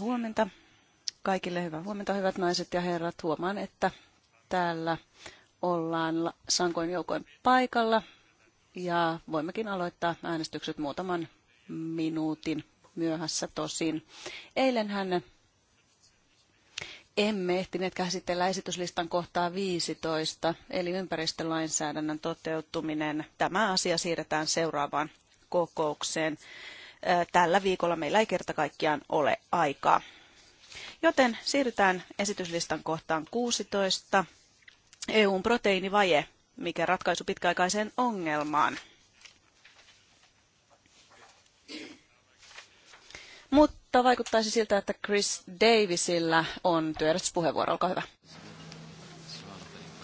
Huomenta kaikille. Hyvää huomenta, hyvät naiset ja herrat. Huomaan, että täällä ollaan sankoin joukoin paikalla ja voimmekin aloittaa äänestykset muutaman minuutin myöhässä tosin. Eilen hän emme ehtineet käsitellä esityslistan kohtaa 15, eli ympäristölainsäädännön toteuttuminen. Tämä asia siirretään seuraavaan kokoukseen tällä viikolla meillä ei kerta kaikkiaan ole aikaa. Joten siirrytään esityslistan kohtaan 16. EUn proteiinivaje, mikä ratkaisu pitkäaikaiseen ongelmaan. Mutta vaikuttaisi siltä, että Chris Davisillä on työjärjestyspuheenvuoro. Olkaa hyvä.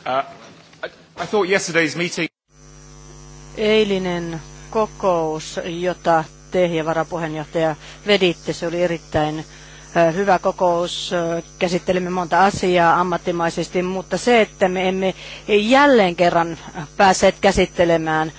Uh, I, I Eilinen kokous, jota te ja varapuheenjohtaja veditte. Se oli erittäin hyvä kokous, käsittelimme monta asiaa ammattimaisesti, mutta se, että me emme jälleen kerran päässeet käsittelemään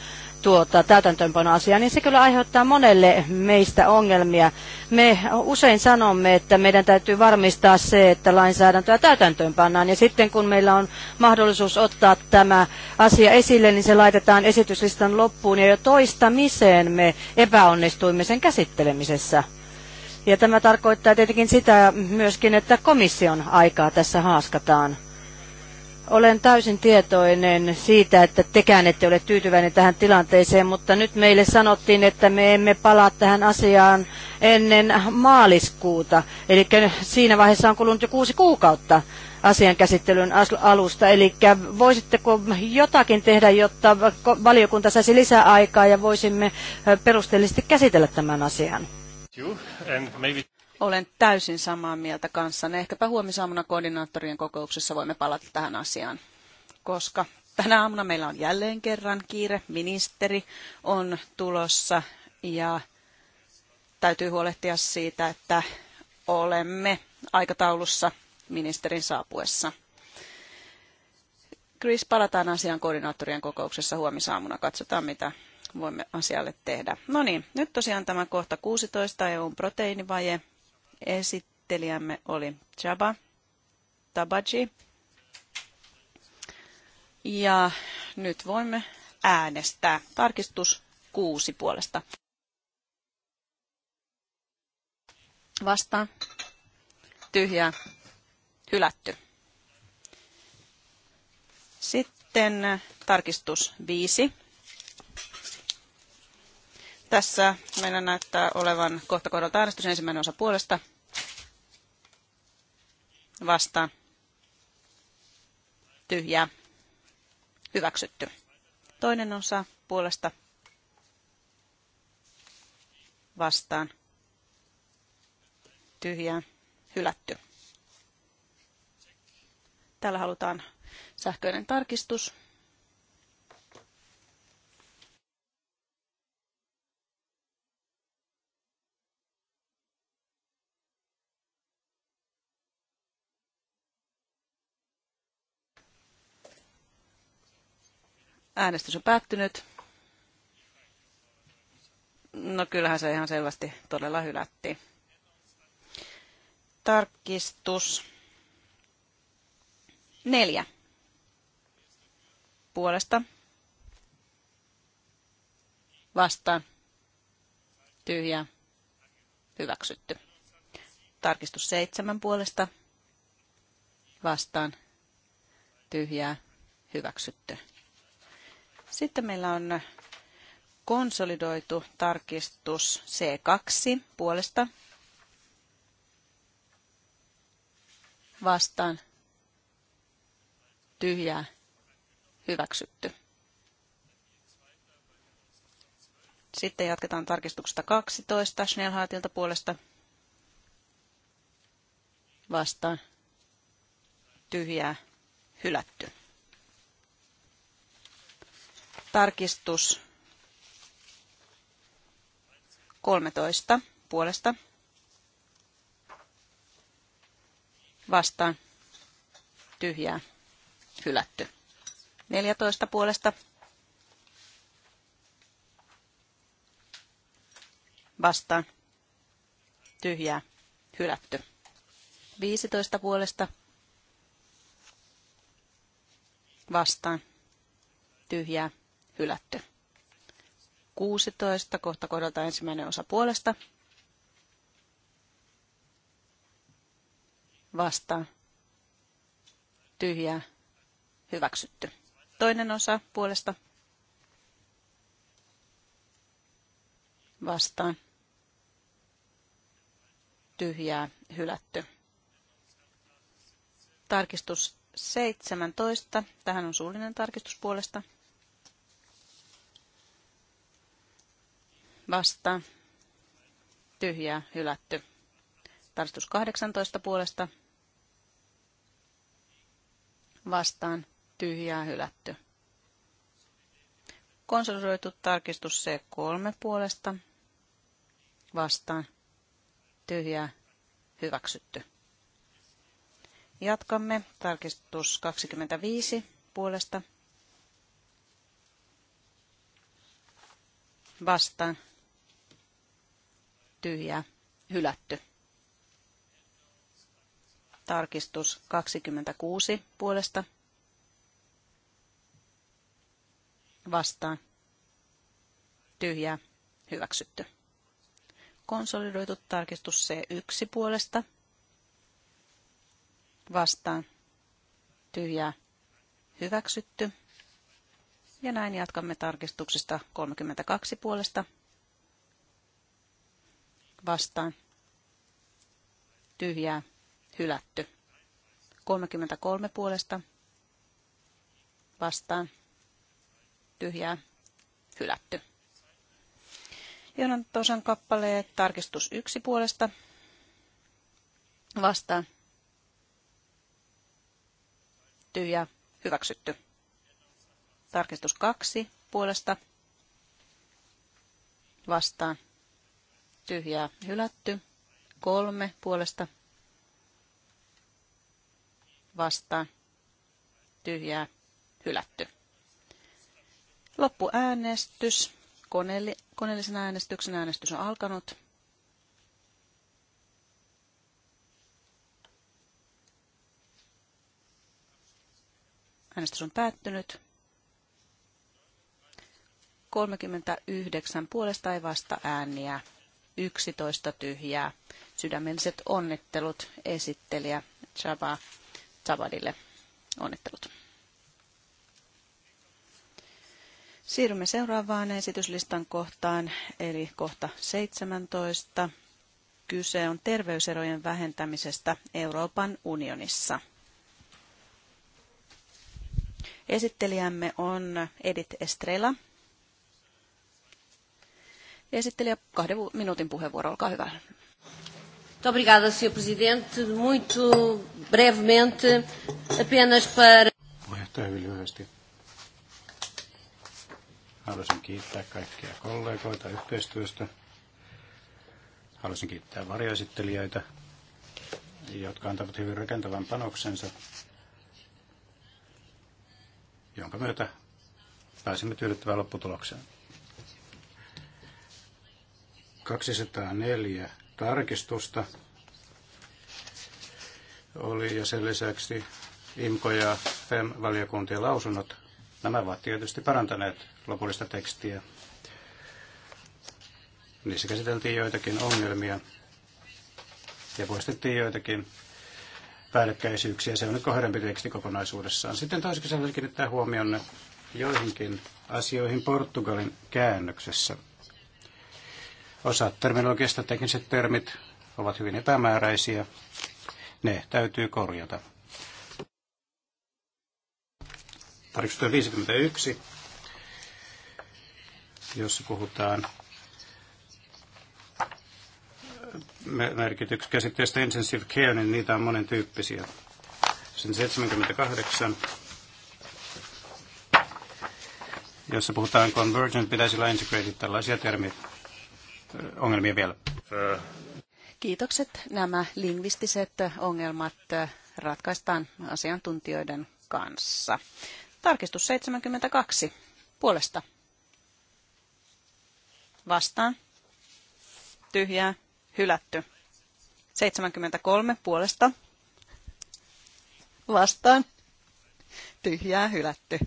tuota täytäntöönpanoasiaa, niin se kyllä aiheuttaa monelle meistä ongelmia. Me usein sanomme, että meidän täytyy varmistaa se, että lainsäädäntöä täytäntöönpannaan. Ja sitten kun meillä on mahdollisuus ottaa tämä asia esille, niin se laitetaan esityslistan loppuun. Ja jo toistamiseen me epäonnistuimme sen käsittelemisessä. Ja tämä tarkoittaa tietenkin sitä myöskin, että komission aikaa tässä haaskataan. Olen täysin tietoinen siitä, että tekään ette ole tyytyväinen tähän tilanteeseen, mutta nyt meille sanottiin, että me emme palaa tähän asiaan ennen maaliskuuta. Eli siinä vaiheessa on kulunut jo kuusi kuukautta asian käsittelyn alusta. Eli voisitteko jotakin tehdä, jotta valiokunta saisi lisää aikaa ja voisimme perusteellisesti käsitellä tämän asian? Olen täysin samaa mieltä kanssanne. Ehkäpä huomisaamuna koordinaattorien kokouksessa voimme palata tähän asiaan, koska tänä aamuna meillä on jälleen kerran kiire. Ministeri on tulossa ja täytyy huolehtia siitä, että olemme aikataulussa ministerin saapuessa. Chris, palataan asiaan koordinaattorien kokouksessa huomisaamuna. Katsotaan, mitä voimme asialle tehdä. No niin, nyt tosiaan tämä kohta 16 EUn proteiinivaje Esittelijämme oli Jaba Tabaji. Ja nyt voimme äänestää. Tarkistus kuusi puolesta. Vastaan. Tyhjää. Hylätty. Sitten tarkistus viisi. Tässä meillä näyttää olevan kohta kohdalta äänestys ensimmäinen osa puolesta vastaan tyhjää hyväksytty. Toinen osa puolesta vastaan tyhjää hylätty. Täällä halutaan sähköinen tarkistus. Äänestys on päättynyt. No kyllähän se ihan selvästi todella hylättiin. Tarkistus. Neljä. Puolesta. Vastaan. tyhjä Hyväksytty. Tarkistus seitsemän puolesta. Vastaan. Tyhjää. Hyväksytty. Sitten meillä on konsolidoitu tarkistus C2 puolesta vastaan tyhjää hyväksytty. Sitten jatketaan tarkistuksesta 12 Schnellhaatilta puolesta vastaan tyhjää hylätty. Tarkistus 13 puolesta. Vastaan. Tyhjää. Hylätty. 14 puolesta. Vastaan. Tyhjää. Hylätty. 15 puolesta. Vastaan. Tyhjää hylätty. 16, kohta kohdalta ensimmäinen osa puolesta. vasta Tyhjää. Hyväksytty. Toinen osa puolesta. Vastaan. Tyhjää. Hylätty. Tarkistus 17. Tähän on suullinen tarkistus puolesta vastaan tyhjää hylätty. Tarkistus 18 puolesta vastaan tyhjää hylätty. Konsolidoitu tarkistus C3 puolesta vastaan tyhjää hyväksytty. Jatkamme. Tarkistus 25 puolesta vastaan tyhjää hylätty. Tarkistus 26 puolesta vastaan tyhjää hyväksytty. Konsolidoitu tarkistus C1 puolesta vastaan tyhjää hyväksytty. Ja näin jatkamme tarkistuksesta 32 puolesta vastaan tyhjää hylätty. 33 puolesta vastaan tyhjää hylätty. Jonan tosan kappaleet tarkistus yksi puolesta vastaan tyhjää hyväksytty. Tarkistus kaksi puolesta vastaan tyhjää hylätty. Kolme puolesta vasta, tyhjää hylätty. Loppuäänestys. Koneelli, koneellisen äänestyksen äänestys on alkanut. Äänestys on päättynyt. 39 puolesta ei vasta ääniä 11 tyhjää. Sydämelliset onnittelut esittelijä Java Zavadille. Onnittelut. Siirrymme seuraavaan esityslistan kohtaan, eli kohta 17. Kyse on terveyserojen vähentämisestä Euroopan unionissa. Esittelijämme on Edith Estrella, Esittelijä kahden minuutin puheenvuoro, olkaa hyvä. Obrigada, Sr. Presidente. Muito brevemente, apenas para... Puheenjohtaja hyvin lyhyesti. Haluaisin kiittää kaikkia kollegoita yhteistyöstä. Haluaisin kiittää varjoesittelijöitä, jotka antavat hyvin rakentavan panoksensa, jonka myötä pääsimme tyydyttävään lopputulokseen. 204 tarkistusta oli ja sen lisäksi IMKO ja FEM-valiokuntien lausunnot. Nämä ovat tietysti parantaneet lopullista tekstiä. Niissä käsiteltiin joitakin ongelmia ja poistettiin joitakin päällekkäisyyksiä. Se on nyt kohdempi teksti kokonaisuudessaan. Sitten taas kesällä kiinnittää huomionne joihinkin asioihin Portugalin käännöksessä. Osa terminologista tekniset termit ovat hyvin epämääräisiä. Ne täytyy korjata. Tarkistus 51, jossa puhutaan merkityksestä käsitteestä intensive care, niin niitä on monen tyyppisiä. Sen 78, jossa puhutaan convergent, pitäisi olla integrated tällaisia termejä ongelmia vielä. Kiitokset. Nämä lingvistiset ongelmat ratkaistaan asiantuntijoiden kanssa. Tarkistus 72. Puolesta. Vastaan. Tyhjää. Hylätty. 73. Puolesta. Vastaan. Tyhjää. Hylätty.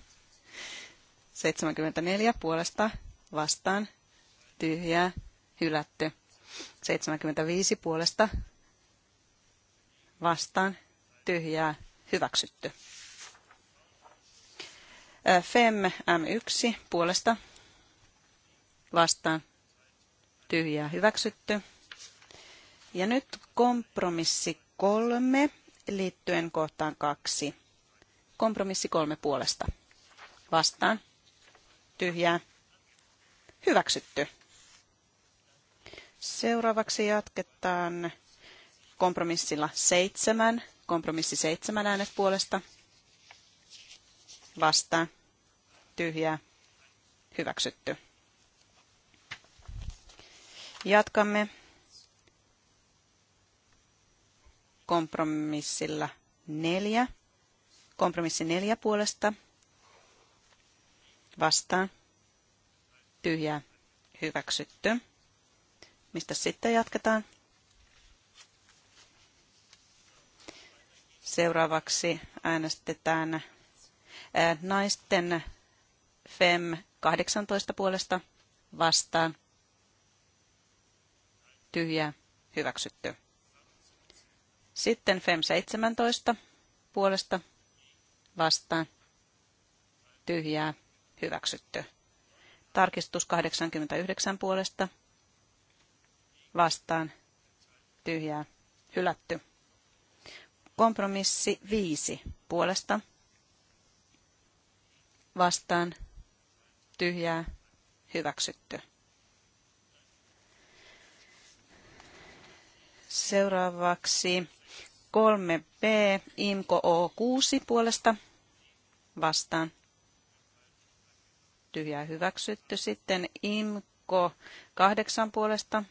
74. Puolesta. Vastaan. Tyhjää hylätty. 75 puolesta vastaan tyhjää hyväksytty. FEM M1 puolesta vastaan tyhjää hyväksytty. Ja nyt kompromissi kolme liittyen kohtaan kaksi. Kompromissi kolme puolesta. Vastaan. Tyhjää. Hyväksytty. Seuraavaksi jatketaan kompromissilla seitsemän. Kompromissi seitsemän äänet puolesta. Vastaan. Tyhjää. Hyväksytty. Jatkamme kompromissilla neljä. Kompromissi neljä puolesta. Vastaan. Tyhjää. Hyväksytty. Mistä sitten jatketaan? Seuraavaksi äänestetään naisten FEM 18 puolesta vastaan. tyhjä hyväksytty. Sitten FEM e 17 puolesta vastaan. Tyhjää hyväksytty. Tarkistus 89 puolesta vastaan tyhjää hylätty. Kompromissi viisi puolesta vastaan tyhjää hyväksytty. Seuraavaksi 3B IMKO O6 puolesta vastaan. Tyhjää hyväksytty. Sitten IMKO 8 puolesta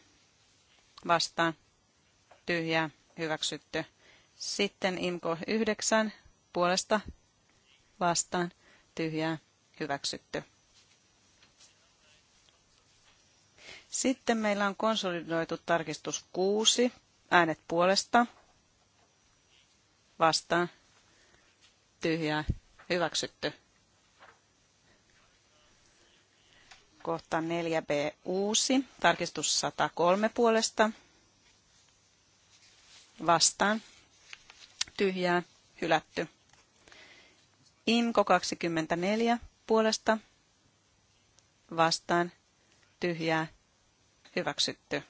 vastaan tyhjää hyväksytty. Sitten IMKO 9 puolesta vastaan tyhjää hyväksytty. Sitten meillä on konsolidoitu tarkistus 6, äänet puolesta, vastaan, tyhjää, hyväksytty. kohta 4b uusi, tarkistus 103 puolesta, vastaan, tyhjää, hylätty. Inko 24 puolesta, vastaan, tyhjää, hyväksytty.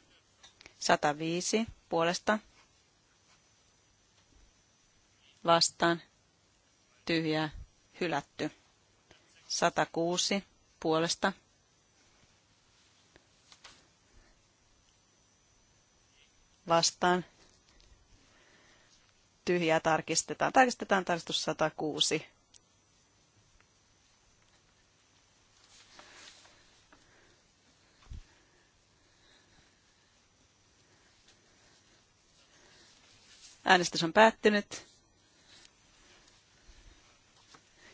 105 puolesta, vastaan, tyhjää, hylätty. 106 puolesta, vastaan tyhjää tarkistetaan. Tarkistetaan tarkistus 106. Äänestys on päättynyt.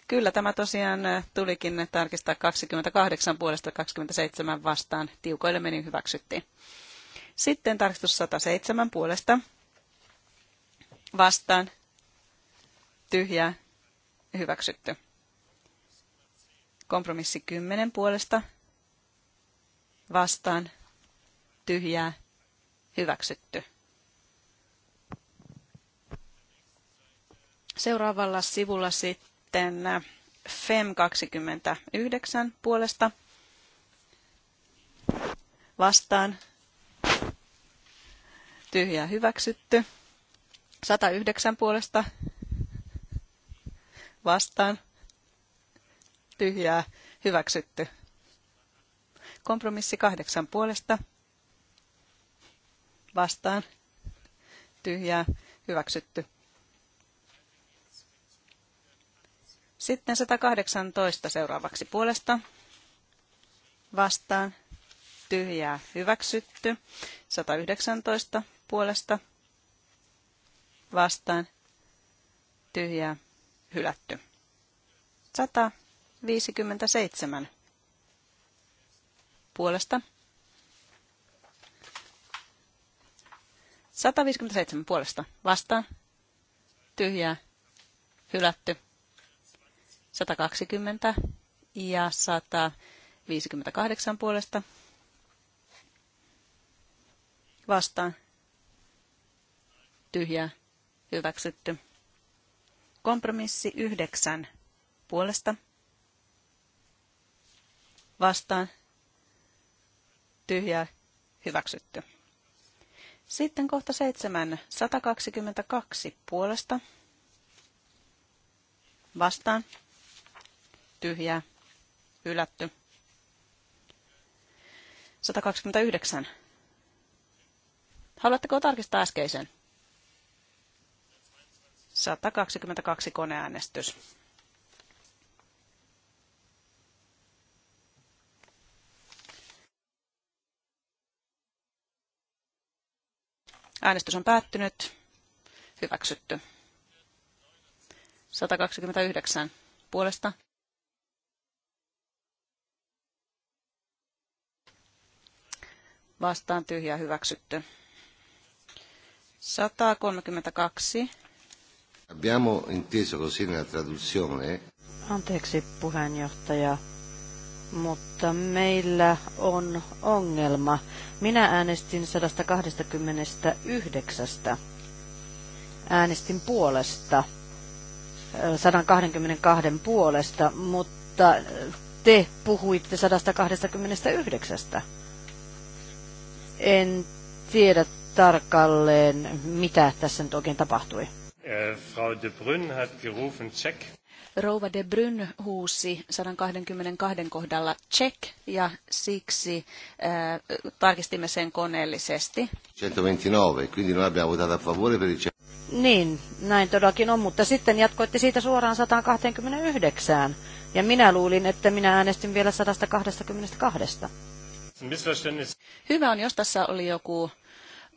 Kyllä tämä tosiaan tulikin tarkistaa 28 puolesta 27 vastaan. Tiukoille meni hyväksyttiin. Sitten tarkistus 107 puolesta vastaan tyhjää hyväksytty. Kompromissi 10 puolesta vastaan tyhjää hyväksytty. Seuraavalla sivulla sitten äh, FEM 29 puolesta vastaan tyhjää hyväksytty. 109 puolesta vastaan tyhjää hyväksytty. Kompromissi kahdeksan puolesta vastaan tyhjää hyväksytty. Sitten 118 seuraavaksi puolesta vastaan tyhjää hyväksytty. 119 puolesta vastaan tyhjää hylätty. 157 puolesta. 157 puolesta vastaan tyhjää hylätty. 120 ja 158 puolesta vastaan tyhjää hyväksytty. Kompromissi yhdeksän puolesta vastaan tyhjää hyväksytty. Sitten kohta seitsemän 122 puolesta vastaan tyhjää hylätty. 129. Haluatteko tarkistaa äskeisen? 122 koneäänestys. Äänestys on päättynyt. Hyväksytty. 129 puolesta. Vastaan tyhjä hyväksytty. 132 Abbiamo inteso così nella traduzione. Anteeksi puheenjohtaja, mutta meillä on ongelma. Minä äänestin 129. Äänestin puolesta, 122 äh, puolesta, mutta te puhuitte 129. En tiedä tarkalleen, mitä tässä nyt oikein tapahtui. Äh, Frau de Brünn hat gerufen, check. Rouva de Bryn huusi 122 kohdalla check ja siksi äh, tarkistimme sen koneellisesti. 129, quindi noi abbiamo votato a favore per il Niin, näin todellakin on, mutta sitten jatkoitte siitä suoraan 129. Ja minä luulin, että minä äänestin vielä 122. Hyvä on, jos tässä oli joku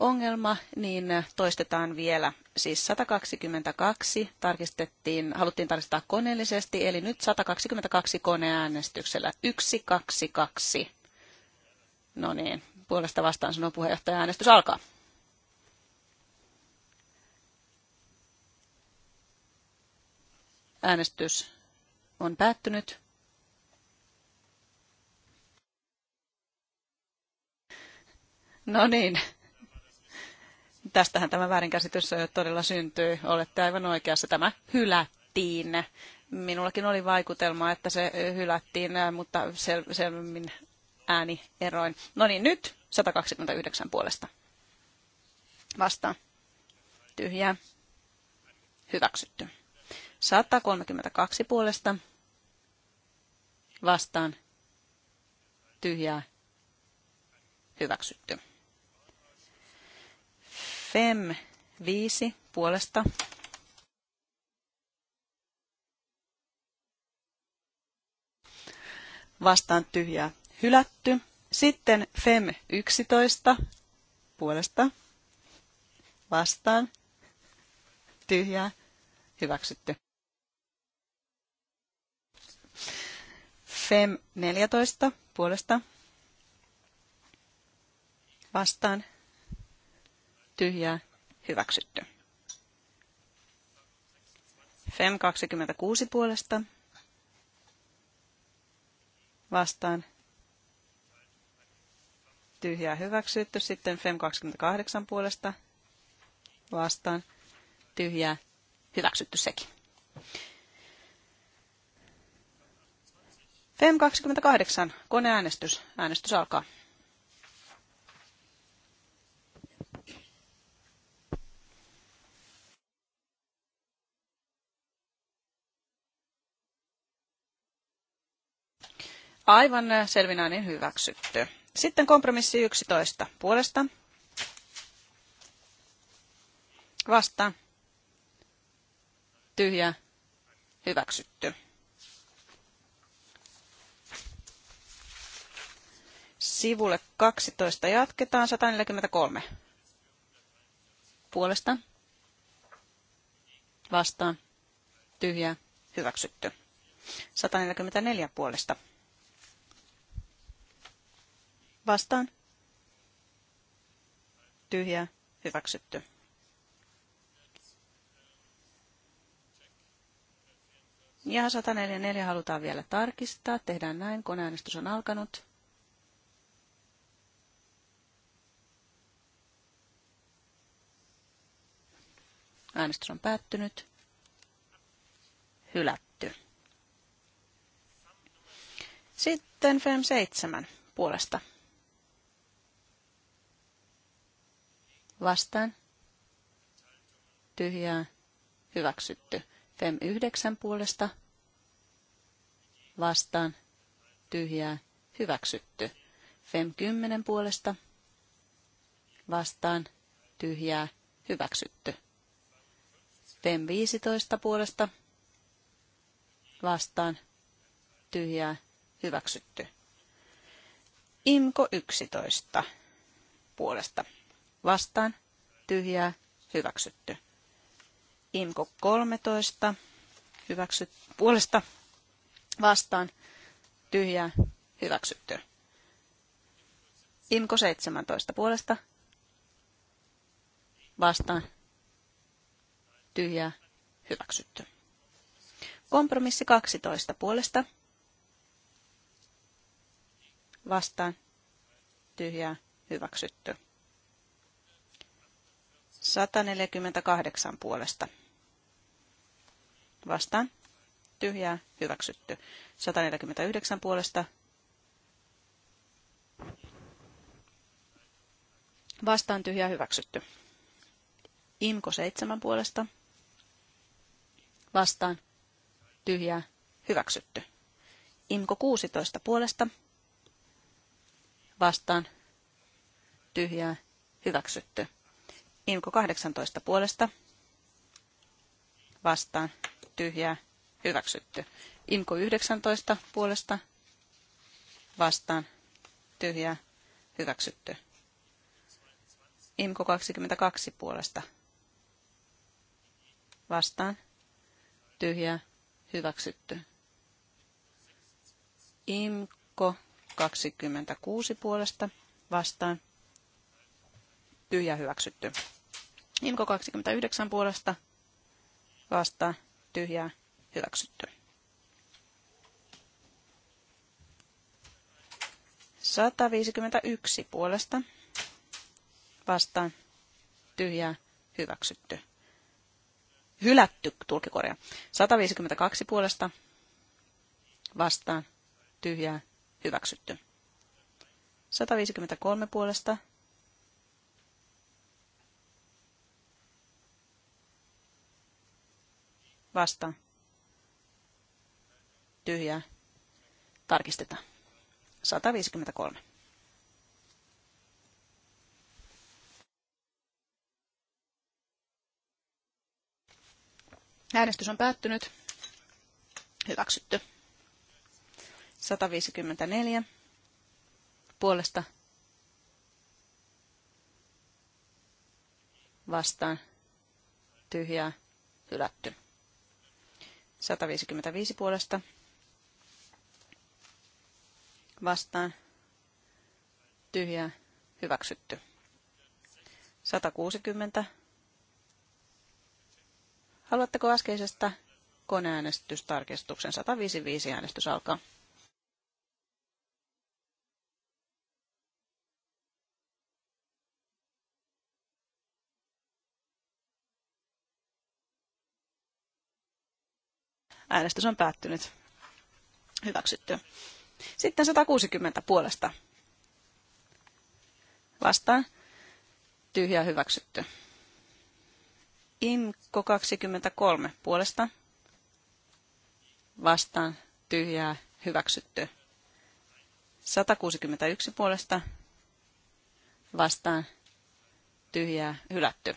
ongelma, niin toistetaan vielä siis 122 tarkistettiin, haluttiin tarkistaa koneellisesti, eli nyt 122 koneäänestyksellä. 122. No niin, puolesta vastaan sanoo puheenjohtaja, äänestys alkaa. Äänestys on päättynyt. No niin, Tästähän tämä väärinkäsitys todella syntyy. Olette aivan oikeassa. Tämä hylättiin. Minullakin oli vaikutelma, että se hylättiin, äh, mutta sel- selvemmin eroin. No niin, nyt 129 puolesta. Vastaan. Tyhjää. Hyväksytty. 132 puolesta. Vastaan. Tyhjää. Hyväksytty. FEM 5 puolesta. Vastaan tyhjää hylätty. Sitten FEM 11 puolesta. Vastaan tyhjää hyväksytty. FEM 14 puolesta vastaan tyhjää, hyväksytty. FEM 26 puolesta vastaan tyhjää hyväksytty. Sitten FEM 28 puolesta vastaan tyhjää hyväksytty sekin. FEM 28, koneäänestys. Äänestys alkaa. aivan äh, selvinäinen hyväksytty. Sitten kompromissi 11 puolesta. vasta Tyhjä. Hyväksytty. Sivulle 12 jatketaan 143. Puolesta. Vastaan. Tyhjä. Hyväksytty. 144 puolesta Vastaan. Tyhjä. Hyväksytty. Ja 144 halutaan vielä tarkistaa. Tehdään näin, kun äänestys on alkanut. Äänestys on päättynyt. Hylätty. Sitten FEM 7 puolesta. Vastaan. Tyhjää. Hyväksytty. FEM 9 puolesta. Vastaan. Tyhjää. Hyväksytty. FEM 10 puolesta. Vastaan. Tyhjää. Hyväksytty. FEM 15 puolesta. Vastaan. Tyhjää. Hyväksytty. IMKO 11 puolesta vastaan, tyhjää, hyväksytty. Imko 13, hyväksyt, puolesta, vastaan, tyhjää, hyväksytty. Imko 17 puolesta, vastaan, tyhjää, hyväksytty. Kompromissi 12 puolesta, vastaan, tyhjää, hyväksytty. 148 puolesta. Vastaan. Tyhjää. Hyväksytty. 149 puolesta. Vastaan tyhjää hyväksytty. Imko 7 puolesta. Vastaan tyhjää hyväksytty. Imko 16 puolesta. Vastaan tyhjää hyväksytty. Imko 18 puolesta vastaan tyhjää hyväksytty. Imko 19 puolesta vastaan tyhjää hyväksytty. Imko 22 puolesta vastaan tyhjää hyväksytty. Imko 26 puolesta vastaan tyhjää hyväksytty. Inko 29 puolesta vastaa tyhjää hyväksytty. 151 puolesta vastaan tyhjää hyväksytty. Hylätty tulkikorja. 152 puolesta vastaan tyhjää hyväksytty. 153 puolesta Vastaan. Tyhjää. Tarkistetaan. 153. Äänestys on päättynyt. Hyväksytty. 154 puolesta vastaan tyhjää hylätty. 155 puolesta vastaan tyhjää hyväksytty. 160. Haluatteko äskeisestä koneäänestystarkistuksen 155 äänestys alkaa? Äänestys on päättynyt. Hyväksytty. Sitten 160 puolesta. Vastaan. Tyhjä hyväksytty. Imko 23 puolesta. Vastaan. Tyhjää hyväksytty. 161 puolesta. Vastaan. Tyhjää hylätty.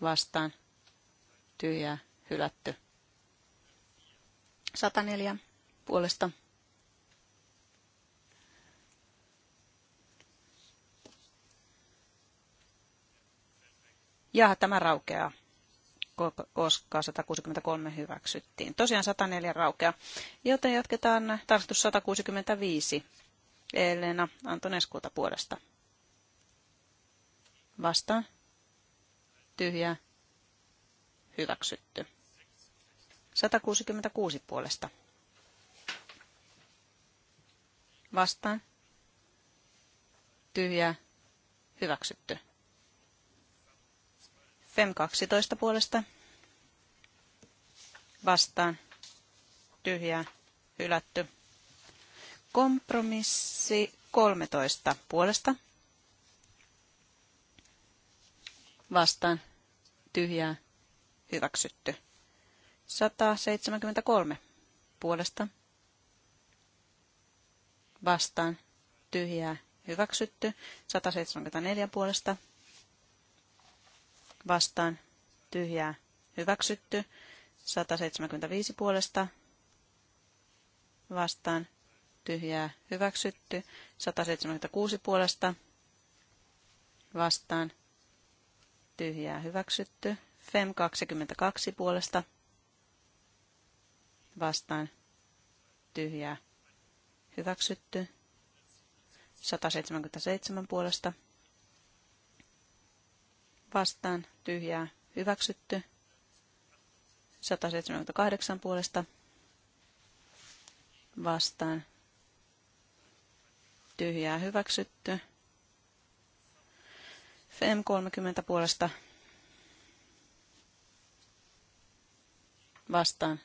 vastaan tyhjää hylätty. 104 puolesta Ja tämä raukeaa, koska 163 hyväksyttiin. Tosiaan 104 raukeaa. Joten jatketaan tarkistus 165 Elena Antoneskulta puolesta. Vastaan tyhjää, hyväksytty. 166 puolesta. Vastaan, tyhjää, hyväksytty. FEM 12 puolesta. Vastaan, tyhjää, hylätty. Kompromissi 13 puolesta. Vastaan tyhjää hyväksytty. 173 puolesta vastaan tyhjää hyväksytty. 174 puolesta vastaan tyhjää hyväksytty. 175 puolesta vastaan tyhjää hyväksytty. 176 puolesta vastaan tyhjää hyväksytty. FEM 22 puolesta vastaan tyhjää hyväksytty. 177 puolesta vastaan tyhjää hyväksytty. 178 puolesta vastaan tyhjää hyväksytty. FM30 puolesta vastaan.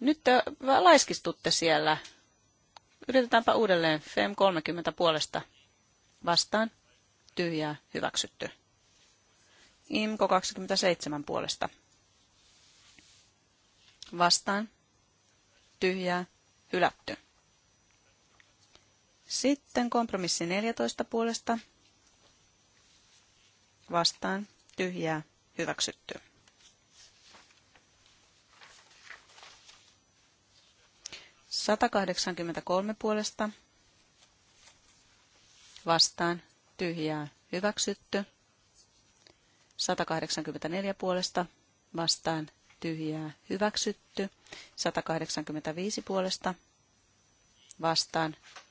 Nyt te laiskistutte siellä. Yritetäänpä uudelleen. FM30 puolesta vastaan. Tyhjää hyväksytty. IMKO 27 puolesta. Vastaan. Tyhjää hylätty. Sitten kompromissi 14 puolesta vastaan tyhjää hyväksytty. kolme puolesta vastaan tyhjää hyväksytty. 184 puolesta vastaan tyhjää hyväksytty. 185 puolesta vastaan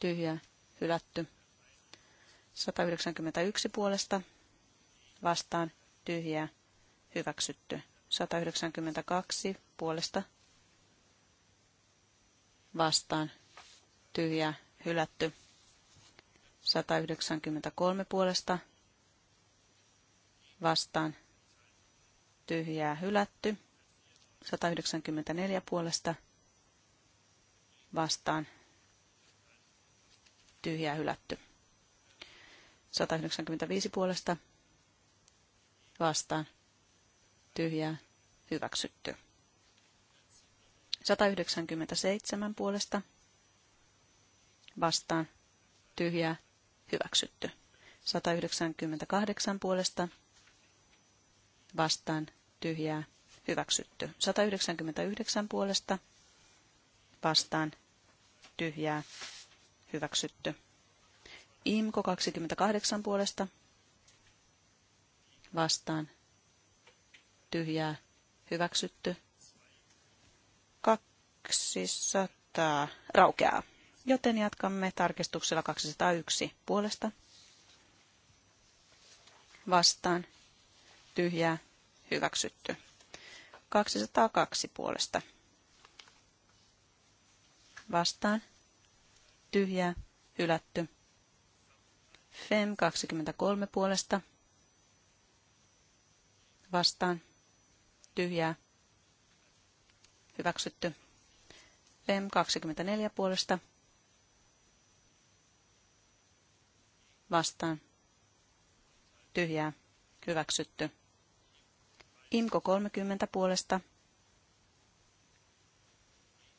tyhjää hylätty. 191 puolesta vastaan tyhjää hyväksytty. 192 puolesta vastaan tyhjää hylätty. 193 puolesta vastaan tyhjää hylätty. 194 puolesta vastaan tyhjää hylätty. 195 puolesta vastaan tyhjää hyväksytty. 197 puolesta vastaan tyhjää hyväksytty. 198 puolesta vastaan tyhjää hyväksytty. 199 puolesta vastaan tyhjää hyväksytty. IMKO 28 puolesta vastaan tyhjää hyväksytty. 200 raukeaa, joten jatkamme tarkistuksella 201 puolesta vastaan tyhjää hyväksytty. 202 puolesta vastaan tyhjää, hylätty. FEM 23 puolesta vastaan, tyhjää, hyväksytty. FEM 24 puolesta vastaan, tyhjää, hyväksytty. IMKO 30 puolesta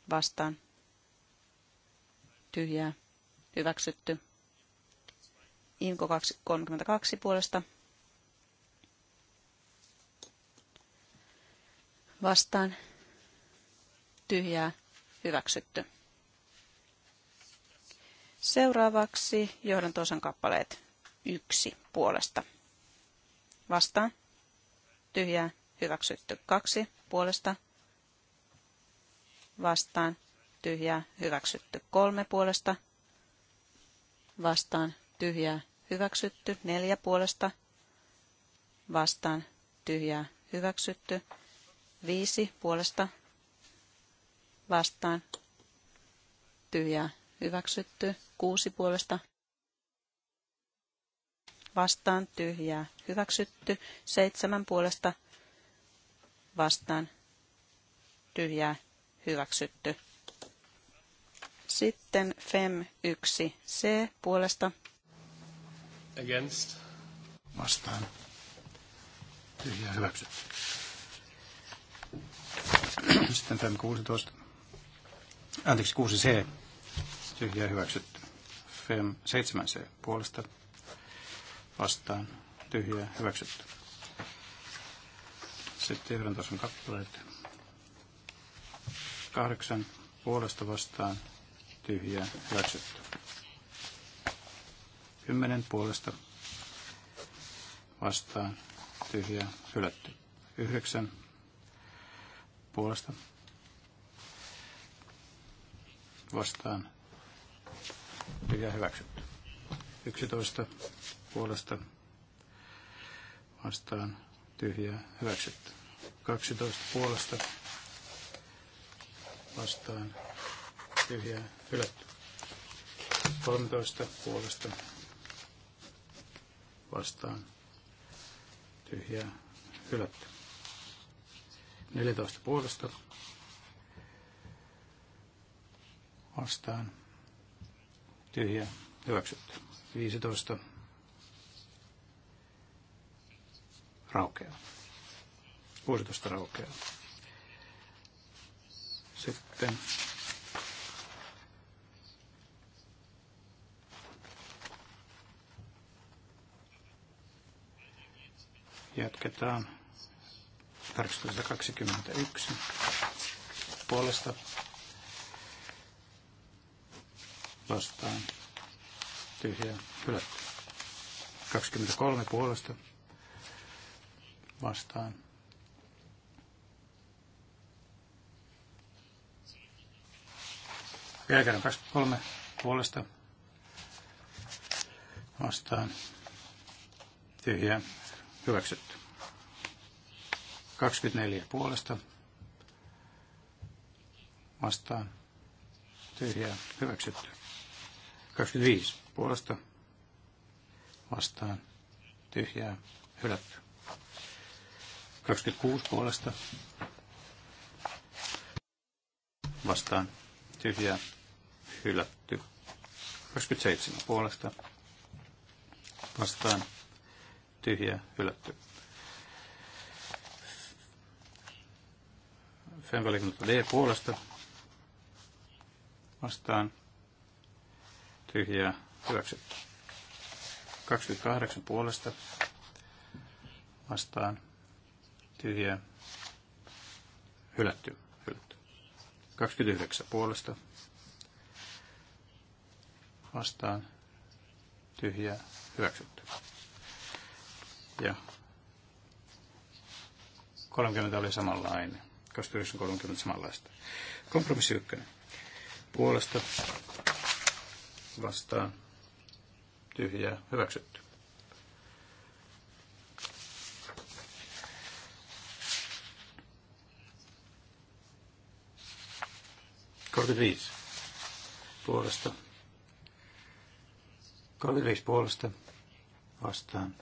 vastaan, tyhjää, hyväksytty. Inko 32 puolesta vastaan, tyhjää, hyväksytty. Seuraavaksi tuosan kappaleet yksi puolesta. Vastaan. Tyhjää. Hyväksytty. Kaksi puolesta. Vastaan tyhjää, hyväksytty. Kolme puolesta vastaan, tyhjää, hyväksytty. Neljä puolesta vastaan, tyhjää, hyväksytty. Viisi puolesta vastaan, tyhjää, hyväksytty. Kuusi puolesta vastaan, tyhjää, hyväksytty. Seitsemän puolesta vastaan, tyhjää, hyväksytty. Sitten FEM 1C puolesta. Against. Vastaan. Tyhjää hyväksytty. Sitten FEM 16. Anteeksi, 6C. Tyhjää hyväksytty. FEM 7C puolesta. Vastaan. Tyhjää hyväksytty. Sitten yhden tason kappaleet. Kahdeksan puolesta vastaan tyhjää hyväksytty. Kymmenen puolesta vastaan tyhjää hylätty. Yhdeksän puolesta vastaan tyhjää hyväksytty. yksitoista puolesta vastaan tyhjää hyväksytty. Kaksitoista puolesta vastaan tyhjää Hylätty. 13 puolesta vastaan. Tyhjää. Hylätty. 14 puolesta vastaan. Tyhjä. Hyväksytty. 15. Raukeaa. 16 raukeaa. Sitten Jatketaan. Tarkistus 21. puolesta vastaan tyhjä hylätty. 23 puolesta vastaan Vielä kerran 23 puolesta vastaan tyhjä Hyväksytty. 24 puolesta. Vastaan. Tyhjää. Hyväksytty. 25 puolesta. Vastaan. Tyhjää. Hylätty. 26 puolesta. Vastaan. Tyhjää. Hylätty. 27 puolesta. Vastaan tyhjä, hylätty. Femvalikunta D puolesta vastaan tyhjää, hyväksytty. 28 puolesta vastaan tyhjää, hylätty. hylätty. 29 puolesta vastaan tyhjää, hyväksytty. Ja 30 oli samanlainen. 29 30 samanlaista. Kompromissi ykkönen. Puolesta vastaan tyhjää hyväksytty. Kolmekymmentäviisi puolesta. 35 puolesta vastaan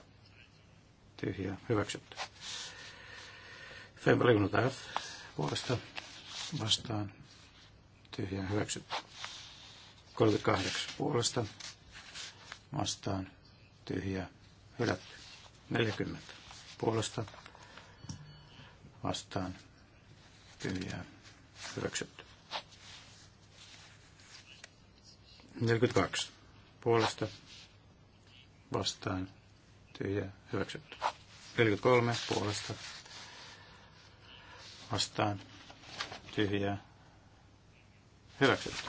tyhjä hyväksytty. Fembaliunut F puolesta vastaan tyhjä hyväksytty. 38 puolesta vastaan tyhjä hylätty. 40 puolesta vastaan tyhjä hyväksytty. 42 puolesta vastaan tyhjä hyväksytty. 43 puolesta vastaan tyhjää hyväksytty.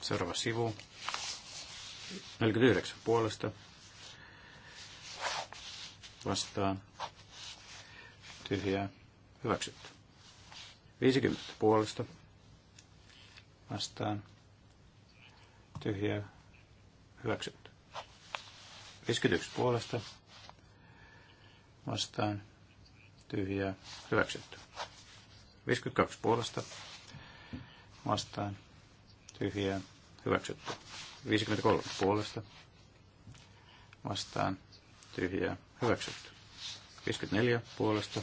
Seuraava sivu. 49 puolesta vastaan tyhjää hyväksytty. 50 puolesta vastaan tyhjää Hyväksytty. 51 puolesta vastaan tyhjää hyväksytty. 52 puolesta vastaan tyhjää hyväksytty. 53 puolesta vastaan tyhjää hyväksytty. 54 puolesta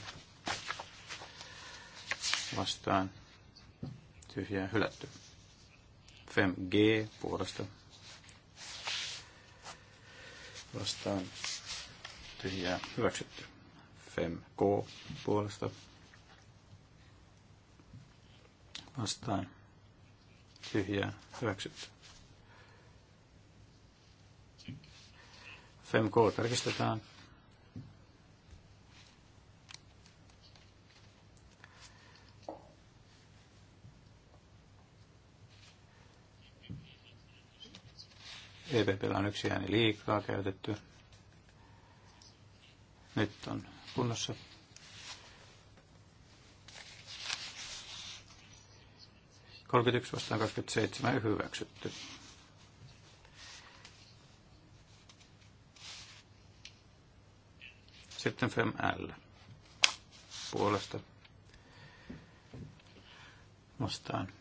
vastaan tyhjää hylätty. 5G puolesta vastaan tyhjää hyväksytty. Fem K puolesta vastaan tyhjää hyväksytty. Fem K tarkistetaan. EPPllä on yksi ääni liikaa käytetty. Nyt on kunnossa. Kolmekymmentäyksi vastaan 27 hyväksytty. Sitten Fem l puolesta vastaan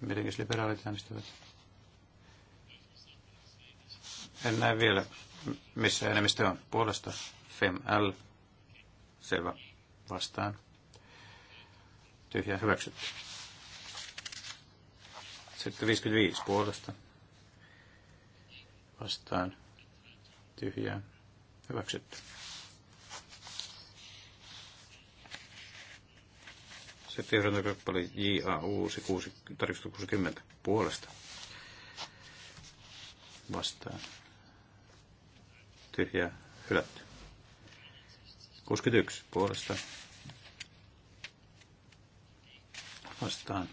Mitenkäs liberaalit äänestävät? En näe vielä, missä enemmistö on. Puolesta FEML. Selvä. Vastaan. Tyhjä hyväksytty. Sitten 55 puolesta. Vastaan. Tyhjä Hyväksytty. Sitten johdantokappale kappale JAU 60 puolesta vastaan. Tyhjä hylätty. 61 puolesta vastaan.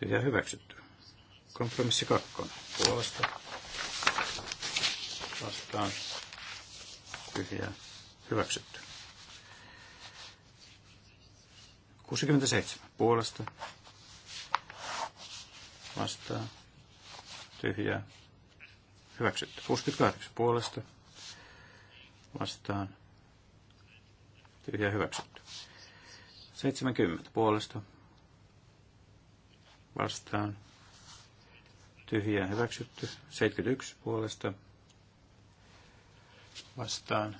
Tyhjä hyväksytty. Kompromissi 2 puolesta vastaan. Tyhjä hyväksytty. 67 puolesta vastaan tyhjää hyväksytty. 68 puolesta vastaan tyhjää hyväksytty. 70 puolesta vastaan tyhjää hyväksytty. 71 puolesta vastaan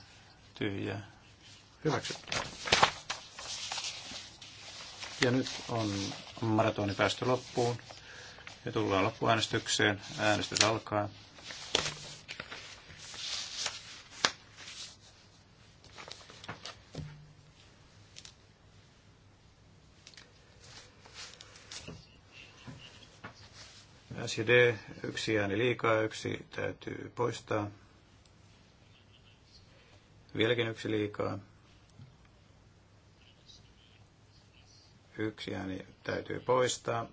tyhjää hyväksytty. Ja nyt on maratoni päästy loppuun. Ja tullaan loppuäänestykseen. Äänestys alkaa. SJD, yksi ääni liikaa, yksi täytyy poistaa. Vieläkin yksi liikaa. Yksi ääni täytyy poistaa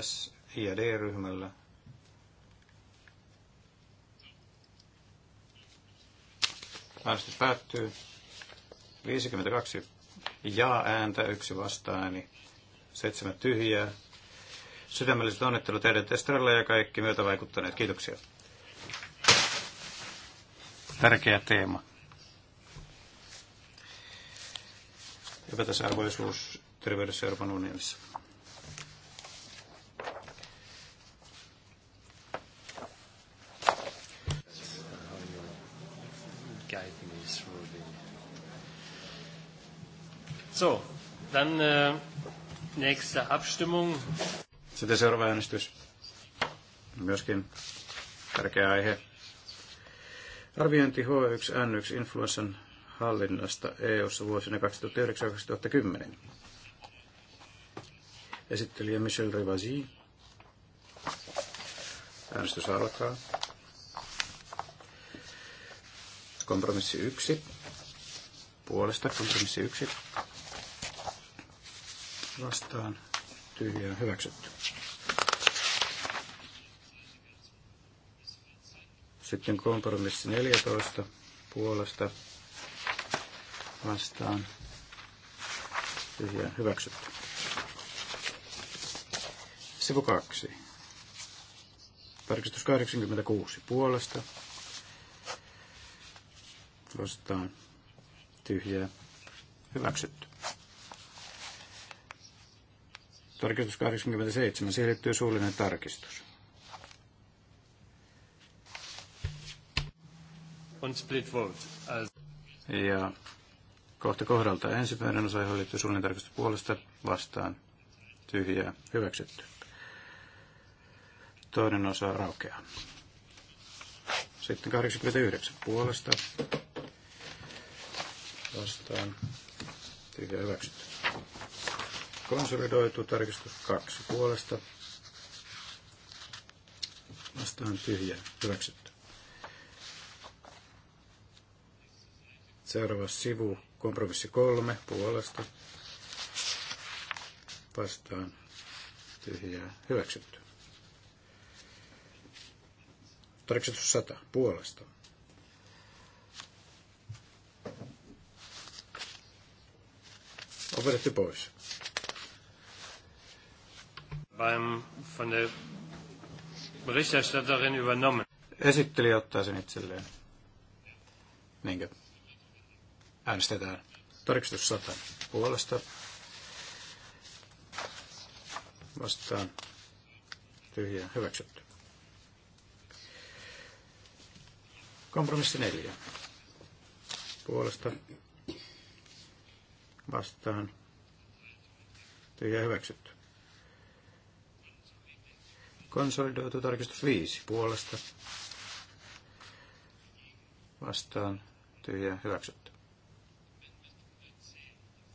S- ja D-ryhmällä. Äänestys päättyy. 52 jaa-ääntä, yksi vasta-ääni, seitsemän tyhjää. Sydämelliset onnittelut teidän testralla ja kaikki myötä vaikuttaneet. Kiitoksia. Tärkeä teema. Epätasa-arvoisuus terveydessä Euroopan unionissa. So, dann äh, nächste Abstimmung. Sitten seuraava äänestys. Myöskin tärkeä aihe. Arviointi H1N1 influenssan hallinnasta EU-ssa vuosina 2009-2010. Esittelijä Michel Rivasi. Äänestys alkaa. Kompromissi yksi Puolesta kompromissi yksi Vastaan tyhjää hyväksytty. Sitten kompromissi 14 puolesta vastaan tyhjää hyväksytty. Sivu 2. Tarkistus 86 puolesta. Vastaan tyhjää. Hyväksytty. Tarkistus 87. Siihen liittyy suullinen tarkistus. On split vote. As... Ja kohta kohdalta ensimmäinen osa, johon liittyy suullinen tarkistus puolesta, vastaan tyhjää, hyväksytty. Toinen osa raukeaa. Sitten 89 puolesta vastaan tyhjä hyväksytty. Konsolidoitu tarkistus 2 puolesta vastaan tyhjä hyväksytty. Seuraava sivu, kompromissi 3 puolesta vastaan tyhjää hyväksytty. Tarkistus sata puolesta. Opetettu pois. Beim, von der Berichterstatterin übernommen. Esittelijä ottaa sen itselleen. Niinkö? Äänestetään. Tarkistus sata puolesta. Vastaan. Tyhjää. Hyväksytty. Kompromissi neljä. Puolesta vastaan. Tyhjä hyväksytty. Konsolidoitu tarkistus 5 puolesta. Vastaan tyhjä hyväksytty.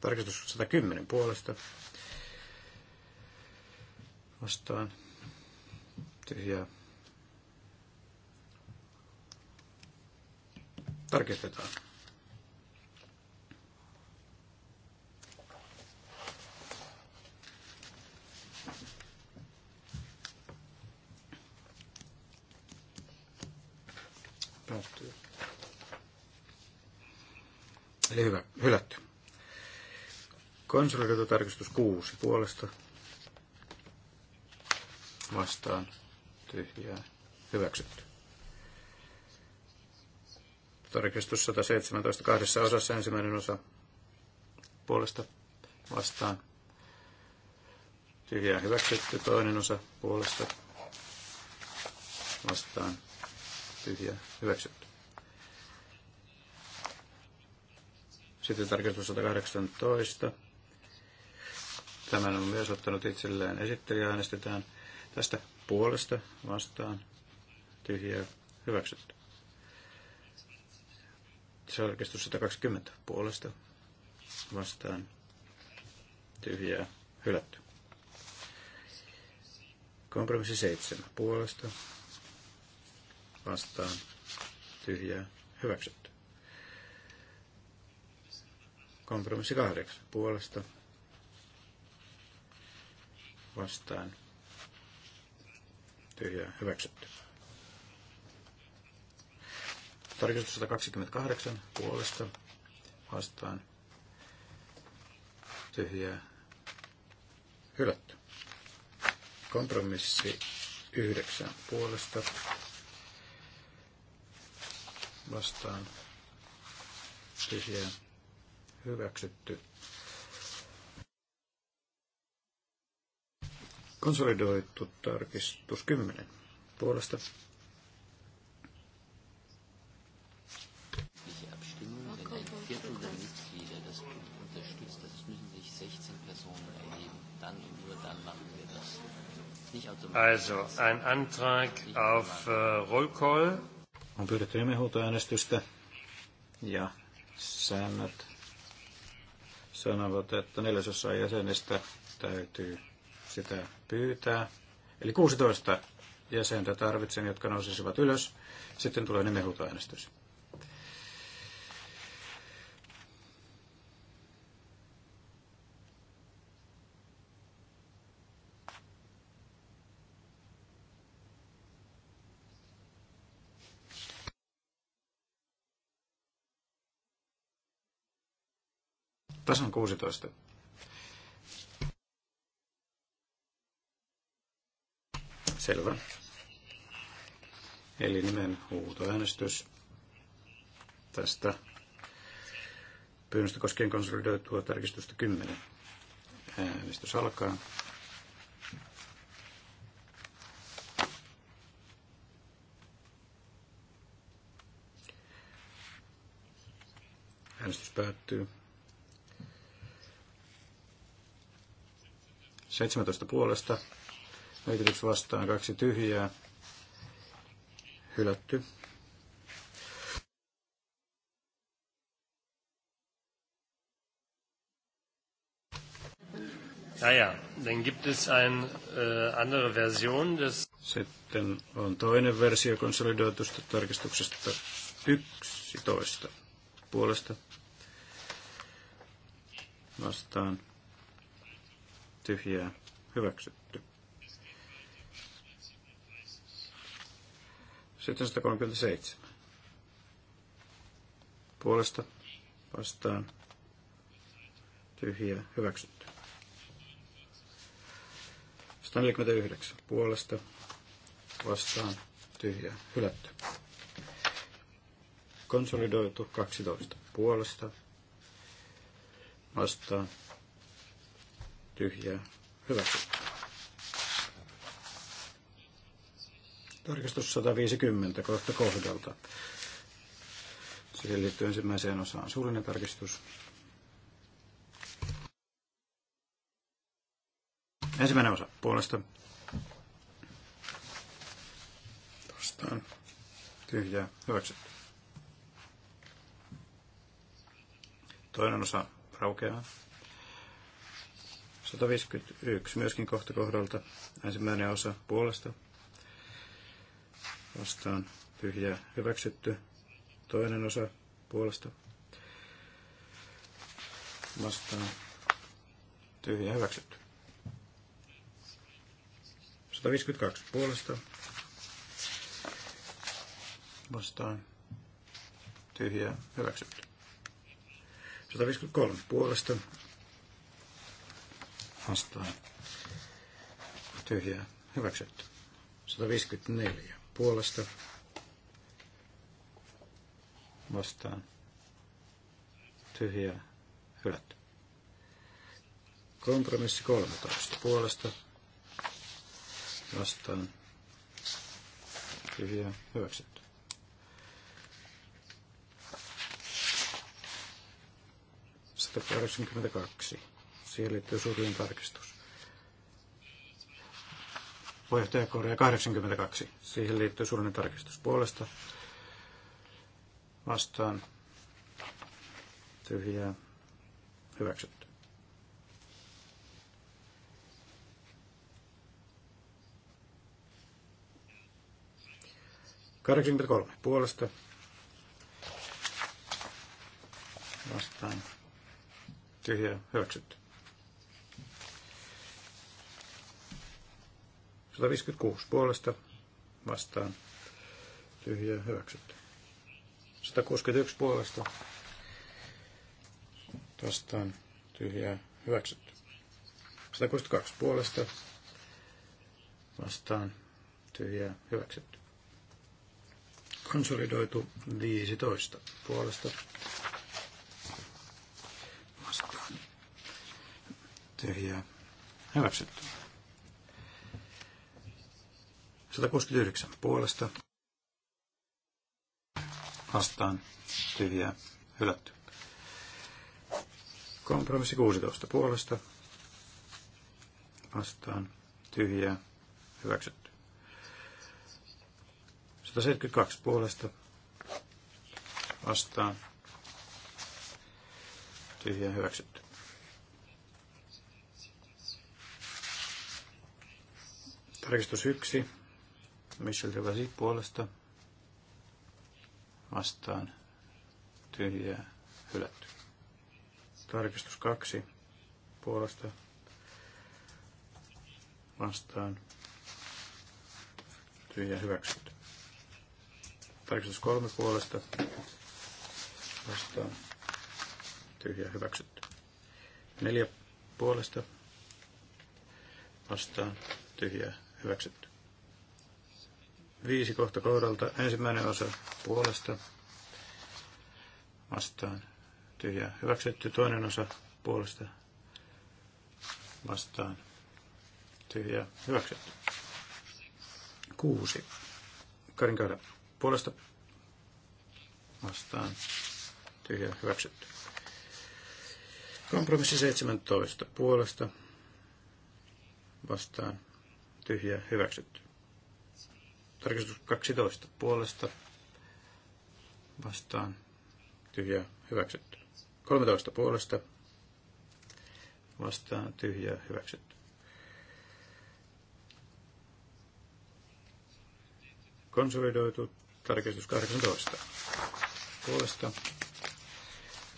Tarkistus 110 puolesta. Vastaan tyhjää Tarkistetaan. Päättyy. Eli hyvä, hylätty. Konsolidoitu tarkistus 6 puolesta. Vastaan tyhjää. Hyväksytty. Kristus 117 kahdessa osassa ensimmäinen osa puolesta vastaan. Tyhjää hyväksytty toinen osa puolesta vastaan. Tyhjää hyväksytty. Sitten tarkistus 118. Tämän on myös ottanut itselleen esittelijä. Äänestetään tästä puolesta vastaan. Tyhjää hyväksytty. Tarkistus 120 puolesta vastaan tyhjää hylätty. Kompromissi 7 puolesta vastaan tyhjää hyväksytty. Kompromissi 8 puolesta vastaan tyhjää hyväksytty. Tarkistus 128 puolesta vastaan tyhjää hylätty. Kompromissi 9 puolesta vastaan tyhjää hyväksytty. Konsolidoitu tarkistus 10 puolesta Also, ein Antrag auf uh, Roll Call. On pyydetty nimenhuutoäänestystä ja säännöt sanovat, että neljäsosa jäsenistä täytyy sitä pyytää. Eli 16 jäsentä tarvitsen, jotka nousisivat ylös. Sitten tulee nimenhuutoäänestys. äänestys. Tasan 16. Selvä. Eli nimen huutoäänestys tästä pyynnöstä koskien konsolidoitua tarkistusta 10. Äänestys alkaa. Äänestys päättyy. 17 puolesta, 41 vastaan, kaksi tyhjää, hylätty. Ja, ja. Dann gibt es ein, äh, andere Version des... Sitten on toinen versio konsolidoitusta tarkistuksesta 11 puolesta vastaan tyhjää hyväksytty. Sitten 137. Puolesta vastaan tyhjää hyväksytty. 149. Puolesta vastaan tyhjää hylätty. Konsolidoitu 12. Puolesta vastaan tyhjää Hyvä. Tarkistus 150 kohta kohdalta. Siihen liittyy ensimmäiseen osaan suullinen tarkistus. Ensimmäinen osa puolesta. Vastaan. Tyhjää. Hyväksytty. Toinen osa raukeaa. 151 myöskin kohta kohdalta. Ensimmäinen osa puolesta vastaan pyhiä hyväksytty. Toinen osa puolesta vastaan tyhjä hyväksytty. 152 puolesta vastaan tyhjä hyväksytty. 153 puolesta vastaan tyhjää hyväksytty. 154 puolesta vastaan tyhjää hylätty. Kompromissi 13 puolesta vastaan tyhjää hyväksytty. Sitten kahdeksankymmentäkaksi Siihen liittyy suurin tarkistus. Puheenjohtaja Korea 82. Siihen liittyy suurin tarkistus puolesta. Vastaan tyhjää hyväksytty. Kahdeksankymmentäkolme puolesta vastaan tyhjää hyväksytty. 156 puolesta vastaan tyhjää hyväksytty. 161 puolesta vastaan tyhjää hyväksytty. 162 puolesta vastaan tyhjää hyväksytty. Konsolidoitu 15 puolesta vastaan tyhjää hyväksytty. 169 puolesta vastaan tyhjää hylätty. Kompromissi 16 puolesta vastaan tyhjää hyväksytty. 172 puolesta vastaan tyhjää hyväksytty. Tarkistus 1 Michel Rivasi puolesta vastaan tyhjää hylätty. Tarkistus kaksi puolesta vastaan tyhjää hyväksytty. Tarkistus kolme puolesta vastaan tyhjää hyväksytty. Neljä puolesta vastaan tyhjää hyväksytty. Viisi kohta kohdalta. Ensimmäinen osa puolesta vastaan tyhjää. Hyväksytty toinen osa puolesta vastaan tyhjää. Hyväksytty. Kuusi. Karin käydä puolesta vastaan tyhjää. Hyväksytty. Kompromissi 17 puolesta vastaan tyhjää. Hyväksytty. Tarkistus 12 puolesta vastaan tyhjä hyväksytty. 13 puolesta vastaan tyhjä hyväksytty. Konsolidoitu tarkistus 18 puolesta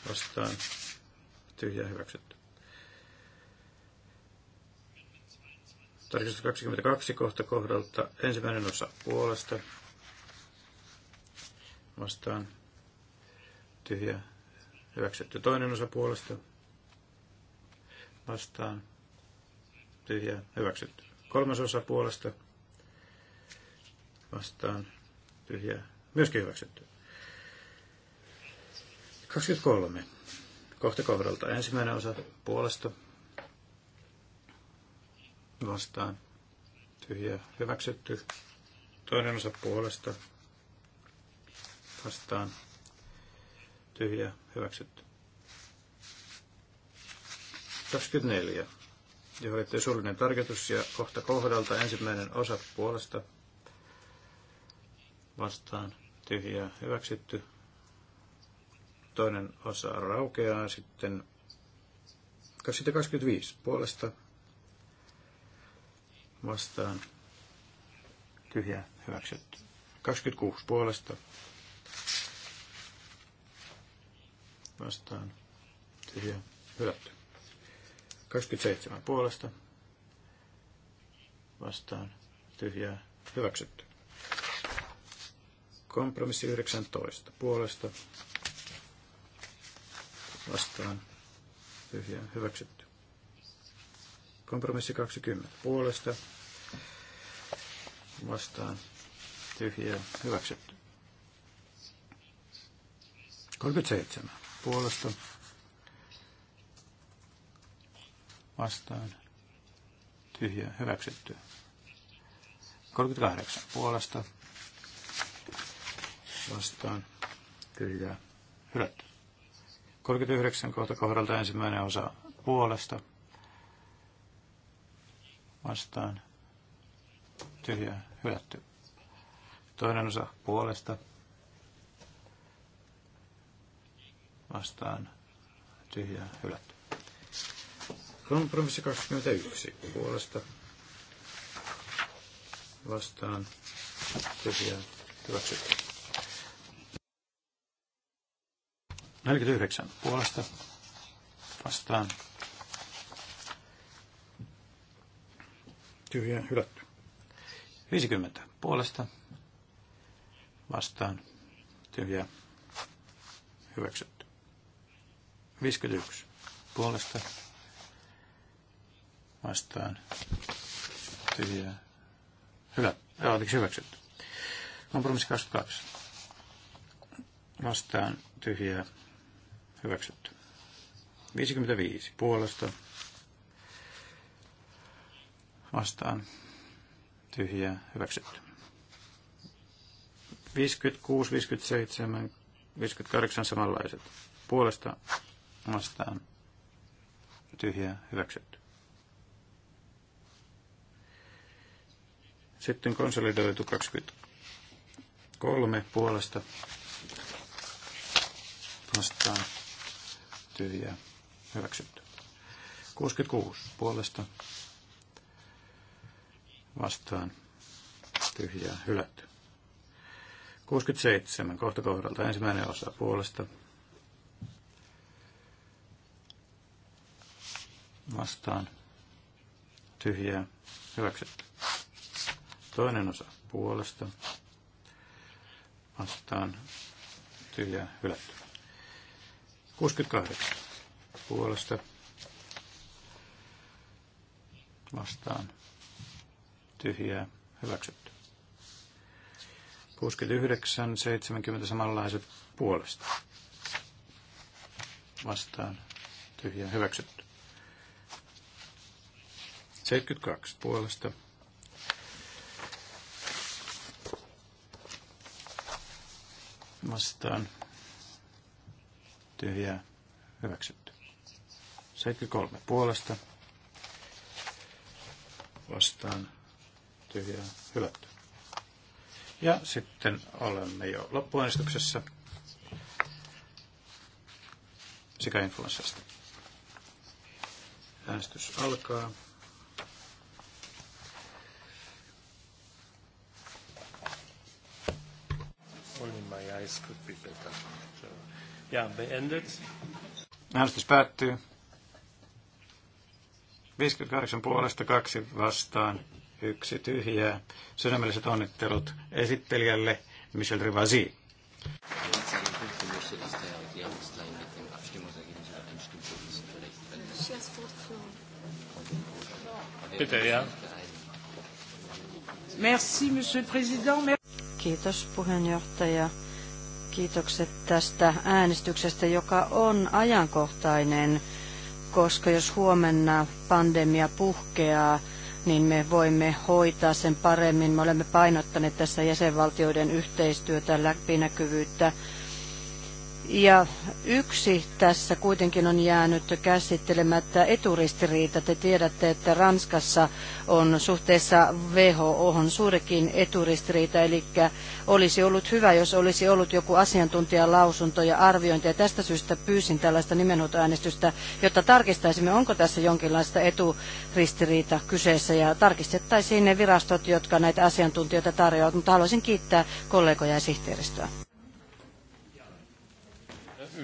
vastaan tyhjä hyväksytty. Tarkistus 22 kohta kohdalta ensimmäinen osa puolesta. Vastaan tyhjä hyväksytty toinen osa puolesta. Vastaan tyhjä hyväksytty kolmas osa puolesta. Vastaan tyhjä myöskin hyväksytty. 23. Kohta kohdalta ensimmäinen osa puolesta vastaan tyhjää hyväksytty. Toinen osa puolesta vastaan tyhjää hyväksytty. 24. Ja liittyy suullinen tarkoitus ja kohta kohdalta ensimmäinen osa puolesta vastaan tyhjää hyväksytty. Toinen osa raukeaa sitten 25 puolesta vastaan tyhjä hyväksytty. 26 puolesta vastaan tyhjä hylätty. 27 puolesta vastaan tyhjä hyväksytty. Kompromissi 19 puolesta vastaan tyhjä hyväksytty. Kompromissi 20 puolesta vastaan tyhjä hyväksytty. 37 puolesta vastaan tyhjä hyväksytty. 38 puolesta vastaan tyhjä hylätty. 39 kohta kohdalta ensimmäinen osa puolesta vastaan tyhjää hylätty. Toinen osa puolesta vastaan tyhjää hylätty. Kompromissi 21 puolesta vastaan tyhjää hyväksytty. 49 puolesta vastaan tyhjään hylätty. 50 puolesta vastaan tyhjää hyväksytty. 51 puolesta vastaan tyhjää hylätty. Oletko hyväksytty. Kompromissi 22. Vastaan tyhjää. Hyväksytty. 55. Puolesta vastaan tyhjää hyväksytty. 56, 57, 58 samanlaiset. Puolesta vastaan tyhjää hyväksytty. Sitten konsolidoitu 23 puolesta vastaan tyhjää hyväksytty. 66 puolesta vastaan tyhjää hylätty. 67. Kohta kohdalta ensimmäinen osa puolesta vastaan tyhjää hyväksytty. Toinen osa puolesta vastaan tyhjää hylätty. 68 puolesta vastaan tyhjää hyväksytty. 69, 70 samanlaiset puolesta. Vastaan tyhjää hyväksytty. 72 puolesta. Vastaan tyhjää hyväksytty. 73 puolesta vastaan ja hylätty. Ja sitten olemme jo loppuäänestyksessä sekä influenssasta. Äänestys alkaa. Only my eyes could be better. So, yeah, beendet. Äänestys päättyy. 58 puolesta kaksi vastaan yksi tyhjää. Sydämelliset onnittelut esittelijälle Michel Rivasi. Kiitos puheenjohtaja. Kiitokset tästä äänestyksestä, joka on ajankohtainen, koska jos huomenna pandemia puhkeaa, niin me voimme hoitaa sen paremmin. Me olemme painottaneet tässä jäsenvaltioiden yhteistyötä, läpinäkyvyyttä, ja yksi tässä kuitenkin on jäänyt käsittelemättä eturistiriita. Te tiedätte, että Ranskassa on suhteessa WHO on suurikin eturistiriita, eli olisi ollut hyvä, jos olisi ollut joku asiantuntijalausunto ja arviointi. Ja tästä syystä pyysin tällaista nimenhuutoäänestystä, jotta tarkistaisimme, onko tässä jonkinlaista eturistiriita kyseessä ja tarkistettaisiin ne virastot, jotka näitä asiantuntijoita tarjoavat. Mutta haluaisin kiittää kollegoja ja sihteeristöä.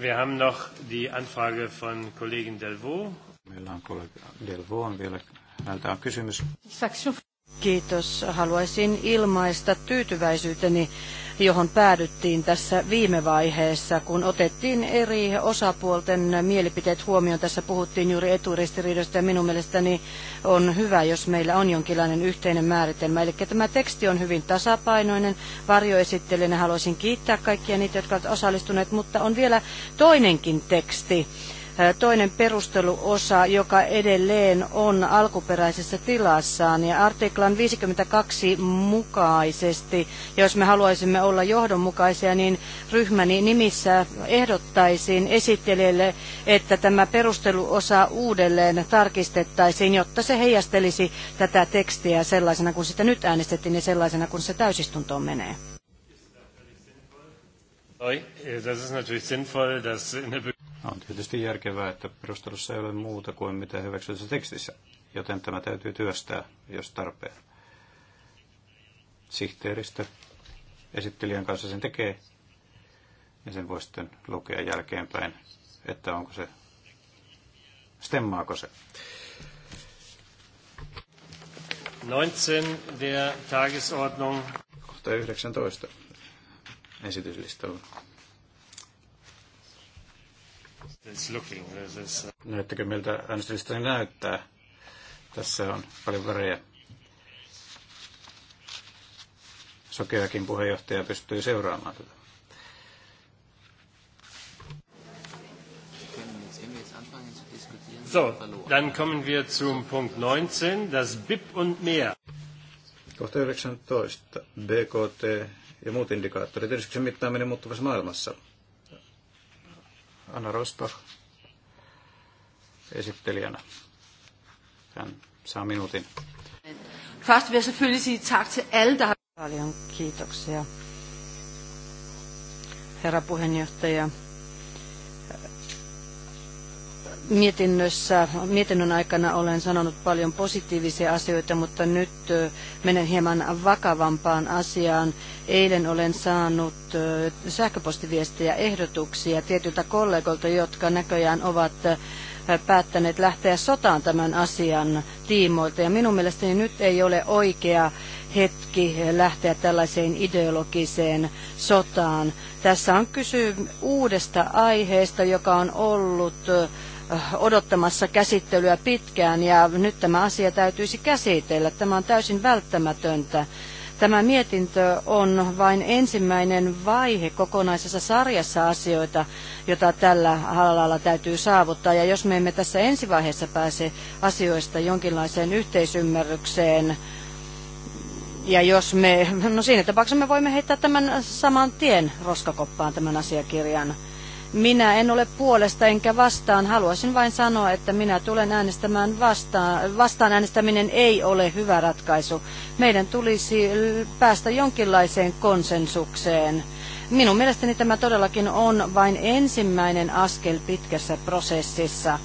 Wir haben noch die Anfrage von Kollegen Delvaux. Meillä on kollega Delvaux on vielä. Häneltä on kysymys. Kiitos. Haluaisin ilmaista tyytyväisyyteni, johon päädyttiin tässä viime vaiheessa, kun otettiin eri osapuolten mielipiteet huomioon. Tässä puhuttiin juuri eturistiriidosta ja minun mielestäni on hyvä, jos meillä on jonkinlainen yhteinen määritelmä. Eli tämä teksti on hyvin tasapainoinen. Varjoesittelijänä haluaisin kiittää kaikkia niitä, jotka ovat osallistuneet, mutta on vielä toinenkin teksti toinen perusteluosa, joka edelleen on alkuperäisessä tilassaan. Ja artiklan 52 mukaisesti, jos me haluaisimme olla johdonmukaisia, niin ryhmäni nimissä ehdottaisin esittelijälle, että tämä perusteluosa uudelleen tarkistettaisiin, jotta se heijastelisi tätä tekstiä sellaisena kuin sitä nyt äänestettiin ja sellaisena kuin se täysistuntoon menee. No, on tietysti järkevää, että perustelussa ei ole muuta kuin mitä hyväksytyssä tekstissä, joten tämä täytyy työstää, jos tarpeen. Sihteeristä esittelijän kanssa sen tekee, ja sen voi sitten lukea jälkeenpäin, että onko se, stemmaako se. 19 der Tagesordnung. Kohta 19 esityslistalla. Uh, Näyttäkö miltä äänestyslistani näyttää? Tässä on paljon värejä. Sokeakin puheenjohtaja pystyy seuraamaan tätä. So, dann kommen wir zum Punkt 19, das BIP und mehr. Kohta 19, BKT ja muut indikaattorit. Tietysti mittaaminen muuttuvassa maailmassa. Anna Rosbach esittelijänä. Hän saa minuutin. Først vil jeg selvfølgelig sige tak til alle, der har... Paljon kiitoksia, herra puheenjohtaja mietinnössä, mietinnön aikana olen sanonut paljon positiivisia asioita, mutta nyt menen hieman vakavampaan asiaan. Eilen olen saanut sähköpostiviestejä ehdotuksia tietyiltä kollegoilta, jotka näköjään ovat päättäneet lähteä sotaan tämän asian tiimoilta. Ja minun mielestäni nyt ei ole oikea hetki lähteä tällaiseen ideologiseen sotaan. Tässä on kysy uudesta aiheesta, joka on ollut Eh, odottamassa käsittelyä pitkään ja nyt tämä asia täytyisi käsitellä. Tämä on täysin välttämätöntä. Tämä mietintö on vain ensimmäinen vaihe kokonaisessa sarjassa asioita, jota tällä alalla täytyy saavuttaa. Ja jos me emme tässä ensivaiheessa pääse asioista jonkinlaiseen yhteisymmärrykseen, ja jos me, no siinä tapauksessa me voimme heittää tämän saman tien roskakoppaan tämän asiakirjan. Minä en ole puolesta enkä vastaan. Haluaisin vain sanoa, että minä tulen äänestämään vastaan. Vastaan äänestäminen ei ole hyvä ratkaisu. Meidän tulisi päästä jonkinlaiseen konsensukseen. Minun mielestäni tämä todellakin on vain ensimmäinen askel pitkässä prosessissa –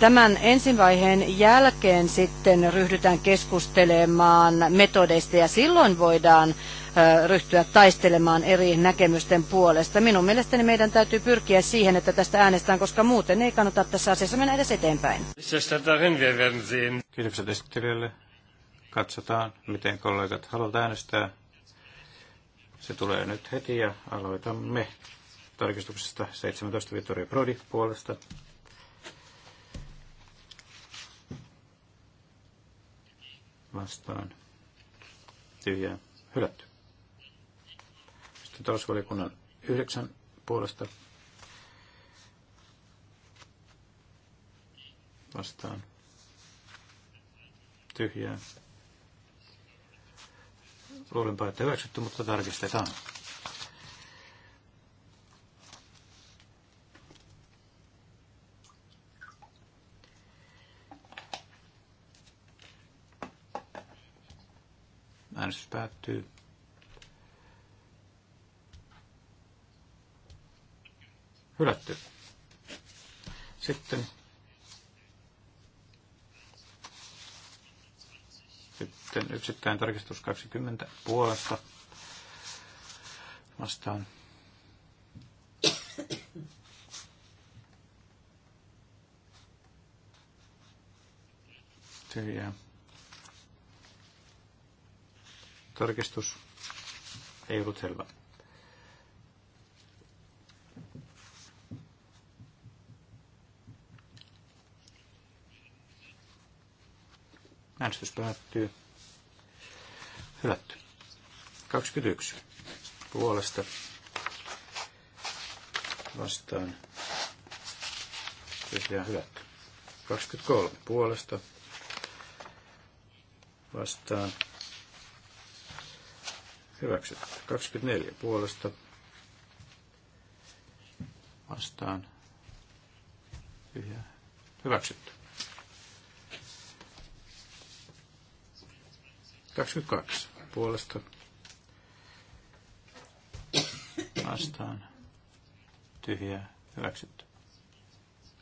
Tämän ensivaiheen jälkeen sitten ryhdytään keskustelemaan metodeista ja silloin voidaan ryhtyä taistelemaan eri näkemysten puolesta. Minun mielestäni meidän täytyy pyrkiä siihen, että tästä äänestään, koska muuten ei kannata tässä asiassa mennä edes eteenpäin. Kiitokset esittelijälle. Katsotaan, miten kollegat haluavat äänestää. Se tulee nyt heti ja aloitamme tarkistuksesta 17 Vittoria Prodi puolesta vastaan tyhjää hylätty. Sitten talousvaliokunnan yhdeksän puolesta vastaan tyhjää. Luulenpa, että hyväksytty, mutta tarkistetaan. Äänestys päättyy. Hylätty. Sitten Sitten yksittäin tarkistus 20 puolesta vastaan. Tyhjää. Tarkistus ei ollut selvä. Äänestys päättyy. Hylätty. 21. Puolesta vastaan. Tyhjää hylätty. 23. Puolesta vastaan. Hyväksytty. 24 puolesta vastaan. Tyhjää. Hyväksytty. 22 puolesta vastaan. Tyhjä. Hyväksytty.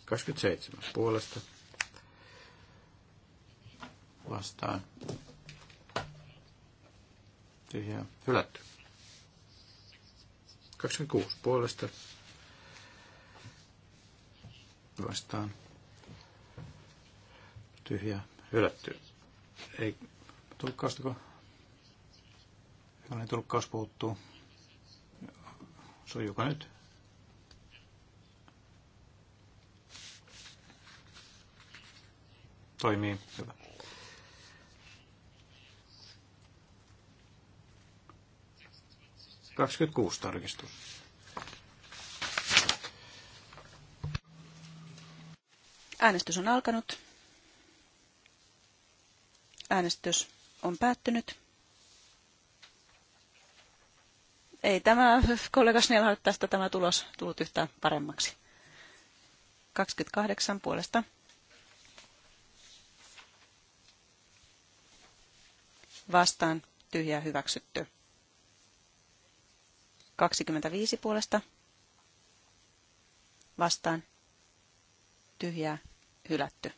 27 puolesta vastaan tyhjää hylätty. 26 puolesta vastaan tyhjä hylätty. Ei tulkkaustako? Jollainen tulkkaus puuttuu. Sujuuko nyt? Toimii. Hyvä. 26 tarkistus. Äänestys on alkanut. Äänestys on päättynyt. Ei tämä kollega Snellhardt tästä tämä tulos tullut yhtään paremmaksi. 28 puolesta. Vastaan tyhjä hyväksytty. 25 puolesta vastaan tyhjää hylätty.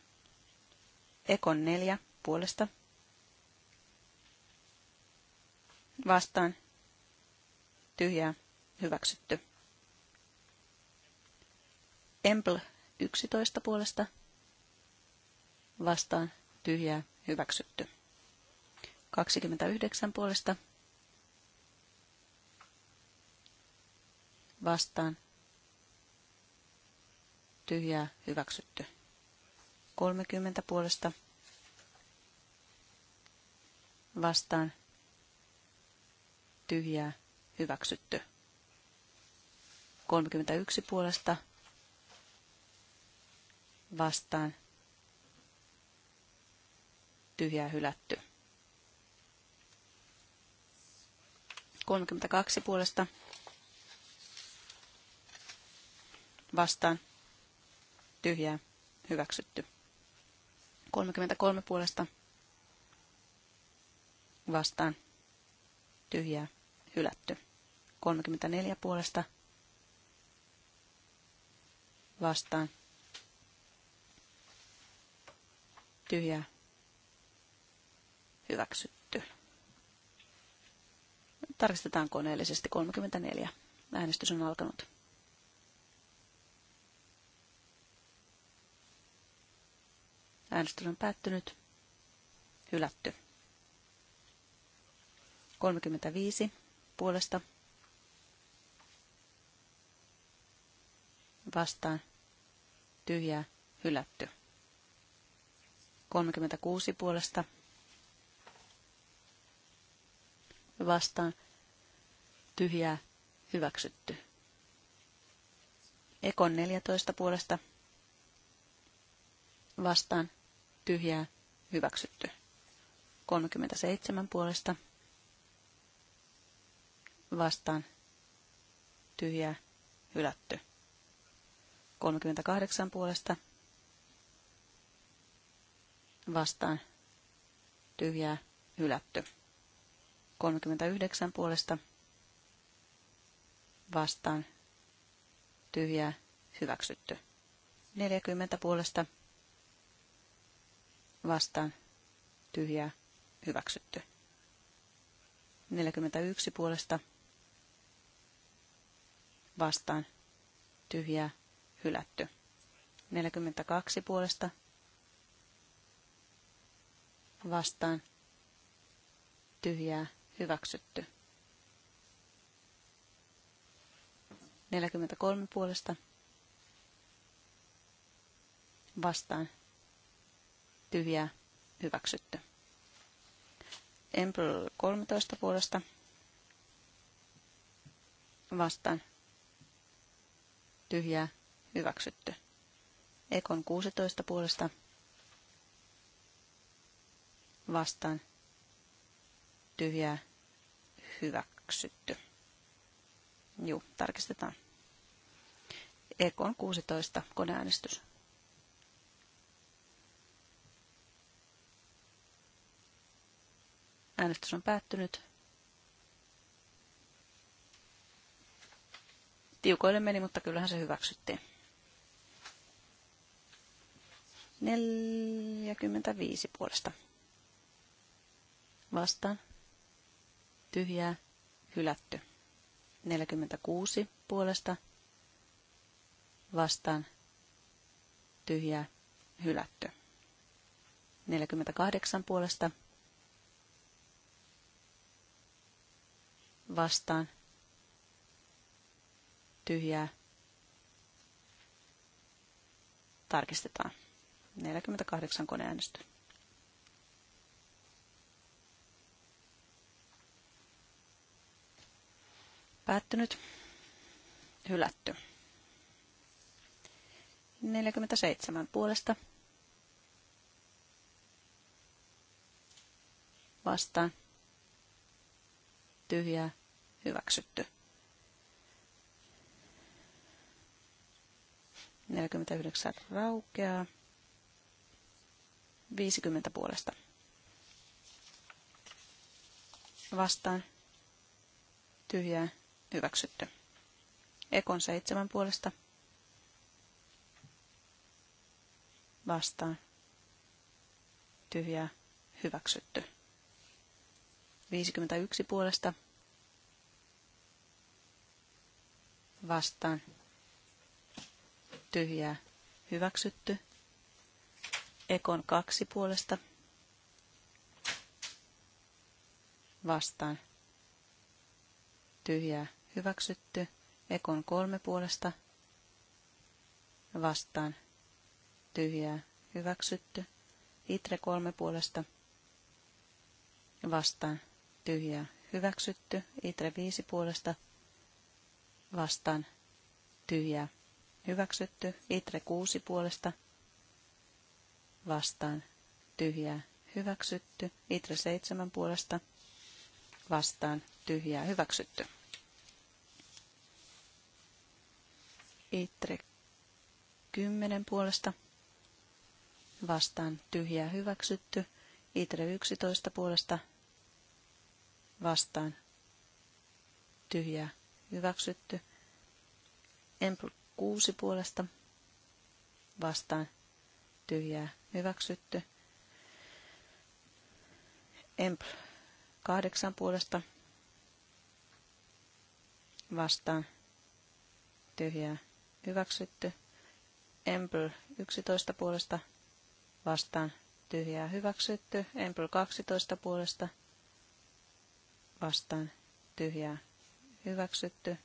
Ekon 4 puolesta vastaan tyhjää hyväksytty. Empl 11 puolesta vastaan tyhjää hyväksytty. 29 puolesta vastaan tyhjää hyväksytty. 30 puolesta vastaan tyhjää hyväksytty. 31 puolesta vastaan tyhjää hylätty. 32 puolesta vastaan tyhjää hyväksytty. 33 puolesta vastaan tyhjää hylätty. 34 puolesta vastaan tyhjää hyväksytty. Tarkistetaan koneellisesti 34. Äänestys on alkanut. Äänestys on päättynyt. Hylätty. 35 puolesta. Vastaan. Tyhjää. Hylätty. 36 puolesta. Vastaan. Tyhjää. Hyväksytty. Ekon 14 puolesta. Vastaan tyhjää hyväksytty. 37 puolesta vastaan tyhjää hylätty. 38 puolesta vastaan tyhjää hylätty. 39 puolesta vastaan tyhjää hyväksytty. 40 puolesta vastaan vastaan tyhjää hyväksytty. 41 puolesta vastaan tyhjää hylätty. 42 puolesta vastaan tyhjää hyväksytty. 43 puolesta vastaan tyhjää hyväksytty. Empl 13 puolesta vastaan tyhjää hyväksytty. Ekon 16 puolesta vastaan tyhjää hyväksytty. Juu, tarkistetaan. Ekon 16 koneäänestys Äänestys on päättynyt. Tiukoille meni, mutta kyllähän se hyväksyttiin. 45 puolesta. Vastaan. Tyhjää. Hylätty. 46 puolesta. Vastaan. Tyhjää. Hylätty. 48 puolesta. vastaan tyhjää. Tarkistetaan. 48 koneäänestö. Päättynyt. Hylätty. 47 puolesta. Vastaan. Tyhjää hyväksytty. 49 raukeaa. 50 puolesta. Vastaan. Tyhjää. Hyväksytty. Ekon 7 puolesta. Vastaan. Tyhjää. Hyväksytty. 51 puolesta. vastaan tyhjää hyväksytty. Ekon kaksi puolesta vastaan tyhjää hyväksytty. Ekon kolme puolesta vastaan tyhjää hyväksytty. Itre kolme puolesta vastaan tyhjää hyväksytty. Itre viisi puolesta vastaan tyhjää. Hyväksytty. Itre 6 puolesta vastaan tyhjää. Hyväksytty. Itre 7 puolesta vastaan tyhjää. Hyväksytty. Itre 10 puolesta vastaan tyhjää. Hyväksytty. Itre 11 puolesta vastaan tyhjää hyväksytty. Empl 6 puolesta vastaan tyhjää hyväksytty. Empl 8 puolesta vastaan tyhjää hyväksytty. Empl 11 puolesta vastaan tyhjää hyväksytty. Empl 12 puolesta vastaan tyhjää hyväksytty.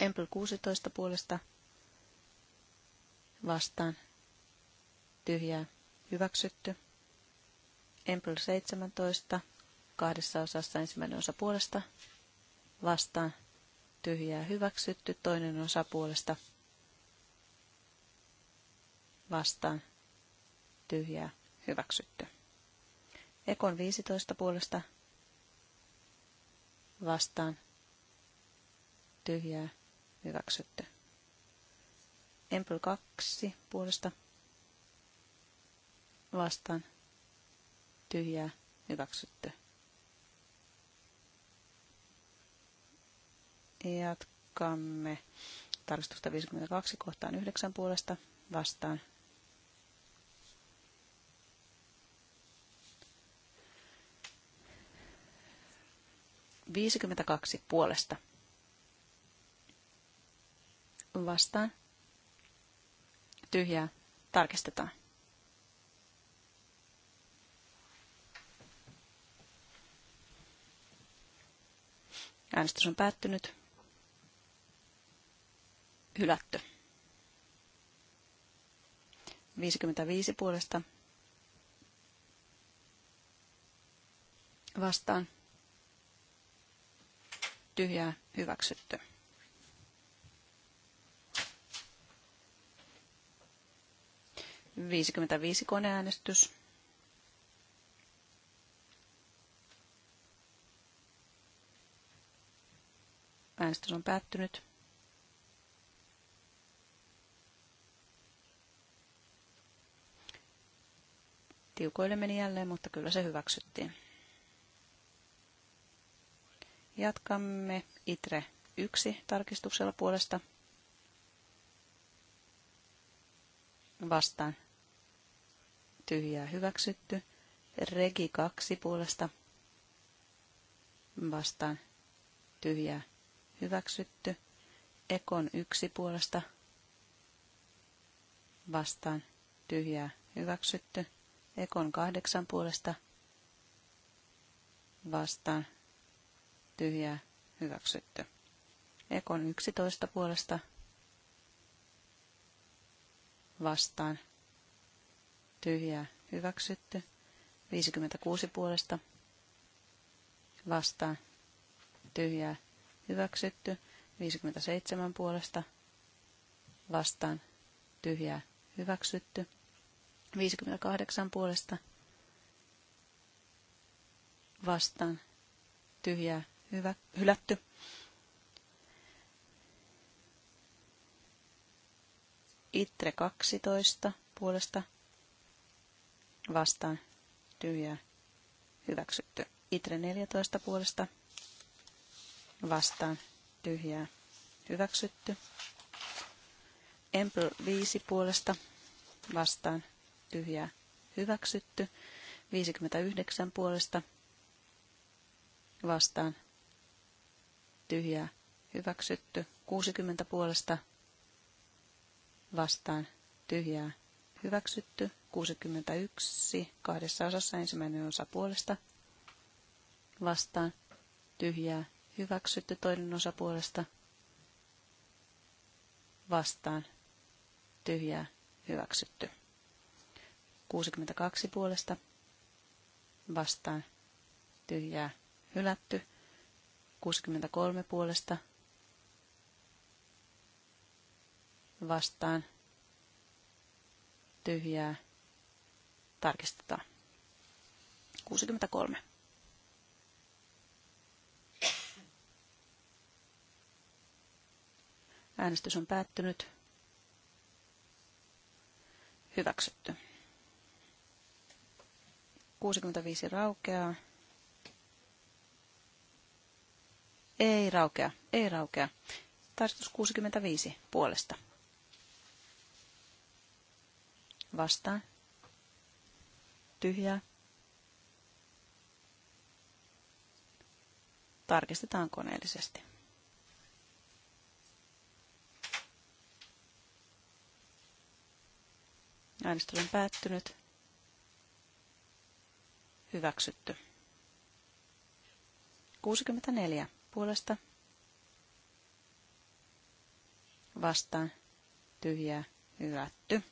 Empel 16 puolesta vastaan tyhjää hyväksytty. Empel 17 kahdessa osassa ensimmäinen osa puolesta vastaan tyhjää hyväksytty, toinen osa puolesta vastaan tyhjää hyväksytty. Ekon 15 puolesta vastaan. Tyhjää hyväksytty. Empel 2 puolesta vastaan. Tyhjää hyväksytty. Jatkamme tarkistusta 52 kohtaan 9 puolesta vastaan 52 puolesta. Vastaan. Tyhjää. Tarkistetaan. Äänestys on päättynyt. Hylätty. 55 puolesta. Vastaan tyhjää hyväksytty. Viisikymmentäviisi koneäänestys. Äänestys on päättynyt. Tiukoille meni jälleen, mutta kyllä se hyväksyttiin. Jatkamme ITRE 1 tarkistuksella puolesta. Vastaan. Tyhjää hyväksytty. Regi 2 puolesta. Vastaan. Tyhjää hyväksytty. Ekon 1 puolesta. Vastaan. Tyhjää hyväksytty. Ekon 8 puolesta. Vastaan tyhjää hyväksytty. Ekon 11 puolesta vastaan tyhjää hyväksytty. 56 puolesta vastaan tyhjää hyväksytty. 57 puolesta vastaan tyhjää hyväksytty. 58 puolesta vastaan tyhjää Hyvä, hylätty. Itre 12 puolesta vastaan tyhjää hyväksytty. Itre 14 puolesta vastaan tyhjää hyväksytty. Empl 5 puolesta vastaan tyhjää hyväksytty. 59 puolesta vastaan tyhjää hyväksytty. 60 puolesta vastaan tyhjää hyväksytty. 61 kahdessa osassa ensimmäinen osa puolesta vastaan tyhjää hyväksytty toinen osa puolesta vastaan tyhjää hyväksytty. 62 puolesta vastaan tyhjää hylätty. 63 puolesta vastaan tyhjää tarkistetaan. 63. Äänestys on päättynyt. Hyväksytty. 65 raukeaa. Ei raukea, ei raukea. Tarkistus 65 puolesta. Vastaan. Tyhjää. Tarkistetaan koneellisesti. Äänestys on päättynyt. Hyväksytty. 64 puolesta vastaan tyhjää hylätty.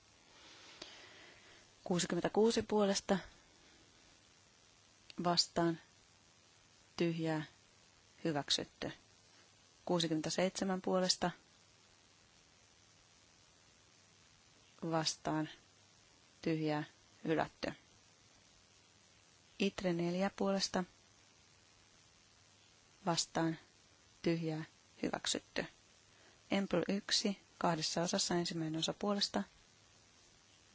66 puolesta vastaan tyhjää hyväksytty. 67 puolesta vastaan tyhjää hylätty. Itre neljä puolesta vastaan tyhjää hyväksytty. Empl 1 kahdessa osassa ensimmäinen osa puolesta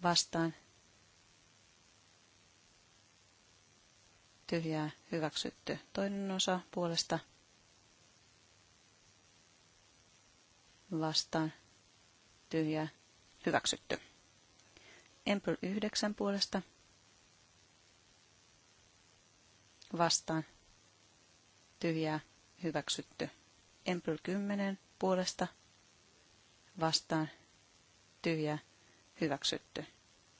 vastaan tyhjää hyväksytty. Toinen osa puolesta vastaan tyhjää hyväksytty. Empl 9 puolesta vastaan tyhjää hyväksytty. Empyl 10 puolesta vastaan tyhjää hyväksytty.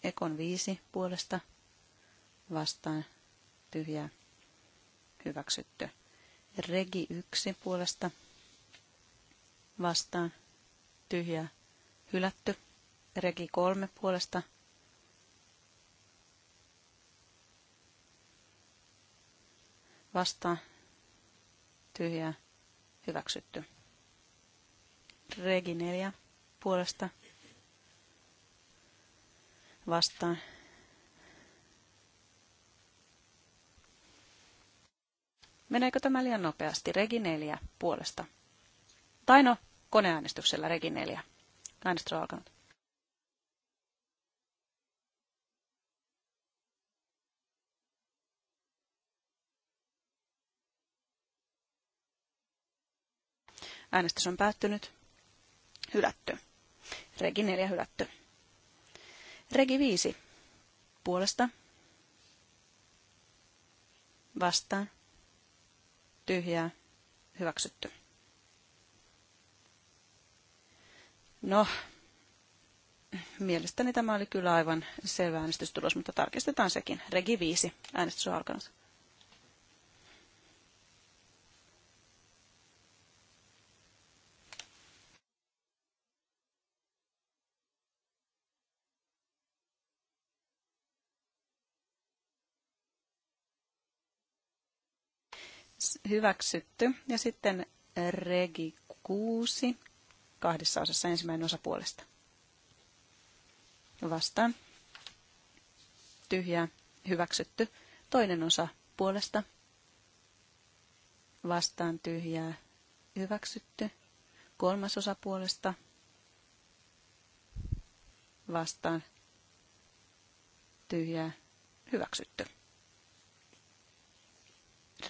Ekon 5 puolesta vastaan tyhjää hyväksytty. Regi 1 puolesta vastaan tyhjää hylätty. Regi 3 puolesta vastaan tyhjää hyväksytty. Regi 4 puolesta vastaan. Meneekö tämä liian nopeasti? Regi 4 puolesta. Tai no, koneäänestyksellä Regi 4. Äänestys on alkanut. Äänestys on päättynyt. Hylätty. Regi 4 hylätty. Regi 5. Puolesta. Vastaan. Tyhjää. Hyväksytty. No, mielestäni tämä oli kyllä aivan selvä äänestystulos, mutta tarkistetaan sekin. Regi 5. Äänestys on alkanut. Siis hyväksytty. Ja sitten regi 6 kahdessa osassa ensimmäinen osa puolesta. Vastaan. Tyhjää. Hyväksytty. Toinen osa puolesta. Vastaan tyhjää. Hyväksytty. Kolmas osa puolesta. Vastaan tyhjää. Hyväksytty.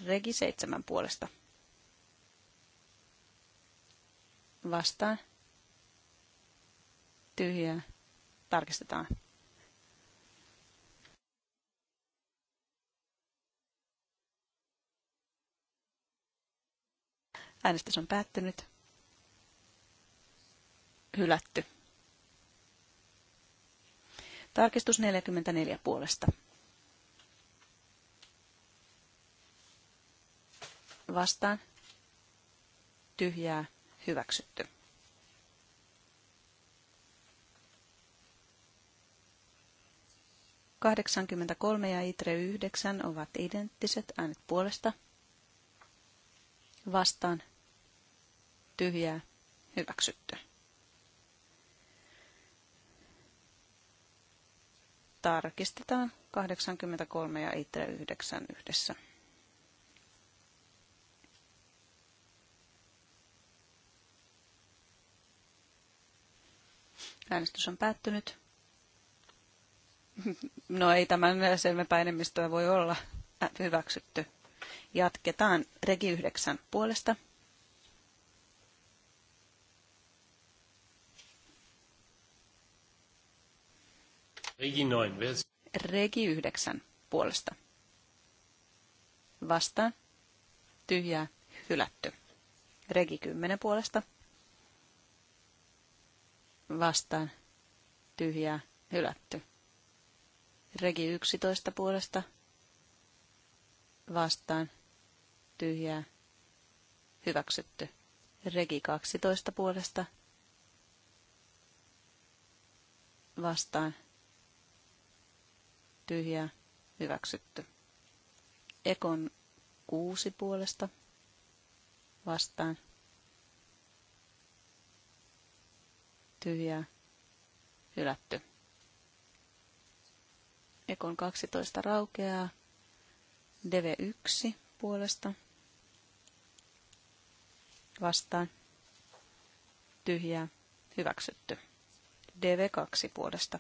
Regi 7 puolesta. Vastaan. Tyhjää. Tarkistetaan. Äänestys on päättynyt. Hylätty. Tarkistus 44 puolesta vastaan tyhjää hyväksytty. Kahdeksankymmentäkolme ja ITRE 9 ovat identtiset äänet puolesta. Vastaan tyhjää hyväksytty. Tarkistetaan 83 ja ITRE 9 yhdessä. Äänestys on päättynyt. No ei tämän selvempää enemmistöä voi olla hyväksytty. Jatketaan regi 9 puolesta. Regi 9. puolesta. Vastaan. Tyhjää. Hylätty. Regi 10 puolesta vastaan tyhjää hylätty. Regi 11 puolesta vastaan tyhjää hyväksytty. Regi 12 puolesta vastaan tyhjää hyväksytty. Ekon kuusi puolesta vastaan tyhjää hylätty. Ekon 12 raukeaa. DV1 puolesta vastaan tyhjää hyväksytty. DV2 puolesta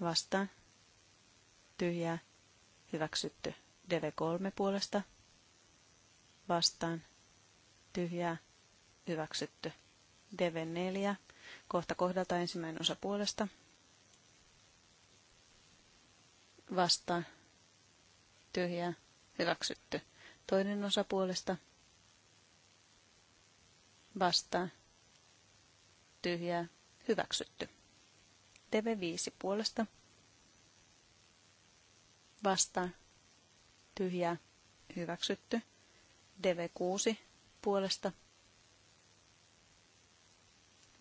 vastaan tyhjää hyväksytty. DV3 puolesta vastaan tyhjää hyväksytty. DV4, kohta kohdalta ensimmäinen osa puolesta. vasta tyhjä Hyväksytty. Toinen osa puolesta. vasta tyhjä Hyväksytty. DV5 puolesta. vasta tyhjä Hyväksytty. DV6 puolesta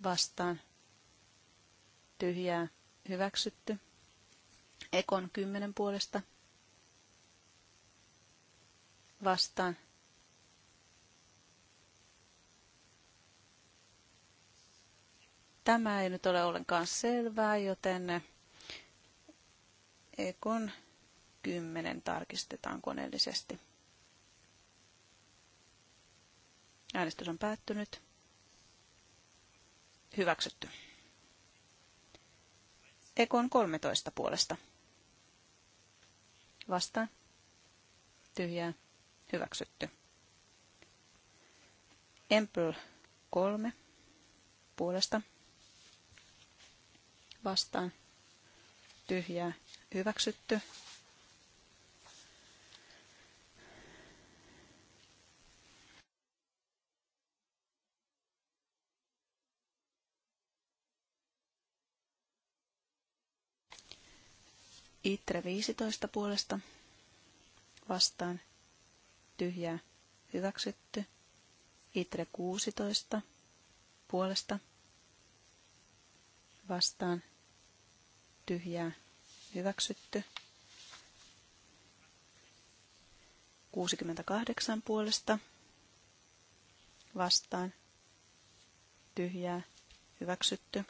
vastaan tyhjää hyväksytty. Ekon kymmenen puolesta vastaan Tämä ei nyt ole ollenkaan selvää, joten Ekon 10 tarkistetaan koneellisesti. Äänestys on päättynyt. Hyväksytty. Ekon 13 puolesta. Vastaan. Tyhjää. Hyväksytty. Empl 3 puolesta. Vastaan. Tyhjää. Hyväksytty. Itre 15 puolesta vastaan tyhjää hyväksytty. Itre 16 puolesta vastaan tyhjää hyväksytty. 68 puolesta vastaan tyhjää hyväksytty.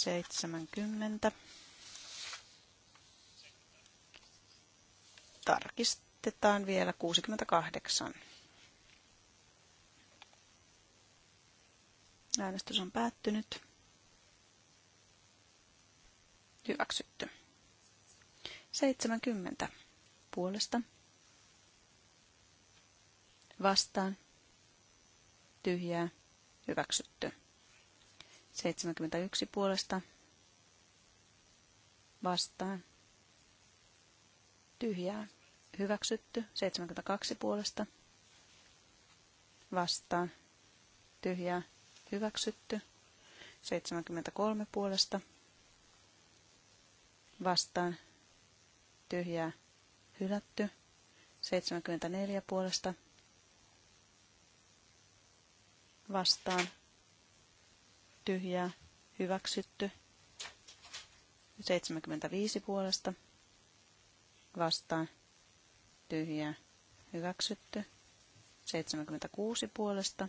70. Tarkistetaan vielä 68. Äänestys on päättynyt. Hyväksytty. 70 puolesta. Vastaan. Tyhjää. Hyväksytty. 71 puolesta vastaan. Tyhjää. Hyväksytty. 72 puolesta vastaan. Tyhjää. Hyväksytty. 73 puolesta vastaan. Tyhjää. Hylätty. 74 puolesta vastaan tyhjää, hyväksytty. 75 puolesta vastaan, tyhjää, hyväksytty. 76 puolesta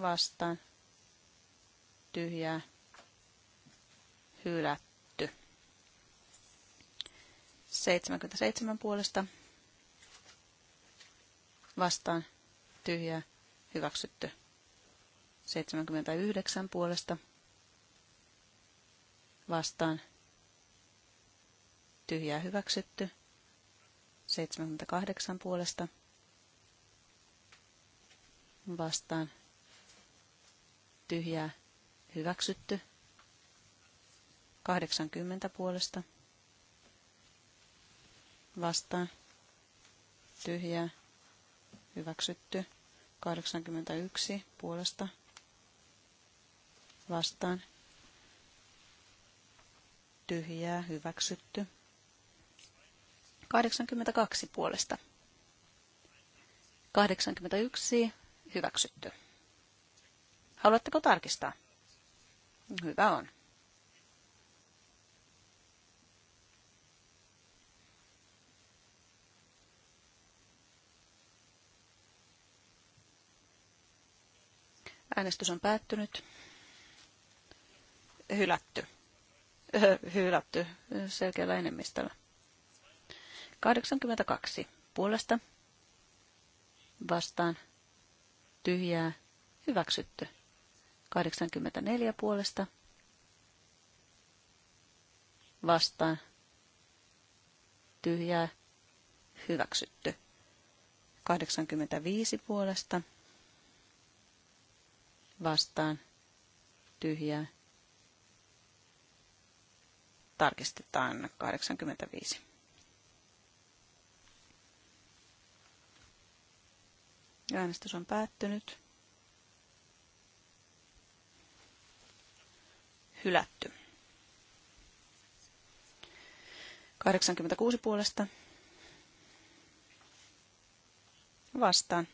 vastaan, tyhjää, hylätty. 77 puolesta vastaan, tyhjää, hyväksytty. 79 puolesta vastaan tyhjää hyväksytty. 78 puolesta vastaan tyhjää hyväksytty. 80 puolesta vastaan tyhjää hyväksytty. 81 puolesta vastaan tyhjää hyväksytty. 82 puolesta. 81 hyväksytty. Haluatteko tarkistaa? Hyvä on. Äänestys on päättynyt hylätty. Öö, hylätty selkeällä enemmistöllä. 82 puolesta vastaan tyhjää hyväksytty. 84 puolesta vastaan tyhjää hyväksytty. 85 puolesta vastaan tyhjää tarkistetaan 85. Äänestys on päättynyt. Hylätty. 86 puolesta. Vastaan.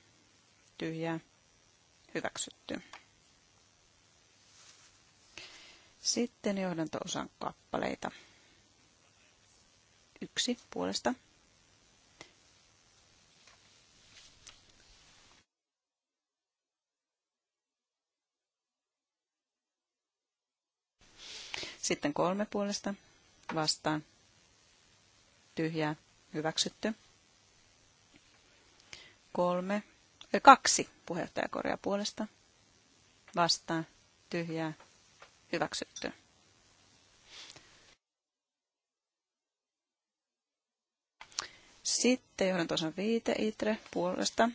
Tyhjää. Hyväksytty. Sitten johdanto-osan kappaleita. Yksi puolesta. Sitten kolme puolesta vastaan. Tyhjää hyväksytty. Kolme, kaksi puheenjohtajakorjaa puolesta vastaan. Tyhjää Hyväksytty. Sitten johdantosan viite itre puolesta.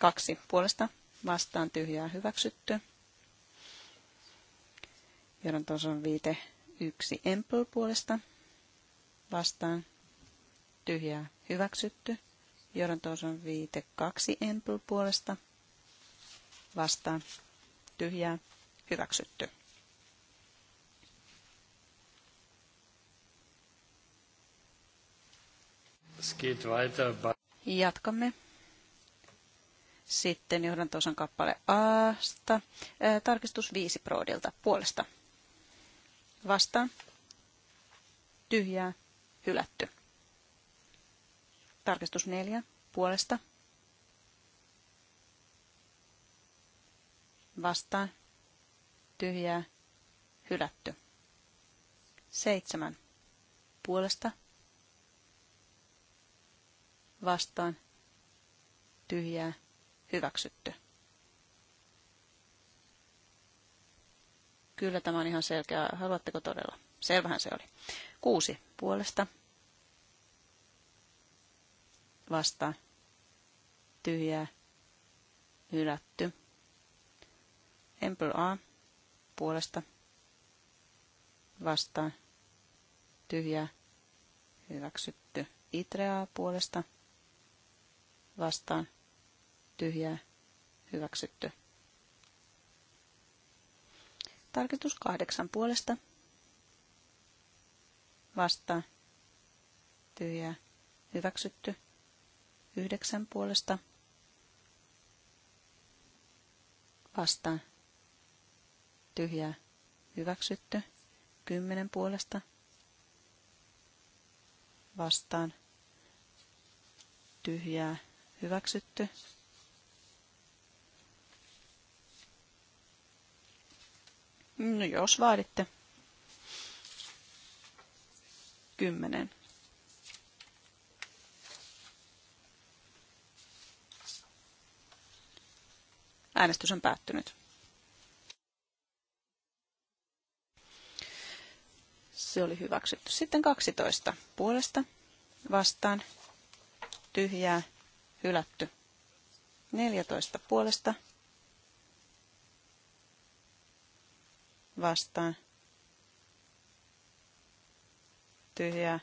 Kaksi puolesta vastaan tyhjää hyväksytty. Johdantosan viite yksi empl puolesta vastaan tyhjää hyväksytty. Johdantosan viite kaksi empl puolesta vastaan tyhjää hyväksytty. Jatkamme. Sitten johdantosan kappale Asta. Tarkistus 5 Proodilta puolesta. Vastaan. Tyhjää. Hylätty. Tarkistus 4 puolesta. Vastaan. Tyhjää. Hylätty. 7 puolesta vastaan tyhjää hyväksytty. Kyllä tämä on ihan selkeä. Haluatteko todella? Selvähän se oli. Kuusi puolesta. Vastaan. Tyhjää. Hylätty. Empel A. Puolesta. Vastaan. Tyhjää. Hyväksytty. Itrea puolesta vastaan tyhjää hyväksytty. Tarkoitus kahdeksan puolesta vastaan tyhjää hyväksytty. Yhdeksän puolesta vastaan tyhjää hyväksytty. Kymmenen puolesta vastaan tyhjää Hyväksytty. No jos vaaditte. Kymmenen. Äänestys on päättynyt. Se oli hyväksytty. Sitten 12 puolesta vastaan tyhjää hylätty. 14 puolesta vastaan tyhjää.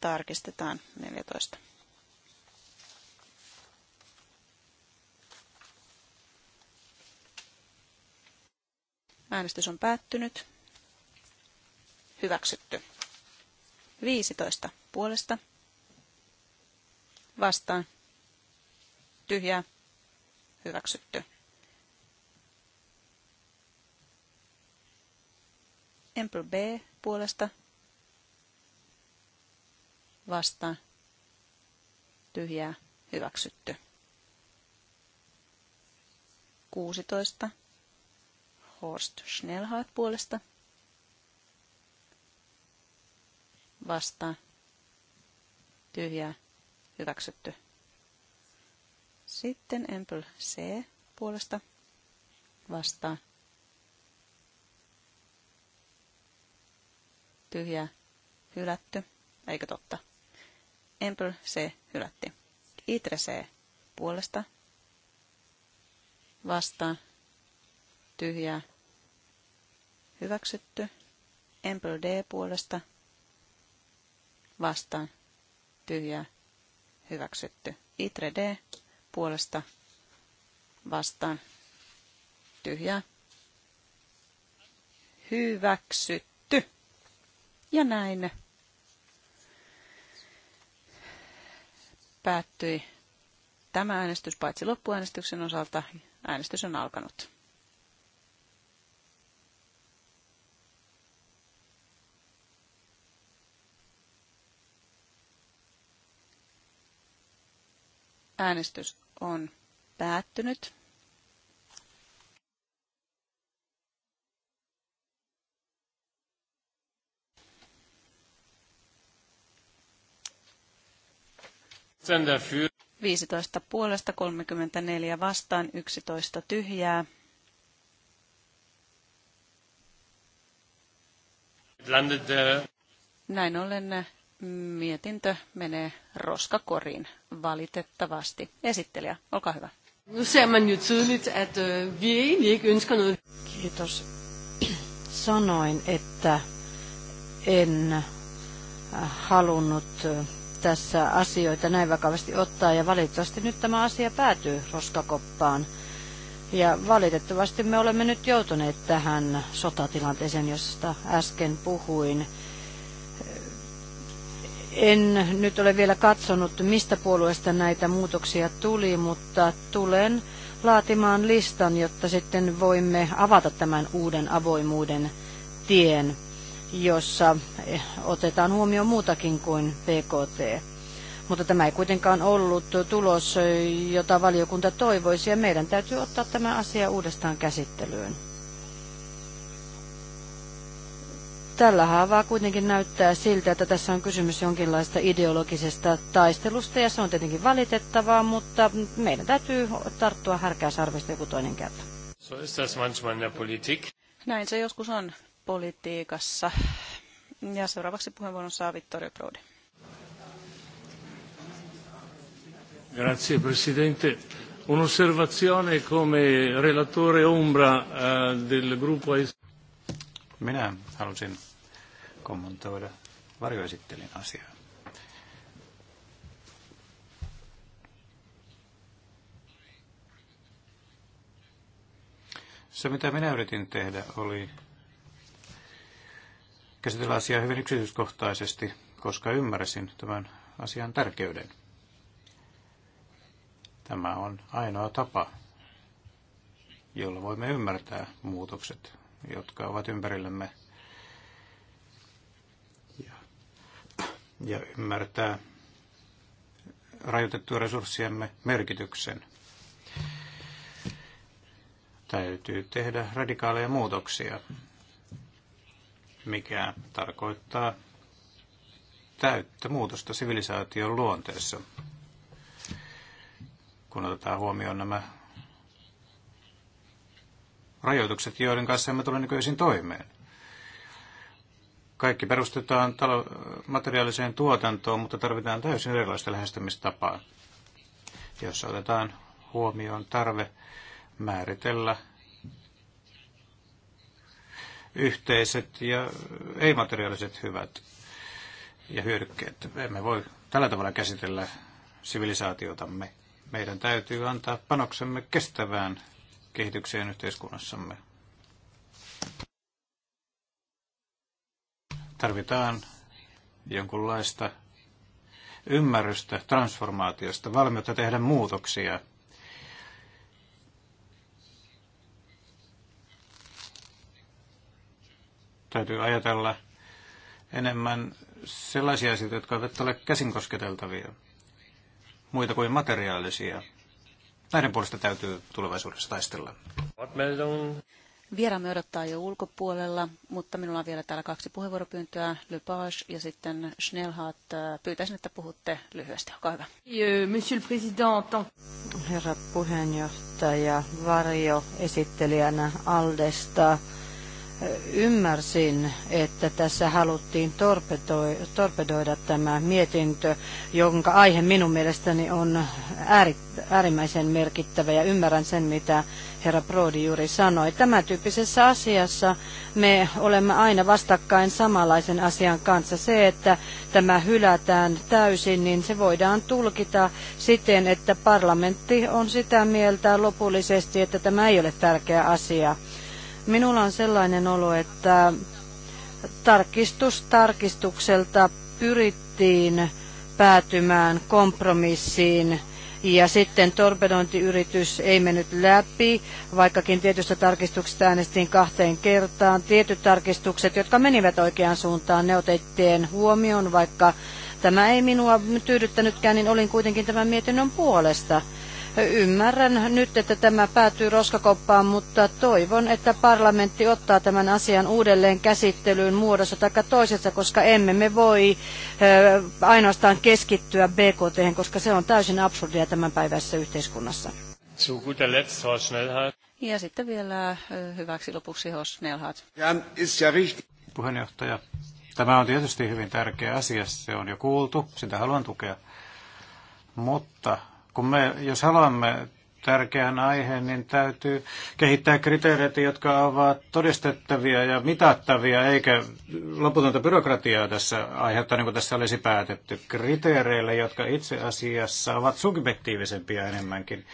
Tarkistetaan 14. Äänestys on päättynyt. Hyväksytty. 15 puolesta vastaan tyhjää hyväksytty. Empl B puolesta vastaan tyhjää hyväksytty. 16. Horst Schnellhaat puolesta vastaan tyhjää hyväksytty. Sitten Empel C puolesta vastaan. Tyhjä hylätty, eikö totta? Empel C hylätti. Itre C puolesta vastaan. tyhjä hyväksytty. Empel D puolesta vastaan. Tyhjää hyväksytty. Itre D puolesta vastaan tyhjää. Hyväksytty. Ja näin päättyi tämä äänestys paitsi loppuäänestyksen osalta. Äänestys on alkanut. Äänestys on päättynyt. Sen 15 puolesta 34 vastaan 11 tyhjää. Näin ollen mietintö menee roskakoriin valitettavasti. Esittelijä, olkaa hyvä. Nu ser man jo tydeligt, at øh, vi Kiitos. Sanoin, että en äh, halunnut äh, tässä asioita näin vakavasti ottaa ja valitettavasti nyt tämä asia päätyy roskakoppaan. Ja valitettavasti me olemme nyt joutuneet tähän sotatilanteeseen, josta äsken puhuin. En nyt ole vielä katsonut, mistä puolueesta näitä muutoksia tuli, mutta tulen laatimaan listan, jotta sitten voimme avata tämän uuden avoimuuden tien, jossa eh, otetaan huomioon muutakin kuin PKT. Mutta tämä ei kuitenkaan ollut tulos, jota valiokunta toivoisi, ja meidän täytyy ottaa tämä asia uudestaan käsittelyyn. Tällä haavaa kuitenkin näyttää siltä, että tässä on kysymys jonkinlaista ideologisesta taistelusta ja se on tietenkin valitettavaa, mutta meidän täytyy tarttua härkää sarvesta joku toinen kerta. So ist das manchmal in der Politik. Näin se joskus on politiikassa. Ja seuraavaksi puheenvuoron saa Vittorio Prodi. Grazie Presidente. Un'osservazione come relatore ombra uh, del gruppo minä halusin kommentoida varjoesittelin asiaa. Se, mitä minä yritin tehdä, oli käsitellä asiaa hyvin yksityiskohtaisesti, koska ymmärsin tämän asian tärkeyden. Tämä on ainoa tapa, jolla voimme ymmärtää muutokset jotka ovat ympärillämme ja, ja ymmärtää rajoitettujen resurssiemme merkityksen. Täytyy tehdä radikaaleja muutoksia, mikä tarkoittaa täyttä muutosta sivilisaation luonteessa kun otetaan huomioon nämä rajoitukset, joiden kanssa emme tule nykyisin toimeen. Kaikki perustetaan talo- materiaaliseen tuotantoon, mutta tarvitaan täysin erilaista lähestymistapaa, jossa otetaan huomioon tarve määritellä yhteiset ja ei-materiaaliset hyvät ja hyödykkeet. Emme voi tällä tavalla käsitellä sivilisaatiotamme. Meidän täytyy antaa panoksemme kestävään kehitykseen yhteiskunnassamme. Tarvitaan jonkunlaista ymmärrystä transformaatiosta, valmiutta tehdä muutoksia. Täytyy ajatella enemmän sellaisia asioita, jotka eivät ole käsin kosketeltavia, muita kuin materiaalisia Näiden puolesta täytyy tulevaisuudessa taistella. Vieraamme odottaa jo ulkopuolella, mutta minulla on vielä täällä kaksi puheenvuoropyyntöä, Lepage ja sitten Schnellhaat. Pyytäisin, että puhutte lyhyesti. Olkaa hyvä. Monsieur le Président. Herra puheenjohtaja, varjo esittelijänä Aldesta ymmärsin, että tässä haluttiin torpedoida tämä mietintö, jonka aihe minun mielestäni on äärimmäisen merkittävä ja ymmärrän sen, mitä herra Prodi juuri sanoi. Tämän tyyppisessä asiassa me olemme aina vastakkain samanlaisen asian kanssa. Se, että tämä hylätään täysin, niin se voidaan tulkita siten, että parlamentti on sitä mieltä lopullisesti, että tämä ei ole tärkeä asia Minulla on sellainen olo, että tarkistus tarkistukselta pyrittiin päätymään kompromissiin ja sitten torpedointiyritys ei mennyt läpi, vaikkakin tietystä tarkistuksesta äänestiin kahteen kertaan. Tietyt tarkistukset, jotka menivät oikeaan suuntaan, ne otettiin huomioon, vaikka tämä ei minua tyydyttänytkään, niin olin kuitenkin tämän mietinnön puolesta. Ymmärrän nyt, että tämä päätyy roskakoppaan, mutta toivon, että parlamentti ottaa tämän asian uudelleen käsittelyyn muodossa tai toisessa, koska emme me voi ainoastaan keskittyä BKT, koska se on täysin absurdia tämän päivässä yhteiskunnassa. Ja sitten vielä hyväksi lopuksi Horst Puheenjohtaja, tämä on tietysti hyvin tärkeä asia, se on jo kuultu, sitä haluan tukea. Mutta kun me, jos haluamme tärkeän aiheen, niin täytyy kehittää kriteereitä, jotka ovat todistettavia ja mitattavia, eikä loputonta byrokratiaa tässä aiheuttaa, niin kuin tässä olisi päätetty, kriteereille, jotka itse asiassa ovat subjektiivisempia enemmänkin.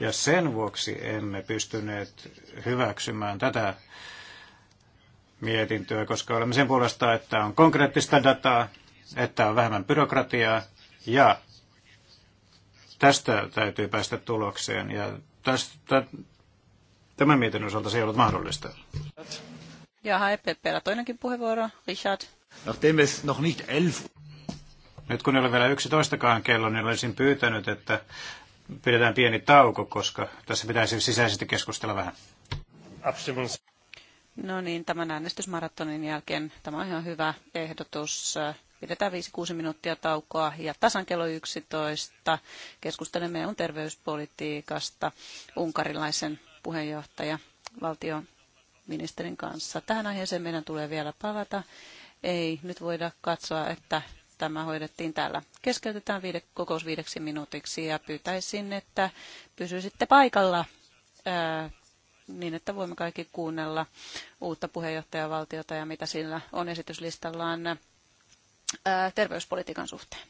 Ja sen vuoksi emme pystyneet hyväksymään tätä mietintöä, koska olemme sen puolesta, että on konkreettista dataa, että on vähemmän byrokratiaa ja Tästä täytyy päästä tulokseen ja tästä, tämän mietinnön osalta se ei ollut mahdollista. Jaha, Eppepperä. Toinenkin puheenvuoro, Richard. Nyt kun ei ole vielä yksitoistakaan kello, niin olisin pyytänyt, että pidetään pieni tauko, koska tässä pitäisi sisäisesti keskustella vähän. Absolutely. No niin, tämän äänestysmaratonin jälkeen tämä on ihan hyvä ehdotus. Pidetään 5-6 minuuttia taukoa ja tasan kello 11 keskustelemme on terveyspolitiikasta unkarilaisen puheenjohtaja valtion ministerin kanssa. Tähän aiheeseen meidän tulee vielä palata. Ei nyt voida katsoa, että tämä hoidettiin täällä. Keskeytetään viide, kokous viideksi minuutiksi ja pyytäisin, että pysyisitte paikalla ää, niin, että voimme kaikki kuunnella uutta puheenjohtajavaltiota ja mitä sillä on esityslistallaan terveyspolitiikan suhteen.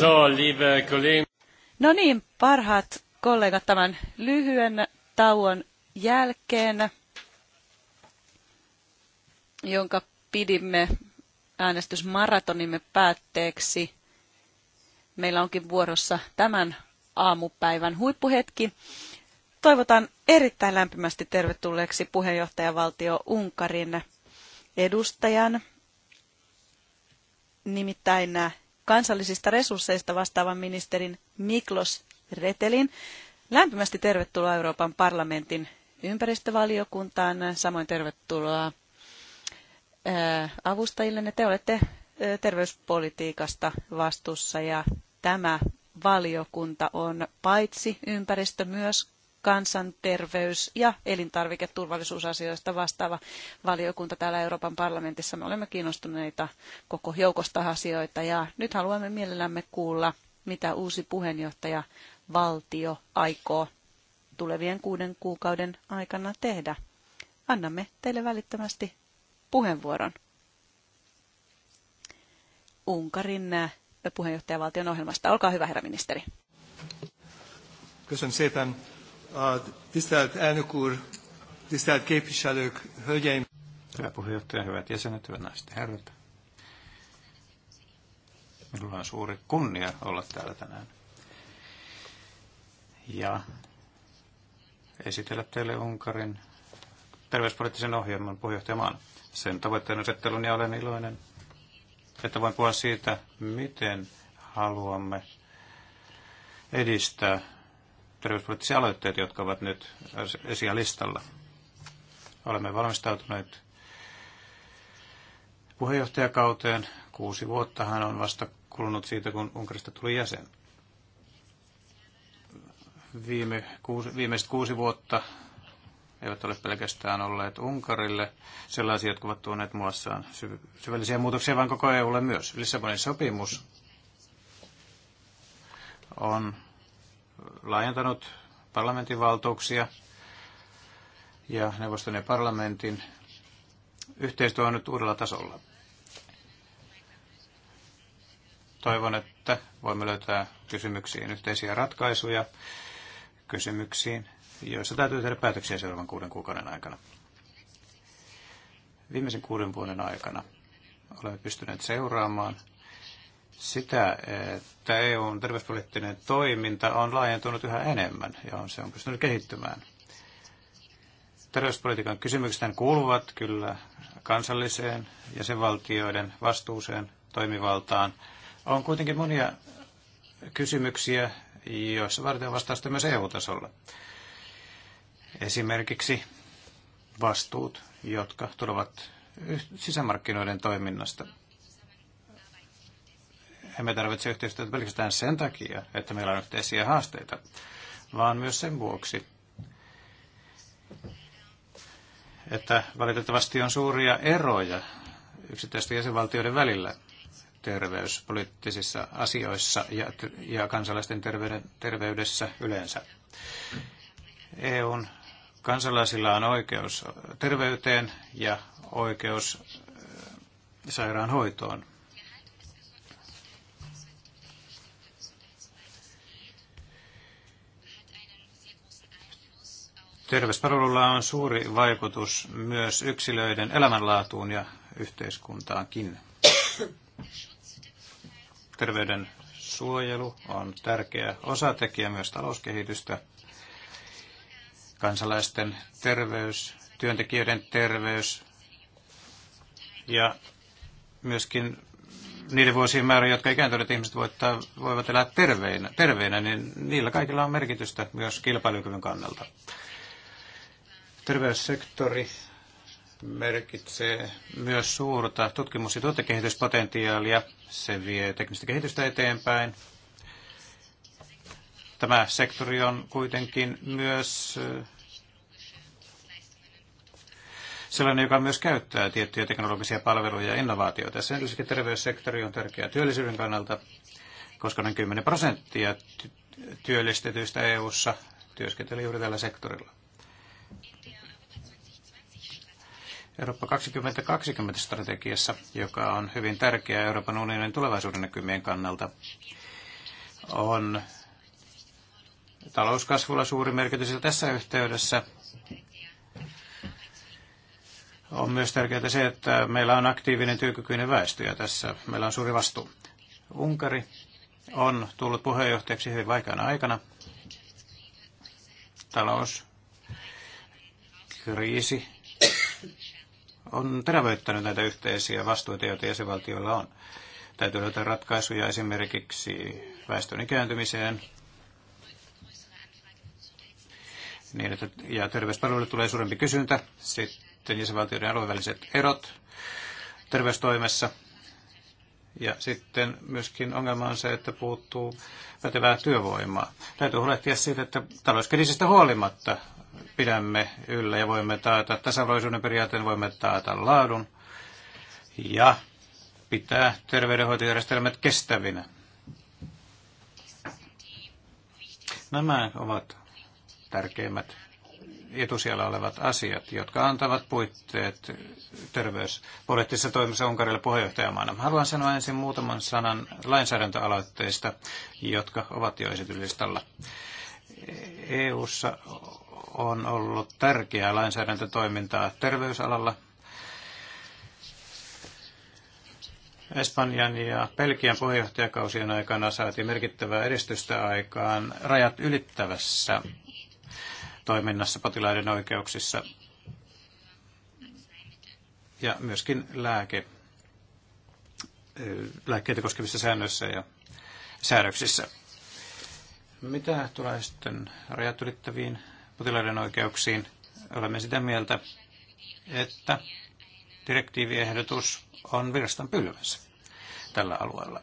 So, liebe Kollegen. No niin, parhaat kollegat tämän lyhyen tauon jälkeen, jonka pidimme äänestysmaratonimme päätteeksi. Meillä onkin vuorossa tämän aamupäivän huippuhetki. Toivotan erittäin lämpimästi tervetulleeksi puheenjohtajavaltio Unkarin edustajan, nimittäin kansallisista resursseista vastaavan ministerin Miklos Retelin. Lämpimästi tervetuloa Euroopan parlamentin ympäristövaliokuntaan, samoin tervetuloa äh, avustajille. Te olette äh, terveyspolitiikasta vastuussa ja tämä valiokunta on paitsi ympäristö myös kansanterveys- ja elintarviketurvallisuusasioista vastaava valiokunta täällä Euroopan parlamentissa. Me olemme kiinnostuneita koko joukosta asioita ja nyt haluamme mielellämme kuulla, mitä uusi puheenjohtaja valtio aikoo tulevien kuuden kuukauden aikana tehdä. Annamme teille välittömästi puheenvuoron. Unkarin äh, puheenjohtajavaltion ohjelmasta. Olkaa hyvä, herra ministeri. Kysyn siitä, A tisztelt elnök úr, tisztelt képviselők, hölgyeim! Hyvä puheenjohtaja, hyvät jäsenet, hyvät naiset ja herrat. Minulla on suuri kunnia olla täällä tänään ja esitellä teille Unkarin terveyspoliittisen ohjelman puheenjohtajamaan. Sen tavoitteen asettelun ja olen iloinen, että voin puhua siitä, miten haluamme edistää terveyspoliittisia aloitteita, jotka ovat nyt esialistalla. Olemme valmistautuneet puheenjohtajakauteen. Kuusi vuottahan on vasta kulunut siitä, kun Unkarista tuli jäsen. Viime, kuusi, viimeiset kuusi vuotta eivät ole pelkästään olleet Unkarille sellaisia, jotka ovat tuoneet muassaan syv- syvällisiä muutoksia, vaan koko EUlle myös. Lissabonin sopimus on laajentanut parlamentin valtuuksia ja neuvoston ja parlamentin yhteistyö on nyt uudella tasolla. Toivon, että voimme löytää kysymyksiin yhteisiä ratkaisuja kysymyksiin, joissa täytyy tehdä päätöksiä seuraavan kuuden kuukauden aikana. Viimeisen kuuden vuoden aikana olemme pystyneet seuraamaan sitä, että EUn terveyspoliittinen toiminta on laajentunut yhä enemmän ja on, se on pystynyt kehittymään. Terveyspolitiikan kysymykset kuuluvat kyllä kansalliseen jäsenvaltioiden vastuuseen toimivaltaan. On kuitenkin monia kysymyksiä, joissa varten vastausta myös EU-tasolla. Esimerkiksi vastuut, jotka tulevat sisämarkkinoiden toiminnasta – emme tarvitse yhteistyötä pelkästään sen takia, että meillä on yhteisiä haasteita, vaan myös sen vuoksi, että valitettavasti on suuria eroja yksittäisten jäsenvaltioiden välillä terveyspoliittisissa asioissa ja, ja kansalaisten terveyden, terveydessä yleensä. EUn kansalaisilla on oikeus terveyteen ja oikeus äh, sairaanhoitoon. Terveyspalvelulla on suuri vaikutus myös yksilöiden elämänlaatuun ja yhteiskuntaankin. Terveyden suojelu on tärkeä osatekijä myös talouskehitystä. Kansalaisten terveys, työntekijöiden terveys ja myöskin niiden vuosien määrä, jotka ikääntyneet ihmiset voittaa, voivat elää terveinä, terveinä, niin niillä kaikilla on merkitystä myös kilpailukyvyn kannalta. Terveyssektori merkitsee myös suurta tutkimus- ja tuotekehityspotentiaalia. Se vie teknistä kehitystä eteenpäin. Tämä sektori on kuitenkin myös eh, sellainen, joka myös käyttää tiettyjä teknologisia palveluja ja innovaatioita. Sen lisäksi terveyssektori on tärkeä työllisyyden kannalta, koska noin 10 prosenttia työllistetyistä EU-ssa työskenteli juuri tällä sektorilla. Eurooppa 2020-strategiassa, joka on hyvin tärkeä Euroopan unionin tulevaisuuden näkymien kannalta, on talouskasvulla suuri merkitys. Ja tässä yhteydessä on myös tärkeää se, että meillä on aktiivinen työkykyinen väestö ja tässä meillä on suuri vastuu. Unkari on tullut puheenjohtajaksi hyvin vaikeana aikana. Talouskriisi on terävöittänyt näitä yhteisiä vastuita, joita jäsenvaltioilla on. Täytyy löytää ratkaisuja esimerkiksi väestön ikääntymiseen, niin, että, ja terveyspalveluille tulee suurempi kysyntä, sitten jäsenvaltioiden alueväliset erot terveystoimessa, ja sitten myöskin ongelma on se, että puuttuu pätevää työvoimaa. Täytyy huolehtia siitä, että talouskriisistä huolimatta pidämme yllä ja voimme taata tasavaloisuuden periaatteen, voimme taata laadun ja pitää terveydenhoitojärjestelmät kestävinä. Nämä ovat tärkeimmät etusijalla olevat asiat, jotka antavat puitteet terveyspoliittisessa toimissa Unkarille puheenjohtajamaana. Haluan sanoa ensin muutaman sanan lainsäädäntöaloitteista, jotka ovat jo esityslistalla. E-, e-, EU:ssa on ollut tärkeää lainsäädäntötoimintaa terveysalalla. Espanjan ja Pelkian puheenjohtajakausien aikana saatiin merkittävää edistystä aikaan rajat ylittävässä toiminnassa potilaiden oikeuksissa ja myöskin lääke, lääkkeitä koskevissa säännöissä ja säädöksissä. Mitä tulee sitten rajat ylittäviin potilaiden oikeuksiin. Olemme sitä mieltä, että direktiiviehdotus on virastan pylväs tällä alueella.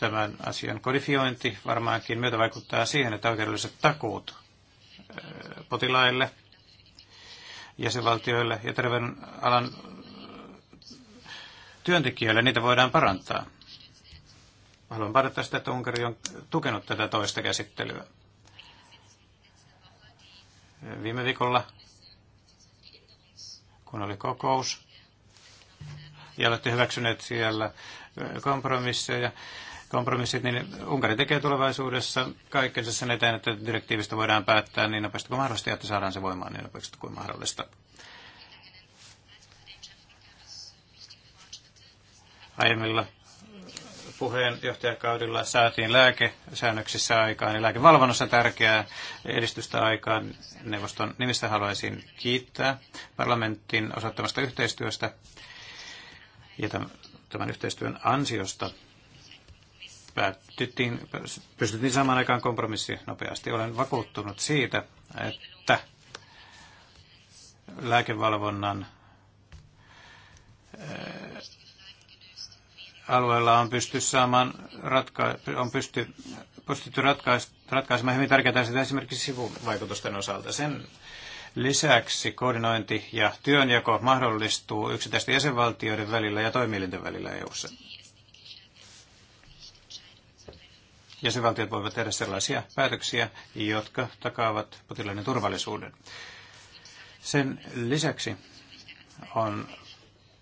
Tämän asian kodifiointi varmaankin myötä vaikuttaa siihen, että oikeudelliset takuut potilaille, jäsenvaltioille ja terveydenalan työntekijöille, niitä voidaan parantaa. Haluan painottaa sitä, että Unkari on tukenut tätä toista käsittelyä. Viime viikolla, kun oli kokous, ja olette hyväksyneet siellä kompromisseja, kompromissit, niin Unkari tekee tulevaisuudessa kaikkensa sen eteen, että direktiivistä voidaan päättää niin nopeasti kuin mahdollista, että saadaan se voimaan niin nopeasti kuin mahdollista. Aiemmilla puheenjohtajakaudella saatiin lääkesäännöksissä aikaan ja niin lääkevalvonnassa tärkeää edistystä aikaan. Neuvoston nimistä haluaisin kiittää parlamentin osoittamasta yhteistyöstä ja tämän yhteistyön ansiosta päätyttiin, pystyttiin saamaan aikaan kompromissi nopeasti. Olen vakuuttunut siitä, että lääkevalvonnan alueella on pysty saamaan ratka- on pysty, pystytty ratkaise- ratkaisemaan hyvin tärkeää asioita esimerkiksi sivuvaikutusten osalta. Sen lisäksi koordinointi ja työnjako mahdollistuu yksittäisten jäsenvaltioiden välillä ja toimielinten välillä EU-ssa. Jäsenvaltiot voivat tehdä sellaisia päätöksiä, jotka takaavat potilaiden turvallisuuden. Sen lisäksi on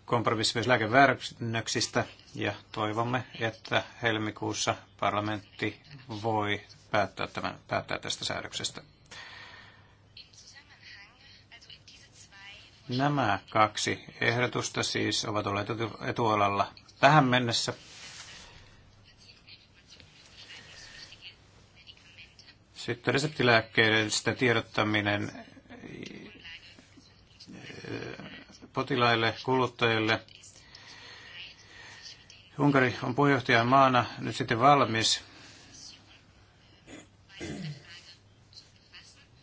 kompromissi myös lääkeväärännöksistä ja toivomme, että helmikuussa parlamentti voi päättää, tämän, päättää tästä säädöksestä. Nämä kaksi ehdotusta siis ovat olleet etuolalla tähän mennessä. Sitten reseptilääkkeistä tiedottaminen eh, potilaille, kuluttajille – Unkari on puheenjohtajan maana nyt sitten valmis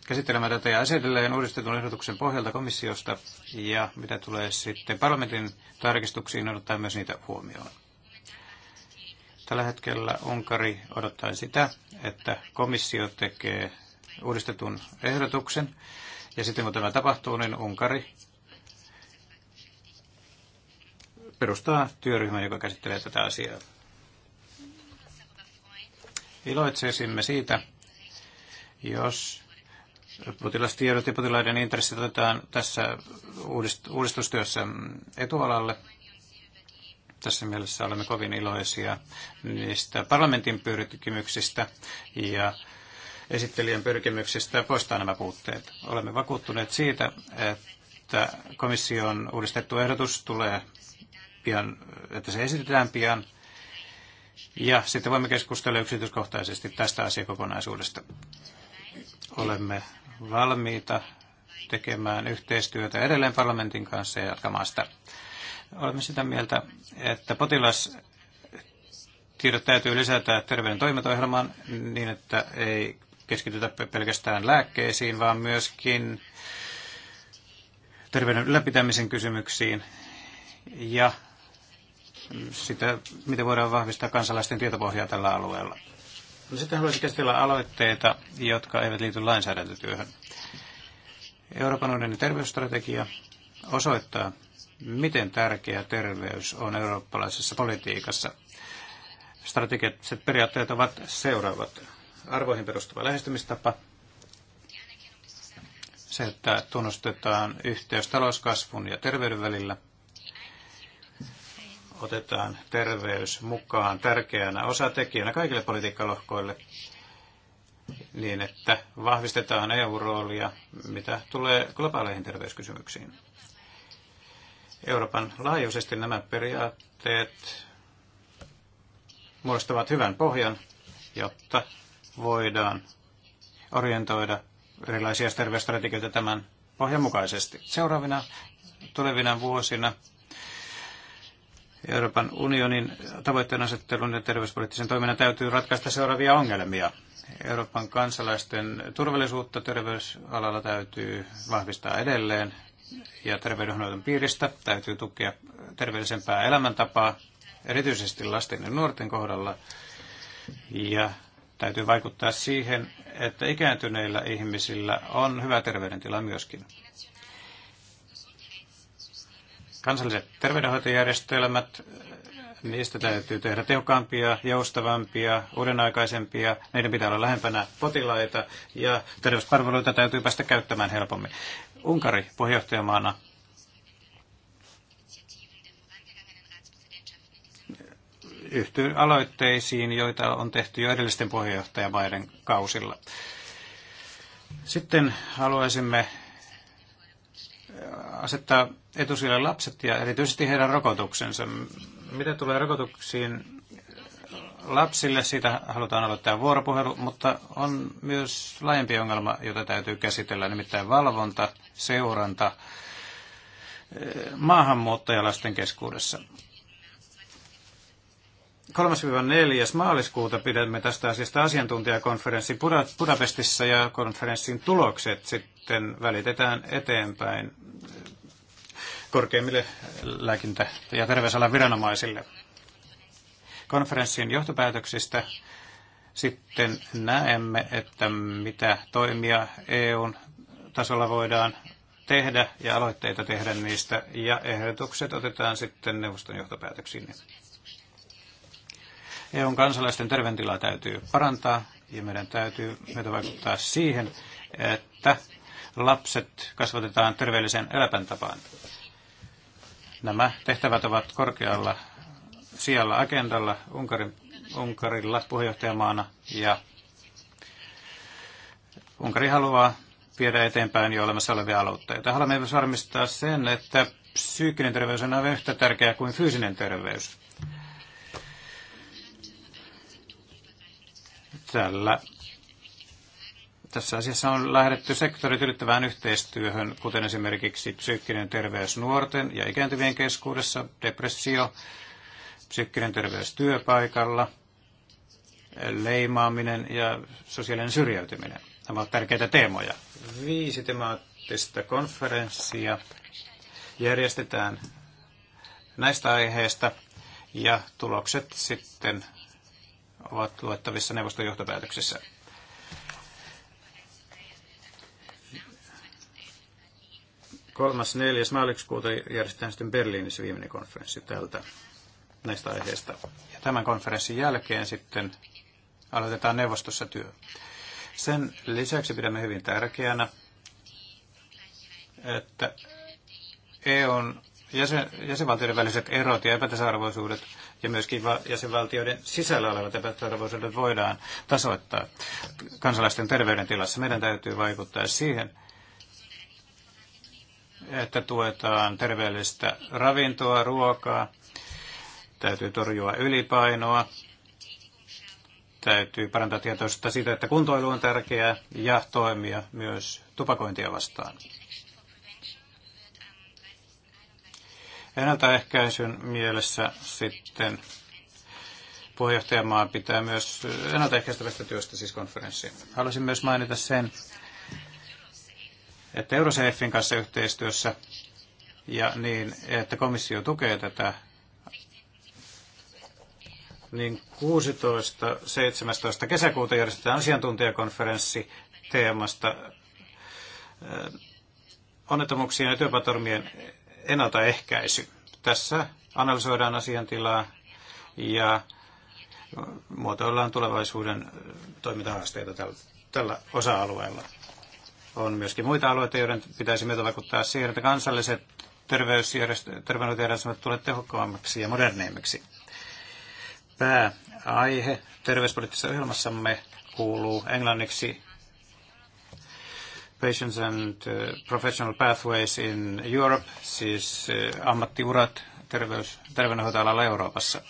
käsittelemään tätä ja asetelleen uudistetun ehdotuksen pohjalta komissiosta ja mitä tulee sitten parlamentin tarkistuksiin, niin odottaa myös niitä huomioon. Tällä hetkellä Unkari odottaa sitä, että komissio tekee uudistetun ehdotuksen ja sitten kun tämä tapahtuu, niin Unkari perustaa työryhmän, joka käsittelee tätä asiaa. Iloitsisimme siitä, jos potilastiedot ja potilaiden intressit otetaan tässä uudistustyössä etualalle. Tässä mielessä olemme kovin iloisia niistä parlamentin pyrkimyksistä ja esittelijän pyrkimyksistä poistaa nämä puutteet. Olemme vakuuttuneet siitä, että komission uudistettu ehdotus tulee pian, että se esitetään pian. Ja sitten voimme keskustella yksityiskohtaisesti tästä asiakokonaisuudesta. Olemme valmiita tekemään yhteistyötä edelleen parlamentin kanssa ja jatkamaan sitä. Olemme sitä mieltä, että potilas tiedot täytyy lisätä terveyden toimintaohjelmaan niin, että ei keskitytä pelkästään lääkkeisiin, vaan myöskin terveyden ylläpitämisen kysymyksiin ja sitä, miten voidaan vahvistaa kansalaisten tietopohjaa tällä alueella. No, sitten haluaisin käsitellä aloitteita, jotka eivät liity lainsäädäntötyöhön. Euroopan unionin terveysstrategia osoittaa, miten tärkeä terveys on eurooppalaisessa politiikassa. Strategiset periaatteet ovat seuraavat. Arvoihin perustuva lähestymistapa, se, että tunnustetaan yhteys talouskasvun ja terveyden välillä – otetaan terveys mukaan tärkeänä osatekijänä kaikille politiikkalohkoille niin, että vahvistetaan EU-roolia, mitä tulee globaaleihin terveyskysymyksiin. Euroopan laajuisesti nämä periaatteet muodostavat hyvän pohjan, jotta voidaan orientoida erilaisia terveysstrategioita tämän pohjan mukaisesti. Seuraavina tulevina vuosina Euroopan unionin tavoitteen asettelun ja terveyspoliittisen toiminnan täytyy ratkaista seuraavia ongelmia. Euroopan kansalaisten turvallisuutta terveysalalla täytyy vahvistaa edelleen ja terveydenhoidon piiristä täytyy tukea terveellisempää elämäntapaa, erityisesti lasten ja nuorten kohdalla. Ja täytyy vaikuttaa siihen, että ikääntyneillä ihmisillä on hyvä terveydentila myöskin. Kansalliset terveydenhoitojärjestelmät, niistä täytyy tehdä tehokkaampia, joustavampia, uudenaikaisempia. Meidän pitää olla lähempänä potilaita ja terveyspalveluita täytyy päästä käyttämään helpommin. Unkari puheenjohtajamaana yhtyy aloitteisiin, joita on tehty jo edellisten puheenjohtajamaiden kausilla. Sitten haluaisimme asettaa etusille lapset ja erityisesti heidän rokotuksensa. Mitä tulee rokotuksiin lapsille, siitä halutaan aloittaa vuoropuhelu, mutta on myös laajempi ongelma, jota täytyy käsitellä, nimittäin valvonta, seuranta eh, maahanmuuttajalasten keskuudessa. 3-4. maaliskuuta pidämme tästä asiasta asiantuntijakonferenssi Budapestissa ja konferenssin tulokset sitten sitten välitetään eteenpäin korkeimmille lääkintä- ja terveysalan viranomaisille. Konferenssin johtopäätöksistä sitten näemme, että mitä toimia EUn tasolla voidaan tehdä ja aloitteita tehdä niistä, ja ehdotukset otetaan sitten neuvoston johtopäätöksiin. EUn kansalaisten terveentilaa täytyy parantaa, ja meidän täytyy meitä vaikuttaa siihen, että lapset kasvatetaan terveelliseen elämäntapaan. Nämä tehtävät ovat korkealla sijalla agendalla Unkarin, Unkarilla puheenjohtajamaana ja Unkari haluaa viedä eteenpäin jo olemassa olevia aloitteita. Haluamme myös varmistaa sen, että psyykkinen terveys on aivan yhtä tärkeää kuin fyysinen terveys. Tällä tässä asiassa on lähdetty sektorit ylittävään yhteistyöhön, kuten esimerkiksi psyykkinen terveys nuorten ja ikääntyvien keskuudessa, depressio, psyykkinen terveys työpaikalla, leimaaminen ja sosiaalinen syrjäytyminen. Nämä ovat tärkeitä teemoja. Viisi temaattista konferenssia järjestetään näistä aiheista ja tulokset sitten ovat luettavissa neuvoston johtopäätöksessä. Kolmas, neljäs maaliskuuta järjestetään sitten Berliinissä viimeinen konferenssi tältä näistä aiheista. Ja tämän konferenssin jälkeen sitten aloitetaan neuvostossa työ. Sen lisäksi pidämme hyvin tärkeänä, että EUn jäsen, jäsenvaltioiden väliset erot ja epätasarvoisuudet ja myöskin jäsenvaltioiden sisällä olevat epätasarvoisuudet voidaan tasoittaa kansalaisten terveydentilassa. Meidän täytyy vaikuttaa siihen, että tuetaan terveellistä ravintoa, ruokaa, täytyy torjua ylipainoa, täytyy parantaa tietoisuutta siitä, että kuntoilu on tärkeää ja toimia myös tupakointia vastaan. Ennaltaehkäisyn mielessä sitten puheenjohtajamaa pitää myös ennaltaehkäistävästä työstä siis konferenssiin. Haluaisin myös mainita sen, että Eurosafein kanssa yhteistyössä ja niin, että komissio tukee tätä niin 16.17. kesäkuuta järjestetään asiantuntijakonferenssi teemasta äh, onnettomuuksien ja työpatormien ennaltaehkäisy. Tässä analysoidaan asiantilaa ja muotoillaan tulevaisuuden toimintahaasteita tällä osa-alueella. On myöskin muita alueita, joiden pitäisi myötä vaikuttaa siihen, että kansalliset terveysjärjestelmät tulevat tehokkaammaksi ja moderneimmiksi. Pääaihe terveyspoliittisessa ohjelmassamme kuuluu englanniksi Patients and uh, Professional Pathways in Europe, siis uh, ammattiurat terveys, terveydenhoitoalalla Euroopassa.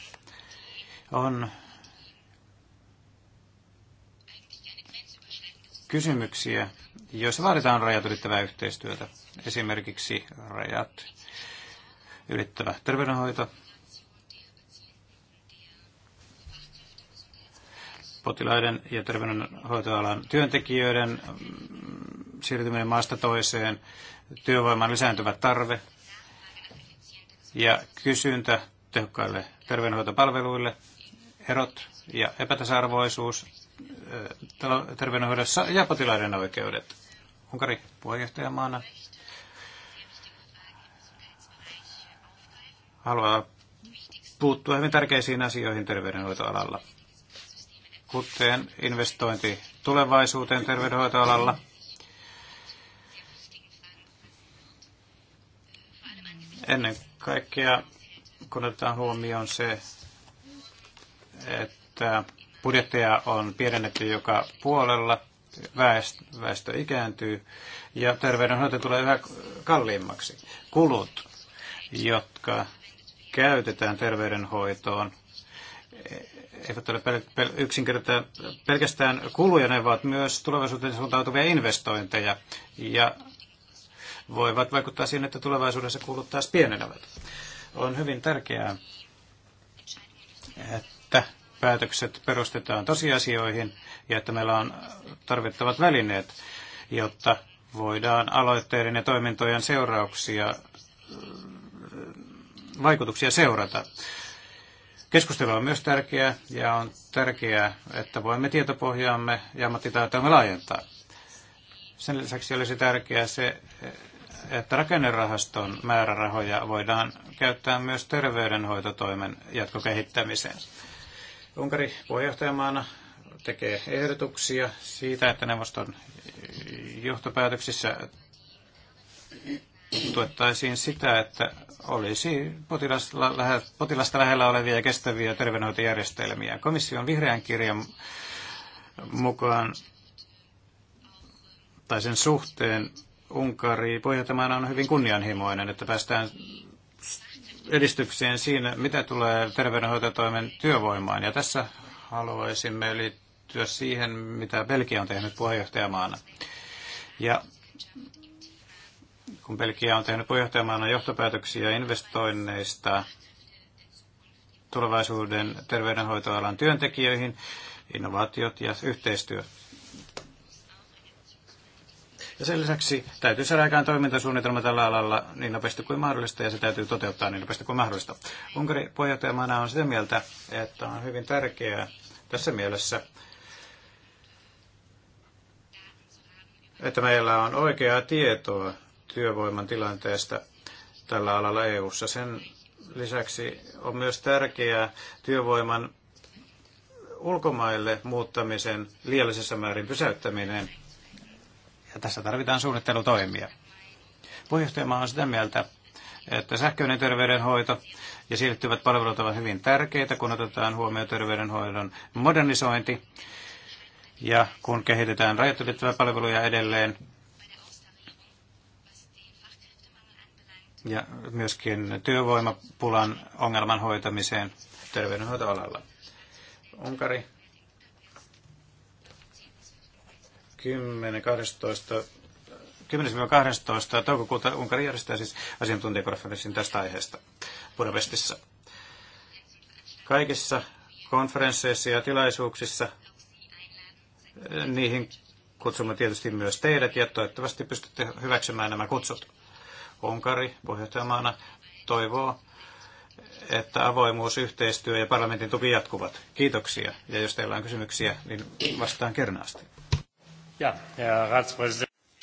On kysymyksiä, joissa vaaditaan rajat ylittävää yhteistyötä. Esimerkiksi rajat ylittävä terveydenhoito, potilaiden ja terveydenhoitoalan työntekijöiden mm, siirtyminen maasta toiseen, työvoiman lisääntyvä tarve ja kysyntä tehokkaille terveydenhoitopalveluille, erot ja epätasa-arvoisuus terveydenhoidossa ja potilaiden oikeudet. Unkari puheenjohtajamaana haluaa puuttua hyvin tärkeisiin asioihin terveydenhoitoalalla, kuten investointi tulevaisuuteen terveydenhoitoalalla, ennen kaikkea kun otetaan huomioon se, että Budjetteja on pienennetty joka puolella, väestö, väestö ikääntyy ja terveydenhoito tulee yhä kalliimmaksi. Kulut, jotka käytetään terveydenhoitoon, eivät ole pel- pel- yksinkertaisesti pelkästään kuluja, ne ovat myös tulevaisuuteen suuntautuvia investointeja ja voivat vaikuttaa siihen, että tulevaisuudessa kulut taas pienenevät. On hyvin tärkeää, että päätökset perustetaan tosiasioihin ja että meillä on tarvittavat välineet, jotta voidaan aloitteiden ja toimintojen seurauksia, vaikutuksia seurata. Keskustelu on myös tärkeää ja on tärkeää, että voimme tietopohjaamme ja ammattitaitoamme laajentaa. Sen lisäksi olisi tärkeää se, että rakennerahaston määrärahoja voidaan käyttää myös terveydenhoitotoimen jatkokehittämiseen. Unkari puheenjohtajamaana tekee ehdotuksia siitä, että neuvoston johtopäätöksissä tuettaisiin sitä, että olisi potilasta, lähellä olevia ja kestäviä terveydenhoitojärjestelmiä. Komission vihreän kirjan mukaan tai sen suhteen Unkari puheenjohtajamaana on hyvin kunnianhimoinen, että päästään edistykseen siinä, mitä tulee terveydenhoitotoimen työvoimaan. Ja tässä haluaisimme liittyä siihen, mitä Belgia on tehnyt puheenjohtajamaana. Ja kun Belgia on tehnyt puheenjohtajamaana johtopäätöksiä investoinneista tulevaisuuden terveydenhoitoalan työntekijöihin, innovaatiot ja yhteistyö ja sen lisäksi täytyy saada aikaan toimintasuunnitelma tällä alalla niin nopeasti kuin mahdollista, ja se täytyy toteuttaa niin nopeasti kuin mahdollista. Unkari puheenjohtajamaana on sitä mieltä, että on hyvin tärkeää tässä mielessä, että meillä on oikeaa tietoa työvoiman tilanteesta tällä alalla EU:ssa. Sen lisäksi on myös tärkeää työvoiman ulkomaille muuttamisen liiallisessa määrin pysäyttäminen tässä tarvitaan suunnittelutoimia. Puheenjohtajamaa on sitä mieltä, että sähköinen terveydenhoito ja siirtyvät palvelut ovat hyvin tärkeitä, kun otetaan huomioon terveydenhoidon modernisointi ja kun kehitetään rajoitettuja palveluja edelleen. Ja myöskin työvoimapulan ongelman hoitamiseen terveydenhoitoalalla. Unkari 10.12. toukokuuta Unkari järjestää siis asiantuntijakonferenssin tästä aiheesta Budapestissa. Kaikissa konferensseissa ja tilaisuuksissa eh, niihin kutsumme tietysti myös teidät ja toivottavasti pystytte hyväksymään nämä kutsut. Unkari puheenjohtajamaana toivoo, että avoimuus, yhteistyö ja parlamentin tuki jatkuvat. Kiitoksia ja jos teillä on kysymyksiä, niin vastaan kernaasti.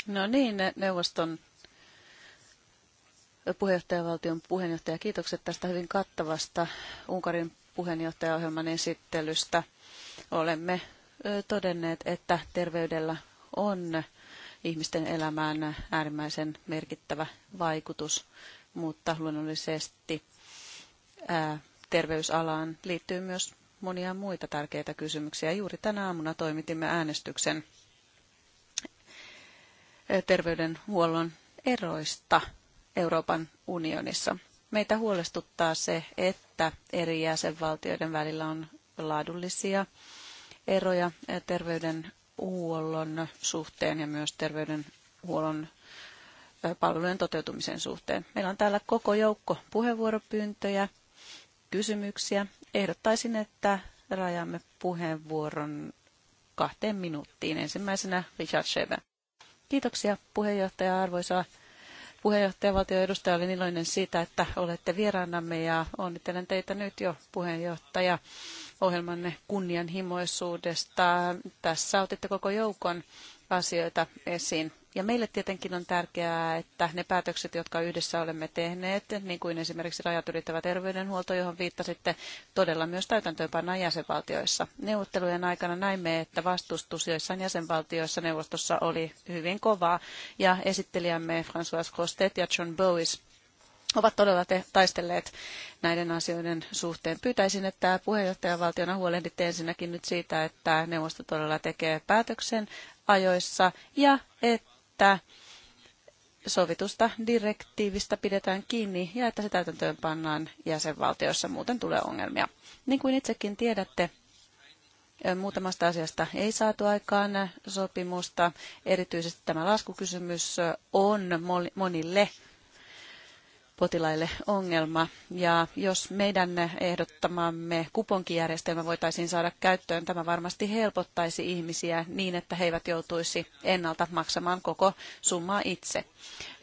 No niin, neuvoston puheenjohtajavaltion puheenjohtaja, kiitokset tästä hyvin kattavasta Unkarin puheenjohtajaohjelman esittelystä. Olemme todenneet, että terveydellä on ihmisten elämään äärimmäisen merkittävä vaikutus, mutta luonnollisesti terveysalaan liittyy myös monia muita tärkeitä kysymyksiä. Juuri tänä aamuna toimitimme äänestyksen terveydenhuollon eroista Euroopan unionissa. Meitä huolestuttaa se, että eri jäsenvaltioiden välillä on laadullisia eroja terveydenhuollon suhteen ja myös terveydenhuollon palvelujen toteutumisen suhteen. Meillä on täällä koko joukko puheenvuoropyyntöjä, kysymyksiä. Ehdottaisin, että rajaamme puheenvuoron kahteen minuuttiin. Ensimmäisenä Richard Sheva. Kiitoksia puheenjohtaja arvoisa puheenjohtaja edustaja Olen iloinen siitä, että olette vieraanamme ja onnittelen teitä nyt jo puheenjohtaja ohjelmanne kunnianhimoisuudesta. Tässä otitte koko joukon asioita esiin. Ja meille tietenkin on tärkeää, että ne päätökset, jotka yhdessä olemme tehneet, niin kuin esimerkiksi rajat ylittävä terveydenhuolto, johon viittasitte, todella myös täytäntöönpannaan jäsenvaltioissa. Neuvottelujen aikana näimme, että vastustus joissain jäsenvaltioissa neuvostossa oli hyvin kovaa, ja esittelijämme François Costet ja John Bowis ovat todella te- taistelleet näiden asioiden suhteen. Pyytäisin, että puheenjohtajavaltiona huolehditte ensinnäkin nyt siitä, että neuvosto todella tekee päätöksen ajoissa ja että että sovitusta direktiivistä pidetään kiinni ja että se täytäntöön pannaan jäsenvaltioissa, muuten tulee ongelmia. Niin kuin itsekin tiedätte, muutamasta asiasta ei saatu aikaan sopimusta. Erityisesti tämä laskukysymys on monille potilaille ongelma. Ja jos meidän ehdottamamme kuponkijärjestelmä voitaisiin saada käyttöön, tämä varmasti helpottaisi ihmisiä niin, että he eivät joutuisi ennalta maksamaan koko summaa itse.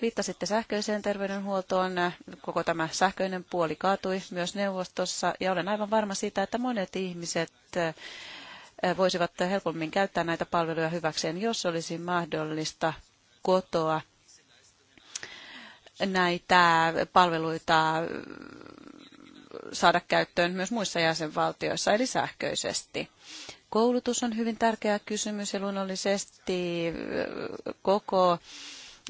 Viittasitte sähköiseen terveydenhuoltoon. Koko tämä sähköinen puoli kaatui myös neuvostossa ja olen aivan varma siitä, että monet ihmiset eh, voisivat helpommin käyttää näitä palveluja hyväkseen, jos olisi mahdollista kotoa näitä palveluita saada käyttöön myös muissa jäsenvaltioissa, eli sähköisesti. Koulutus on hyvin tärkeä kysymys ja luonnollisesti äh, koko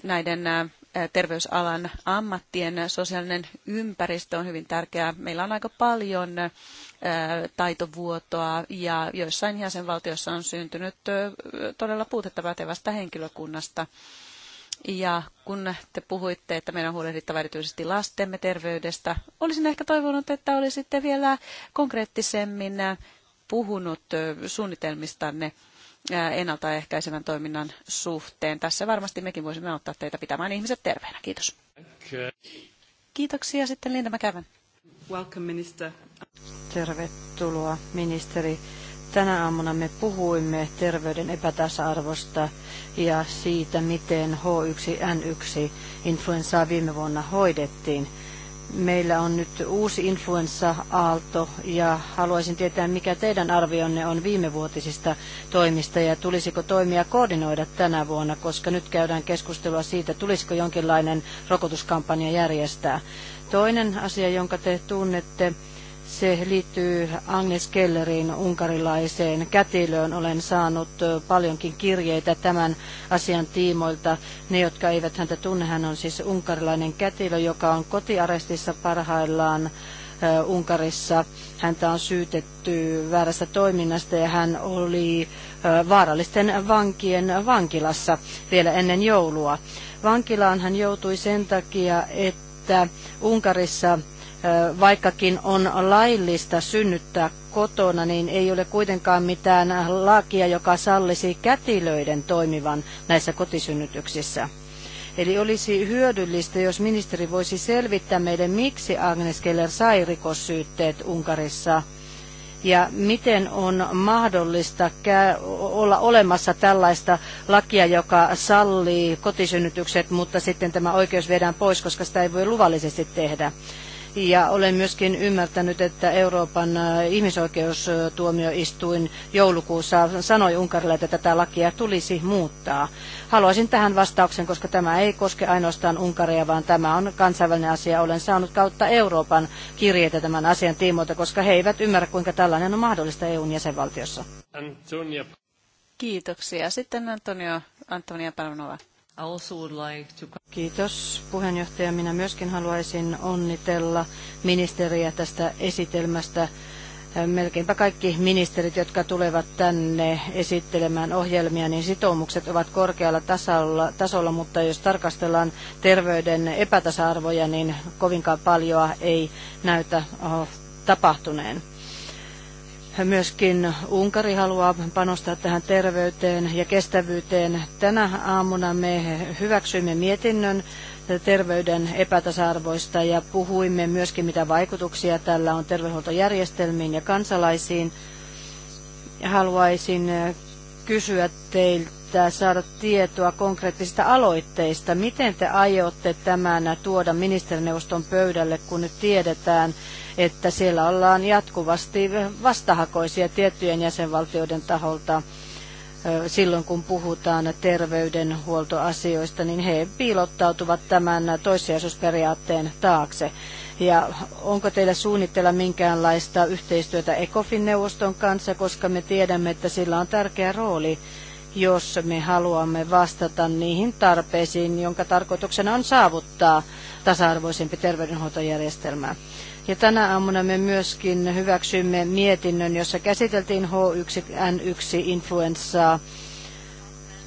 näiden äh, terveysalan ammattien sosiaalinen ympäristö on hyvin tärkeää. Meillä on aika paljon äh, taitovuotoa ja joissain jäsenvaltioissa on syntynyt todella puutetta pätevästä henkilökunnasta. Ja kun te puhuitte, että meidän on huolehdittava erityisesti lastemme terveydestä, olisin ehkä toivonut, että olisitte vielä konkreettisemmin puhunut suunnitelmistanne ennaltaehkäisevän toiminnan suhteen. Tässä varmasti mekin voisimme auttaa teitä pitämään ihmiset terveenä. Kiitos. Kiitoksia sitten Linda Mäkävän. Welcome, minister. Tervetuloa, ministeri. Tänä aamuna me puhuimme terveyden epätasa-arvosta ja siitä, miten H1N1 influenssaa viime vuonna hoidettiin. Meillä on nyt uusi influenssa-aalto ja haluaisin tietää, mikä teidän arvionne on viimevuotisista toimista ja tulisiko toimia koordinoida tänä vuonna, koska nyt käydään keskustelua siitä, tulisiko jonkinlainen rokotuskampanja järjestää. Toinen asia, jonka te tunnette, se liittyy Agnes Kellerin unkarilaiseen kätilöön. Olen saanut paljonkin kirjeitä tämän asian tiimoilta. Ne, jotka eivät häntä tunne, hän on siis unkarilainen kätilö, joka on kotiarestissa parhaillaan. Unkarissa. Häntä on syytetty väärästä toiminnasta ja hän oli vaarallisten vankien vankilassa vielä ennen joulua. Vankilaan hän joutui sen takia, että Unkarissa Vaikkakin on laillista synnyttää kotona, niin ei ole kuitenkaan mitään lakia, joka sallisi kätilöiden toimivan näissä kotisynnytyksissä. Eli olisi hyödyllistä, jos ministeri voisi selvittää meille, miksi Agnes Keller sai rikossyytteet Unkarissa ja miten on mahdollista olla olemassa tällaista lakia, joka sallii kotisynnytykset, mutta sitten tämä oikeus viedään pois, koska sitä ei voi luvallisesti tehdä. Ja olen myöskin ymmärtänyt, että Euroopan äh, ihmisoikeustuomioistuin joulukuussa sanoi Unkarille, että tätä lakia tulisi muuttaa. Haluaisin tähän vastauksen, koska tämä ei koske ainoastaan Unkaria, vaan tämä on kansainvälinen asia. Olen saanut kautta Euroopan kirjeitä tämän asian tiimoilta, koska he eivät ymmärrä, kuinka tällainen on mahdollista EUn jäsenvaltiossa. Antonia. Kiitoksia. Sitten Antonio, Antonia Palonova. Kiitos puheenjohtaja. Minä myöskin haluaisin onnitella ministeriä tästä esitelmästä. Äh, melkeinpä kaikki ministerit, jotka tulevat tänne esittelemään ohjelmia, niin sitoumukset ovat korkealla tasolla, tasolla mutta jos tarkastellaan terveyden epätasa-arvoja, niin kovinkaan paljon ei näytä tapahtuneen. Myöskin Unkari haluaa panostaa tähän terveyteen ja kestävyyteen. Tänä aamuna me hyväksyimme mietinnön terveyden epätasa-arvoista ja puhuimme myöskin, mitä vaikutuksia tällä on terveydenhuoltojärjestelmiin ja kansalaisiin. Haluaisin kysyä teiltä yrittää saada tietoa konkreettisista aloitteista. Miten te aiotte tämän tuoda ministerineuvoston pöydälle, kun nyt tiedetään, että siellä ollaan jatkuvasti vastahakoisia tiettyjen jäsenvaltioiden taholta silloin, kun puhutaan terveydenhuoltoasioista, niin he piilottautuvat tämän toissijaisuusperiaatteen taakse. Ja onko teillä suunnitella minkäänlaista yhteistyötä ECOFIN-neuvoston kanssa, koska me tiedämme, että sillä on tärkeä rooli jos me haluamme vastata niihin tarpeisiin, jonka tarkoituksena on saavuttaa tasa-arvoisempi terveydenhuoltojärjestelmä. Ja tänä aamuna me myöskin hyväksymme mietinnön, jossa käsiteltiin H1N1-influenssaa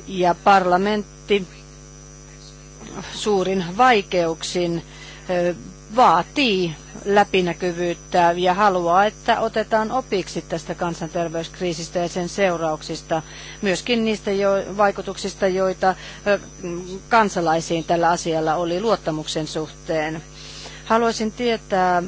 ja parlamentti suurin vaikeuksin vaatii läpinäkyvyyttä ja haluaa, että otetaan opiksi tästä kansanterveyskriisistä ja sen seurauksista, myöskin niistä jo, vaikutuksista, joita kansalaisiin tällä asialla oli luottamuksen suhteen. Haluaisin tietää,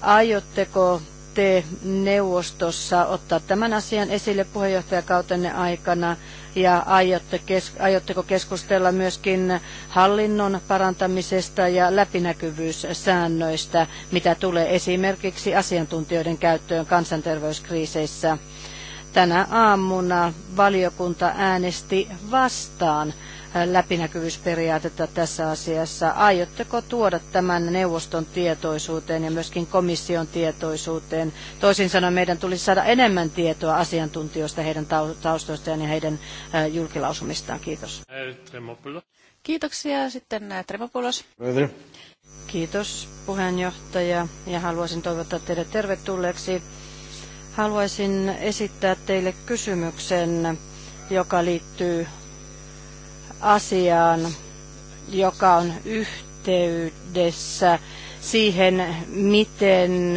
aiotteko te neuvostossa ottaa tämän asian esille puheenjohtajakautenne aikana ja aiotte kes, aiotteko keskustella myöskin hallinnon parantamisesta ja läpinäkyvyyssäännöistä, mitä tulee esimerkiksi asiantuntijoiden käyttöön kansanterveyskriiseissä. Tänä aamuna valiokunta äänesti vastaan läpinäkyvyysperiaatetta tässä asiassa. Aiotteko tuoda tämän neuvoston tietoisuuteen ja myöskin komission tietoisuuteen? Toisin sanoen meidän tulisi saada enemmän tietoa asiantuntijoista, heidän taustoistaan ja heidän julkilausumistaan. Kiitos. Kiitoksia. Sitten Tremopulos. Kiitos puheenjohtaja ja haluaisin toivottaa teidät tervetulleeksi. Haluaisin esittää teille kysymyksen, joka liittyy asiaan, joka on yhteydessä siihen, miten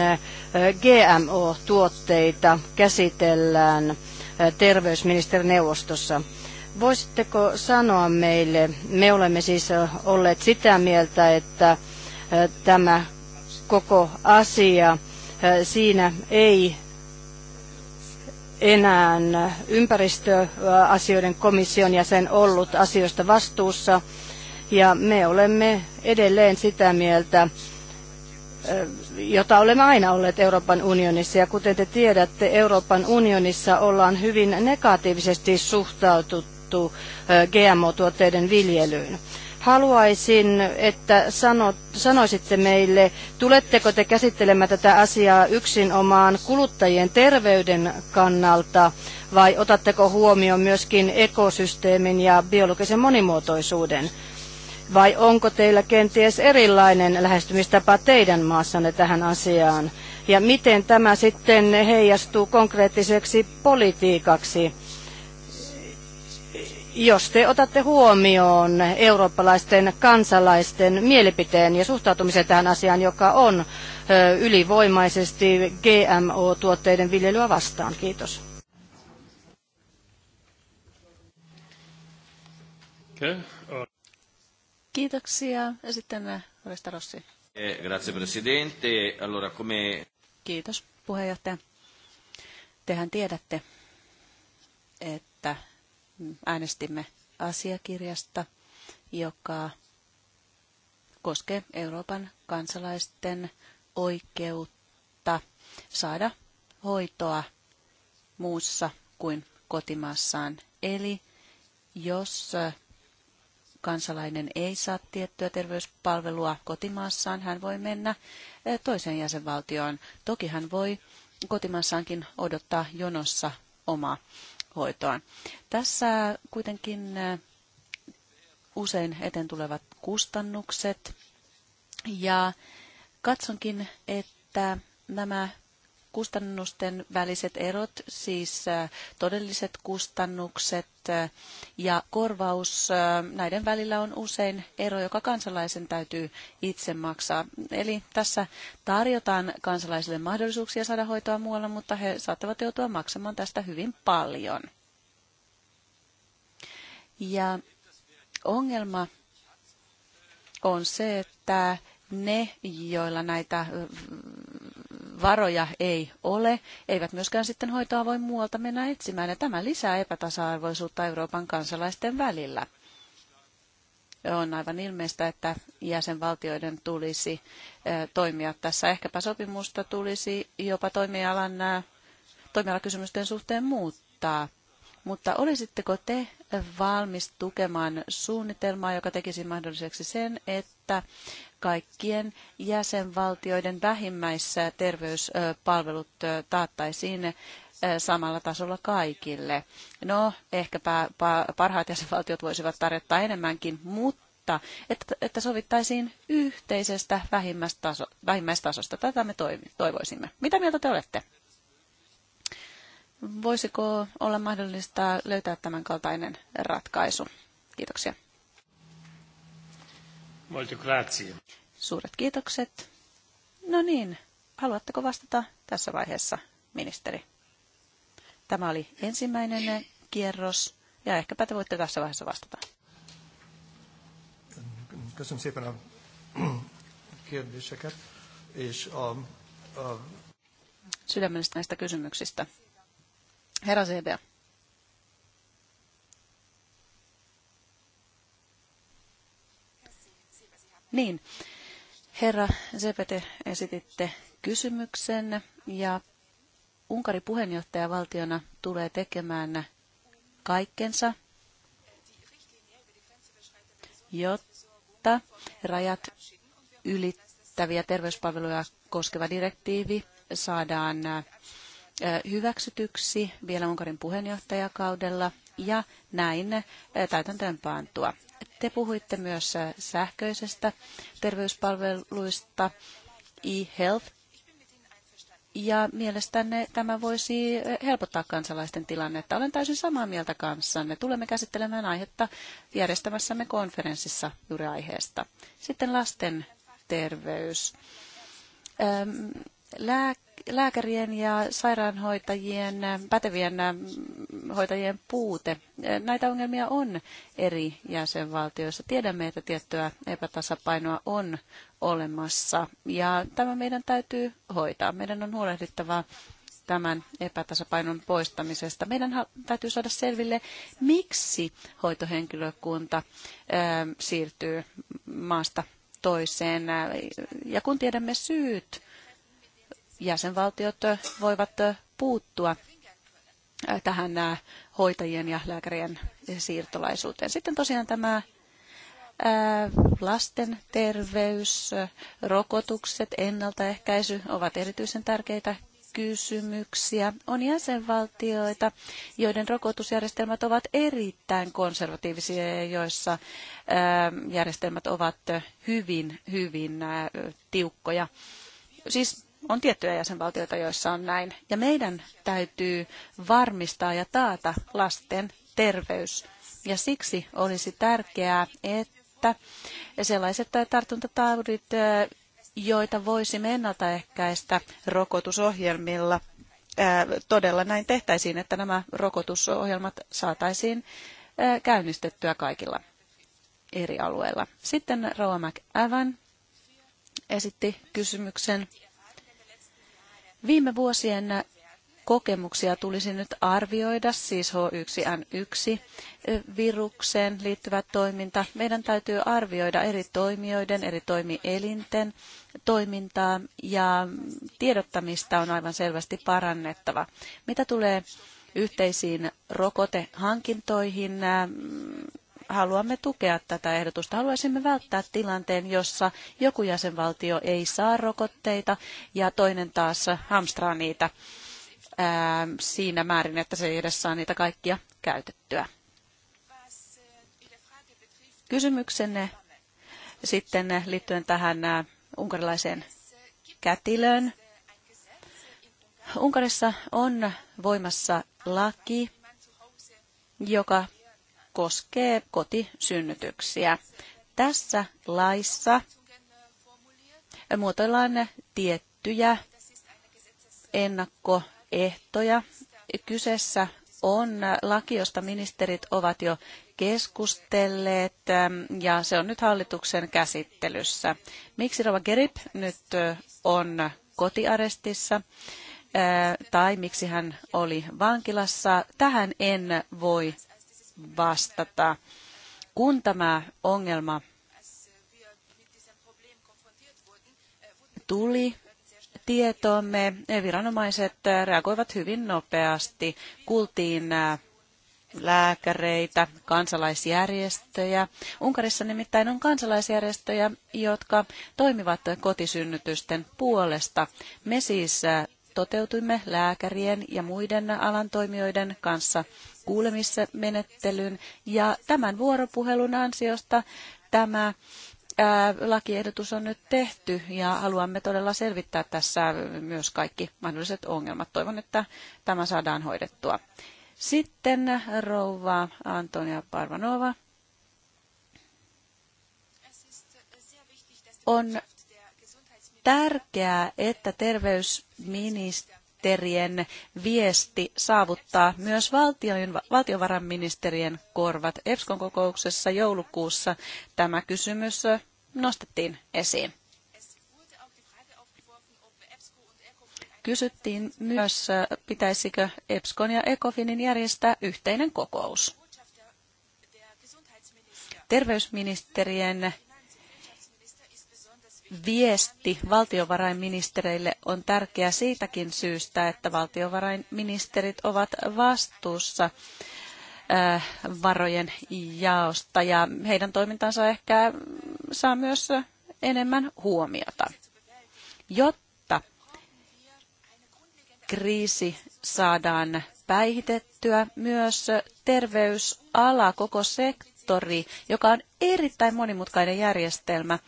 GMO-tuotteita käsitellään terveysministerineuvostossa. Voisitteko sanoa meille, me olemme siis olleet sitä mieltä, että tämä koko asia, siinä ei enää ympäristöasioiden komission jäsen ollut asioista vastuussa. Ja me olemme edelleen sitä mieltä, eh, jota olemme aina olleet Euroopan unionissa. Ja kuten te tiedätte, Euroopan unionissa ollaan hyvin negatiivisesti suhtaututtu eh, GMO-tuotteiden viljelyyn. Haluaisin, että sanot, sanoisitte meille, tuletteko te käsittelemään tätä asiaa yksin omaan kuluttajien terveyden kannalta vai otatteko huomioon myöskin ekosysteemin ja biologisen monimuotoisuuden? Vai onko teillä kenties erilainen lähestymistapa teidän maassanne tähän asiaan? Ja miten tämä sitten heijastuu konkreettiseksi politiikaksi? jos te otatte huomioon eurooppalaisten kansalaisten mielipiteen ja suhtautumisen tähän asiaan, joka on ylivoimaisesti GMO-tuotteiden viljelyä vastaan. Kiitos. Kiitoksia. Ja sitten Oresta Rossi. Eh, grazie Presidente. Allora, come... Kiitos puheenjohtaja. Tehän tiedätte, että äänestimme asiakirjasta, joka koskee Euroopan kansalaisten oikeutta saada hoitoa muussa kuin kotimaassaan. Eli jos kansalainen ei saa tiettyä terveyspalvelua kotimaassaan, hän voi mennä e, toiseen jäsenvaltioon. Toki hän voi kotimaassaankin odottaa jonossa omaa hoitoon. Tässä kuitenkin äh, usein eteen tulevat kustannukset ja katsonkin, että nämä kustannusten väliset erot, siis äh, todelliset kustannukset äh, ja korvaus. Äh, näiden välillä on usein ero, joka kansalaisen täytyy itse maksaa. Eli tässä tarjotaan kansalaisille mahdollisuuksia saada hoitoa muualla, mutta he saattavat joutua maksamaan tästä hyvin paljon. Ja ongelma on se, että ne, joilla näitä varoja ei ole, eivät myöskään sitten hoitoa voi muualta mennä etsimään. Ja tämä lisää epätasa-arvoisuutta Euroopan kansalaisten välillä. On aivan ilmeistä, että jäsenvaltioiden tulisi toimia tässä. Ehkäpä sopimusta tulisi jopa toimialan, toimialakysymysten suhteen muuttaa. Mutta olisitteko te valmis tukemaan suunnitelmaa, joka tekisi mahdolliseksi sen, että kaikkien jäsenvaltioiden vähimmäissä terveyspalvelut taattaisiin samalla tasolla kaikille. No, ehkä parhaat jäsenvaltiot voisivat tarjota enemmänkin, mutta mutta että, että sovittaisiin yhteisestä vähimmäistaso, vähimmäistasosta. Tätä me toivoisimme. Mitä mieltä te olette? Voisiko olla mahdollista löytää tämän kaltainen ratkaisu? Kiitoksia. Molto grazie. Suuret kiitokset. No niin, haluatteko vastata tässä vaiheessa, ministeri? Tämä oli ensimmäinen kierros ja ehkäpä te voitte tässä vaiheessa vastata. Sydämellisesti näistä kysymyksistä. Herra Seber. Niin. Herra Seber, te esititte kysymyksen ja Unkari puheenjohtajavaltiona tulee tekemään kaikkensa, jotta rajat ylittäviä terveyspalveluja koskeva direktiivi saadaan hyväksytyksi vielä Unkarin puheenjohtajakaudella ja näin täytäntöönpantua. Te puhuitte myös sähköisestä terveyspalveluista, e-health, ja mielestänne tämä voisi helpottaa kansalaisten tilannetta. Olen täysin samaa mieltä kanssanne. Tulemme käsittelemään aihetta järjestämässämme konferenssissa juuri aiheesta. Sitten lasten terveys. Lääk- lääkärien ja sairaanhoitajien, pätevien ähm, hoitajien puute. Näitä ongelmia on eri jäsenvaltioissa. Tiedämme, että tiettyä epätasapainoa on olemassa ja tämä meidän täytyy hoitaa. Meidän on huolehdittava tämän epätasapainon poistamisesta. Meidän täytyy saada selville, miksi hoitohenkilökunta ähm, siirtyy maasta toiseen. Ja kun tiedämme syyt, jäsenvaltiot voivat puuttua tähän hoitajien ja lääkärien siirtolaisuuteen. Sitten tosiaan tämä lasten terveys, rokotukset, ennaltaehkäisy ovat erityisen tärkeitä kysymyksiä. On jäsenvaltioita, joiden rokotusjärjestelmät ovat erittäin konservatiivisia ja joissa järjestelmät ovat hyvin, hyvin tiukkoja. Siis on tiettyjä jäsenvaltioita, joissa on näin. Ja meidän täytyy varmistaa ja taata lasten terveys. Ja siksi olisi tärkeää, että sellaiset tartuntataudit, joita voisimme ennaltaehkäistä rokotusohjelmilla, todella näin tehtäisiin, että nämä rokotusohjelmat saataisiin käynnistettyä kaikilla eri alueilla. Sitten Roa McAvan esitti kysymyksen Viime vuosien kokemuksia tulisi nyt arvioida, siis H1N1-virukseen liittyvä toiminta. Meidän täytyy arvioida eri toimijoiden, eri toimielinten toimintaa ja tiedottamista on aivan selvästi parannettava. Mitä tulee yhteisiin rokotehankintoihin, haluamme tukea tätä ehdotusta. Haluaisimme välttää tilanteen, jossa joku jäsenvaltio ei saa rokotteita ja toinen taas hamstraa niitä ää, siinä määrin, että se ei edes saa niitä kaikkia käytettyä. Kysymyksenne sitten liittyen tähän unkarilaiseen kätilöön. Unkarissa on voimassa laki, joka koskee kotisynnytyksiä. Tässä laissa muotoillaan tiettyjä ennakkoehtoja. Kyseessä on laki, josta ministerit ovat jo keskustelleet ähm, ja se on nyt hallituksen käsittelyssä. Miksi Rova Gerib nyt on kotiarestissa äh, tai miksi hän oli vankilassa, tähän en voi vastata. Kun tämä ongelma tuli tietoomme, viranomaiset reagoivat hyvin nopeasti. Kuultiin äh, lääkäreitä, kansalaisjärjestöjä. Unkarissa nimittäin on kansalaisjärjestöjä, jotka toimivat kotisynnytysten puolesta. Me siis äh, toteutimme lääkärien ja muiden alan toimijoiden kanssa kuulemismenettelyn. Ja tämän vuoropuhelun ansiosta tämä lakiehdotus on nyt tehty ja haluamme todella selvittää tässä myös kaikki mahdolliset ongelmat. Toivon, että tämä saadaan hoidettua. Sitten rouva Antonia Parvanova. On tärkeää, että terveysministerien viesti saavuttaa myös valtion, valtiovarainministerien korvat. EPSKon kokouksessa joulukuussa tämä kysymys nostettiin esiin. Kysyttiin myös, pitäisikö EPSKon ja ECOFINin järjestää yhteinen kokous terveysministerien viesti valtiovarainministereille on tärkeä siitäkin syystä, että valtiovarainministerit ovat vastuussa äh, varojen jaosta ja heidän toimintansa ehkä saa myös enemmän huomiota. Jotta kriisi saadaan päihitettyä, myös terveysala, koko sektori, joka on erittäin monimutkainen järjestelmä,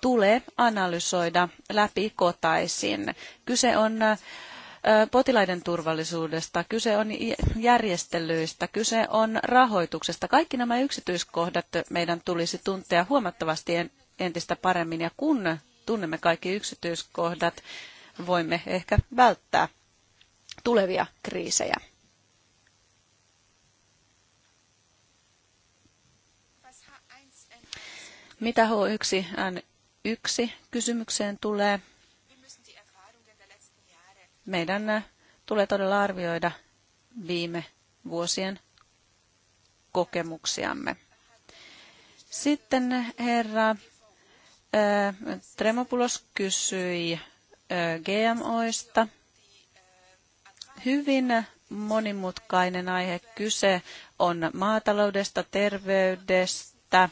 tulee analysoida läpikotaisin. Kyse on potilaiden turvallisuudesta, kyse on järjestelyistä, kyse on rahoituksesta. Kaikki nämä yksityiskohdat meidän tulisi tuntea huomattavasti entistä paremmin ja kun tunnemme kaikki yksityiskohdat, voimme ehkä välttää tulevia kriisejä. Mitä H1N1 yksi kysymykseen tulee, meidän äh, tulee todella arvioida viime vuosien kokemuksiamme. Sitten äh, herra äh, Tremopulos kysyi GMOista. Hyvin monimutkainen aihe. Kyse on maataloudesta, terveydestä,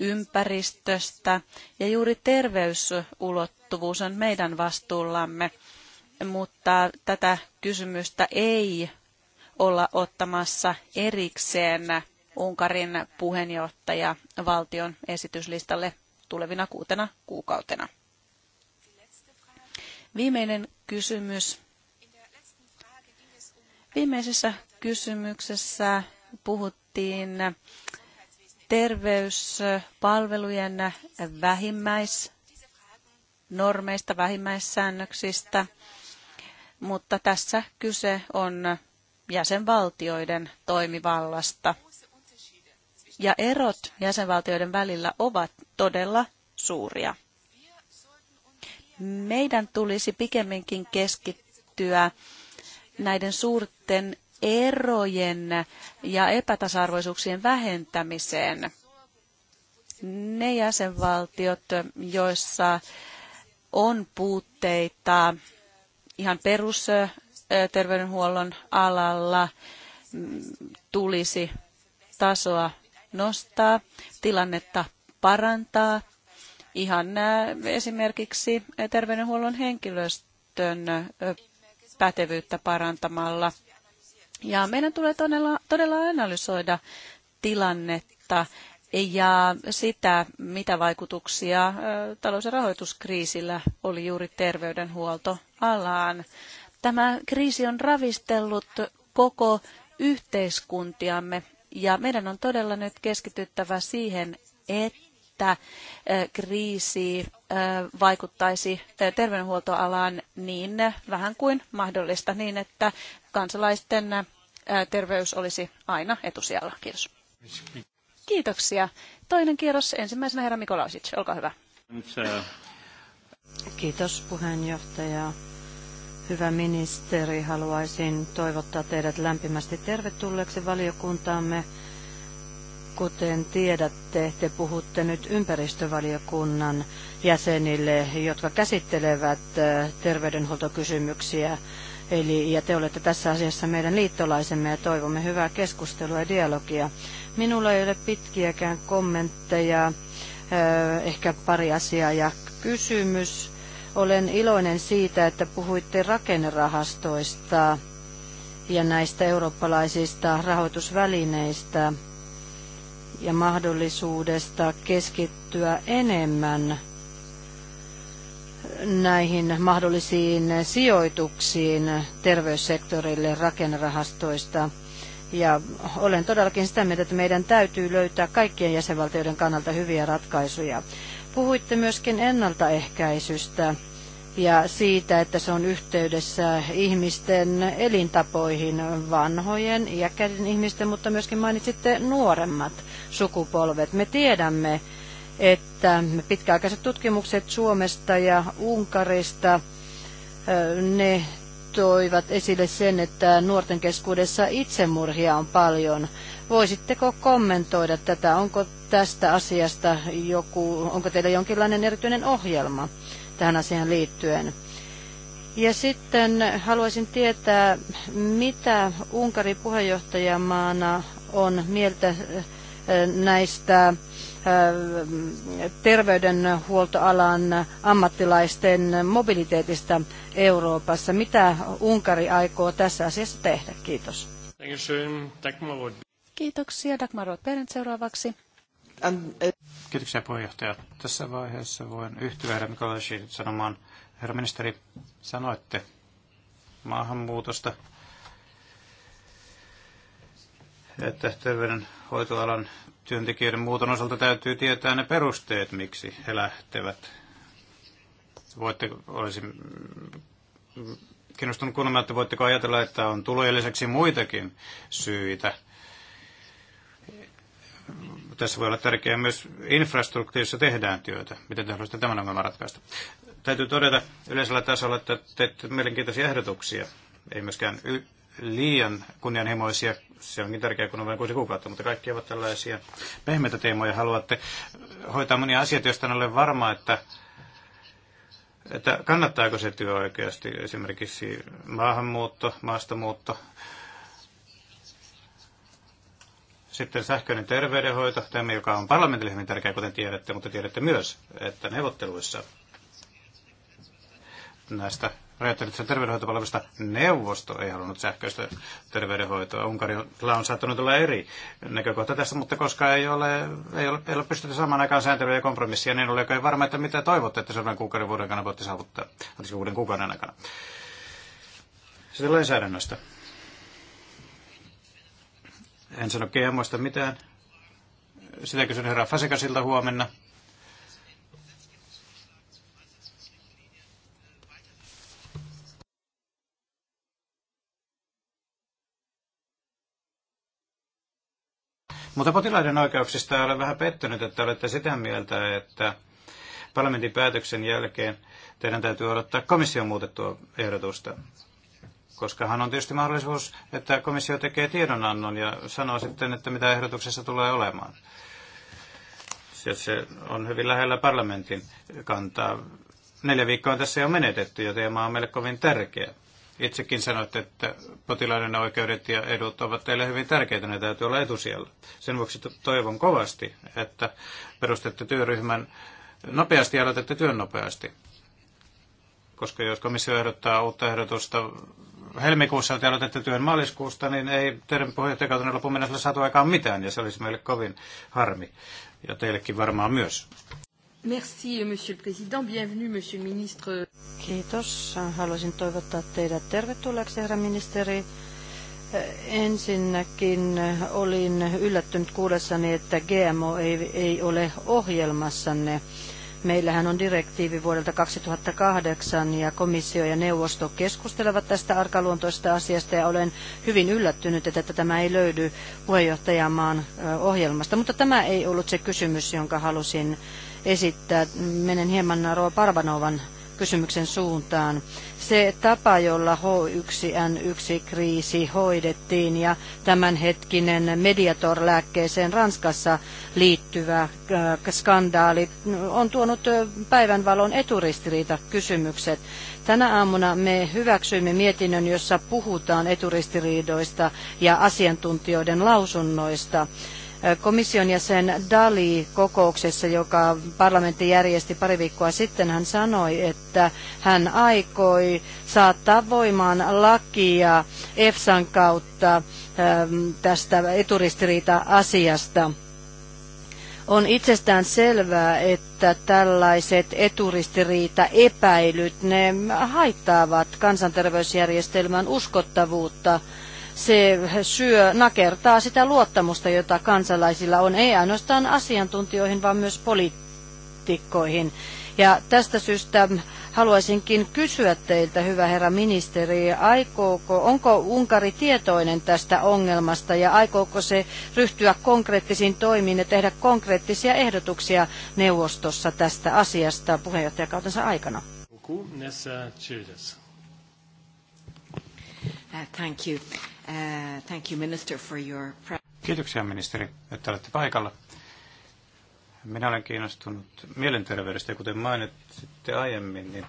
ympäristöstä ja juuri terveysulottuvuus on meidän vastuullamme, mutta tätä kysymystä ei olla ottamassa erikseen Unkarin puheenjohtaja valtion esityslistalle tulevina kuutena kuukautena. Viimeinen kysymys. Viimeisessä kysymyksessä puhuttiin terveyspalvelujen vähimmäisnormeista, vähimmäissäännöksistä, mutta tässä kyse on jäsenvaltioiden toimivallasta. Ja erot jäsenvaltioiden välillä ovat todella suuria. Meidän tulisi pikemminkin keskittyä näiden suurten erojen ja epätasa-arvoisuuksien vähentämiseen. Ne jäsenvaltiot, joissa on puutteita ihan perusterveydenhuollon alalla, tulisi tasoa nostaa, tilannetta parantaa. Ihan esimerkiksi terveydenhuollon henkilöstön pätevyyttä parantamalla – ja meidän tulee todella, todella analysoida tilannetta ja sitä, mitä vaikutuksia talous- ja rahoituskriisillä oli juuri terveydenhuoltoalaan. Tämä kriisi on ravistellut koko yhteiskuntiamme ja meidän on todella nyt keskityttävä siihen, että kriisi vaikuttaisi terveydenhuoltoalaan niin vähän kuin mahdollista, niin että kansalaisten terveys olisi aina etusijalla. Kiitos. Kiitoksia. Toinen kierros ensimmäisenä herra Mikolausic. Olkaa hyvä. Kiitos puheenjohtaja. Hyvä ministeri, haluaisin toivottaa teidät lämpimästi tervetulleeksi valiokuntaamme. Kuten tiedätte, te puhutte nyt ympäristövaliokunnan jäsenille, jotka käsittelevät terveydenhuoltokysymyksiä. Eli, ja te olette tässä asiassa meidän liittolaisemme ja toivomme hyvää keskustelua ja dialogia. Minulla ei ole pitkiäkään kommentteja, eh, ehkä pari asiaa ja kysymys. Olen iloinen siitä, että puhuitte rakennerahastoista ja näistä eurooppalaisista rahoitusvälineistä ja mahdollisuudesta keskittyä enemmän näihin mahdollisiin sijoituksiin terveyssektorille rakennerahastoista. Ja olen todellakin sitä mieltä, että meidän täytyy löytää kaikkien jäsenvaltioiden kannalta hyviä ratkaisuja. Puhuitte myöskin ennaltaehkäisystä ja siitä, että se on yhteydessä ihmisten elintapoihin, vanhojen, iäkkäiden ihmisten, mutta myöskin mainitsitte nuoremmat sukupolvet. Me tiedämme, että pitkäaikaiset tutkimukset Suomesta ja Unkarista, ne toivat esille sen, että nuorten keskuudessa itsemurhia on paljon. Voisitteko kommentoida tätä? Onko tästä asiasta joku, onko teillä jonkinlainen erityinen ohjelma tähän asiaan liittyen? Ja sitten haluaisin tietää, mitä Unkari puheenjohtajamaana on mieltä näistä terveydenhuoltoalan ammattilaisten mobiliteetista Euroopassa. Mitä Unkari aikoo tässä asiassa tehdä? Kiitos. Kiitoksia. Dagmar Rothberg seuraavaksi. Kiitoksia puheenjohtaja. Tässä vaiheessa voin yhtyä herra Mikolaisiin sanomaan. Herra ministeri, sanoitte maahanmuutosta, että terveydenhoitoalan työntekijöiden muuton osalta täytyy tietää ne perusteet, miksi he lähtevät. Voitte, olisi kiinnostunut kuulemaan, että voitteko ajatella, että on tulojen lisäksi muitakin syitä. Tässä voi olla tärkeää myös infrastruktuurissa tehdään työtä. Miten te haluaisitte tämän ongelman ratkaista? Täytyy todeta yleisellä tasolla, että teette mielenkiintoisia ehdotuksia. Ei myöskään liian kunnianhimoisia. Se onkin tärkeää, kun on vain kuusi kuukautta, mutta kaikki ovat tällaisia pehmeitä teemoja. Haluatte hoitaa monia asioita, joista en ole varma, että, että kannattaako se työ oikeasti. Esimerkiksi maahanmuutto, maastamuutto, sitten sähköinen terveydenhoito, tämä joka on parlamentille hyvin tärkeä, kuten tiedätte, mutta tiedätte myös, että neuvotteluissa näistä se terveydenhoitopalvelusta neuvosto ei halunnut sähköistä terveydenhoitoa. Unkarilla on saattanut olla eri näkökohta tässä, mutta koska ei ole, ei ole, ei ole pystytty saamaan aikaan sääntelyä ja kompromissia, niin ole varma, että mitä toivotte, että seuraavan kuukauden vuoden aikana voitte saavuttaa, anteeksi kuuden kuukauden aikana. Sitten lainsäädännöstä. En sano GMOista mitään. Sitä kysyn herra Fasikasilta huomenna. Mutta potilaiden oikeuksista olen vähän pettynyt, että olette sitä mieltä, että parlamentin päätöksen jälkeen teidän täytyy odottaa komission muutettua ehdotusta. Koskahan on tietysti mahdollisuus, että komissio tekee tiedonannon ja sanoo sitten, että mitä ehdotuksessa tulee olemaan. Se on hyvin lähellä parlamentin kantaa. Neljä viikkoa tässä jo menetetty ja teema on meille kovin tärkeä. Itsekin sanoit, että potilaiden oikeudet ja edut ovat teille hyvin tärkeitä, ne täytyy olla etusijalla. Sen vuoksi toivon kovasti, että perustette työryhmän nopeasti ja aloitatte työn nopeasti. Koska jos komissio ehdottaa uutta ehdotusta helmikuussa että aloitatte työn maaliskuusta, niin ei teidän puheenjohtajakauden lopun mennessä saatu aikaan mitään, ja se olisi meille kovin harmi, ja teillekin varmaan myös. Merci, Monsieur le Président. Bienvenue, Monsieur le Ministre. Kiitos. Haluaisin toivottaa teidät tervetulleeksi, herra ministeri. Äh, ensinnäkin äh, olin yllättynyt kuullessani, että GMO ei, ei ole ohjelmassanne. Meillähän on direktiivi vuodelta 2008 ja komissio ja neuvosto keskustelevat tästä arkaluontoisesta asiasta ja olen hyvin yllättynyt, että tämä ei löydy puheenjohtajamaan äh, ohjelmasta. Mutta tämä ei ollut se kysymys, jonka halusin esittää. Menen hieman Naroa Parvanovan kysymyksen suuntaan. Se tapa, jolla H1N1-kriisi hoidettiin ja tämänhetkinen Mediator-lääkkeeseen Ranskassa liittyvä äh, skandaali on tuonut äh, päivänvalon eturistiriitakysymykset. Tänä aamuna me hyväksyimme mietinnön, jossa puhutaan eturistiriidoista ja asiantuntijoiden lausunnoista. Komission jäsen Dali kokouksessa, joka parlamentti järjesti pari viikkoa sitten, hän sanoi, että hän aikoi saattaa voimaan lakia EFSAn kautta ähm, tästä eturistiriita-asiasta. On itsestään selvää, että tällaiset eturistiriita-epäilyt, ne haittaavat kansanterveysjärjestelmän uskottavuutta – se syö, nakertaa sitä luottamusta, jota kansalaisilla on, ei ainoastaan asiantuntijoihin, vaan myös poliitikkoihin. Ja tästä syystä haluaisinkin kysyä teiltä, hyvä herra ministeri, aikooko, onko Unkari tietoinen tästä ongelmasta ja aikooko se ryhtyä konkreettisiin toimiin ja tehdä konkreettisia ehdotuksia neuvostossa tästä asiasta puheenjohtajakautensa aikana? Thank you. Uh, thank you, Minister, for your... Kiitoksia, ministeri, että olette paikalla. Minä olen kiinnostunut mielenterveydestä, ja kuten mainitsitte aiemmin, niin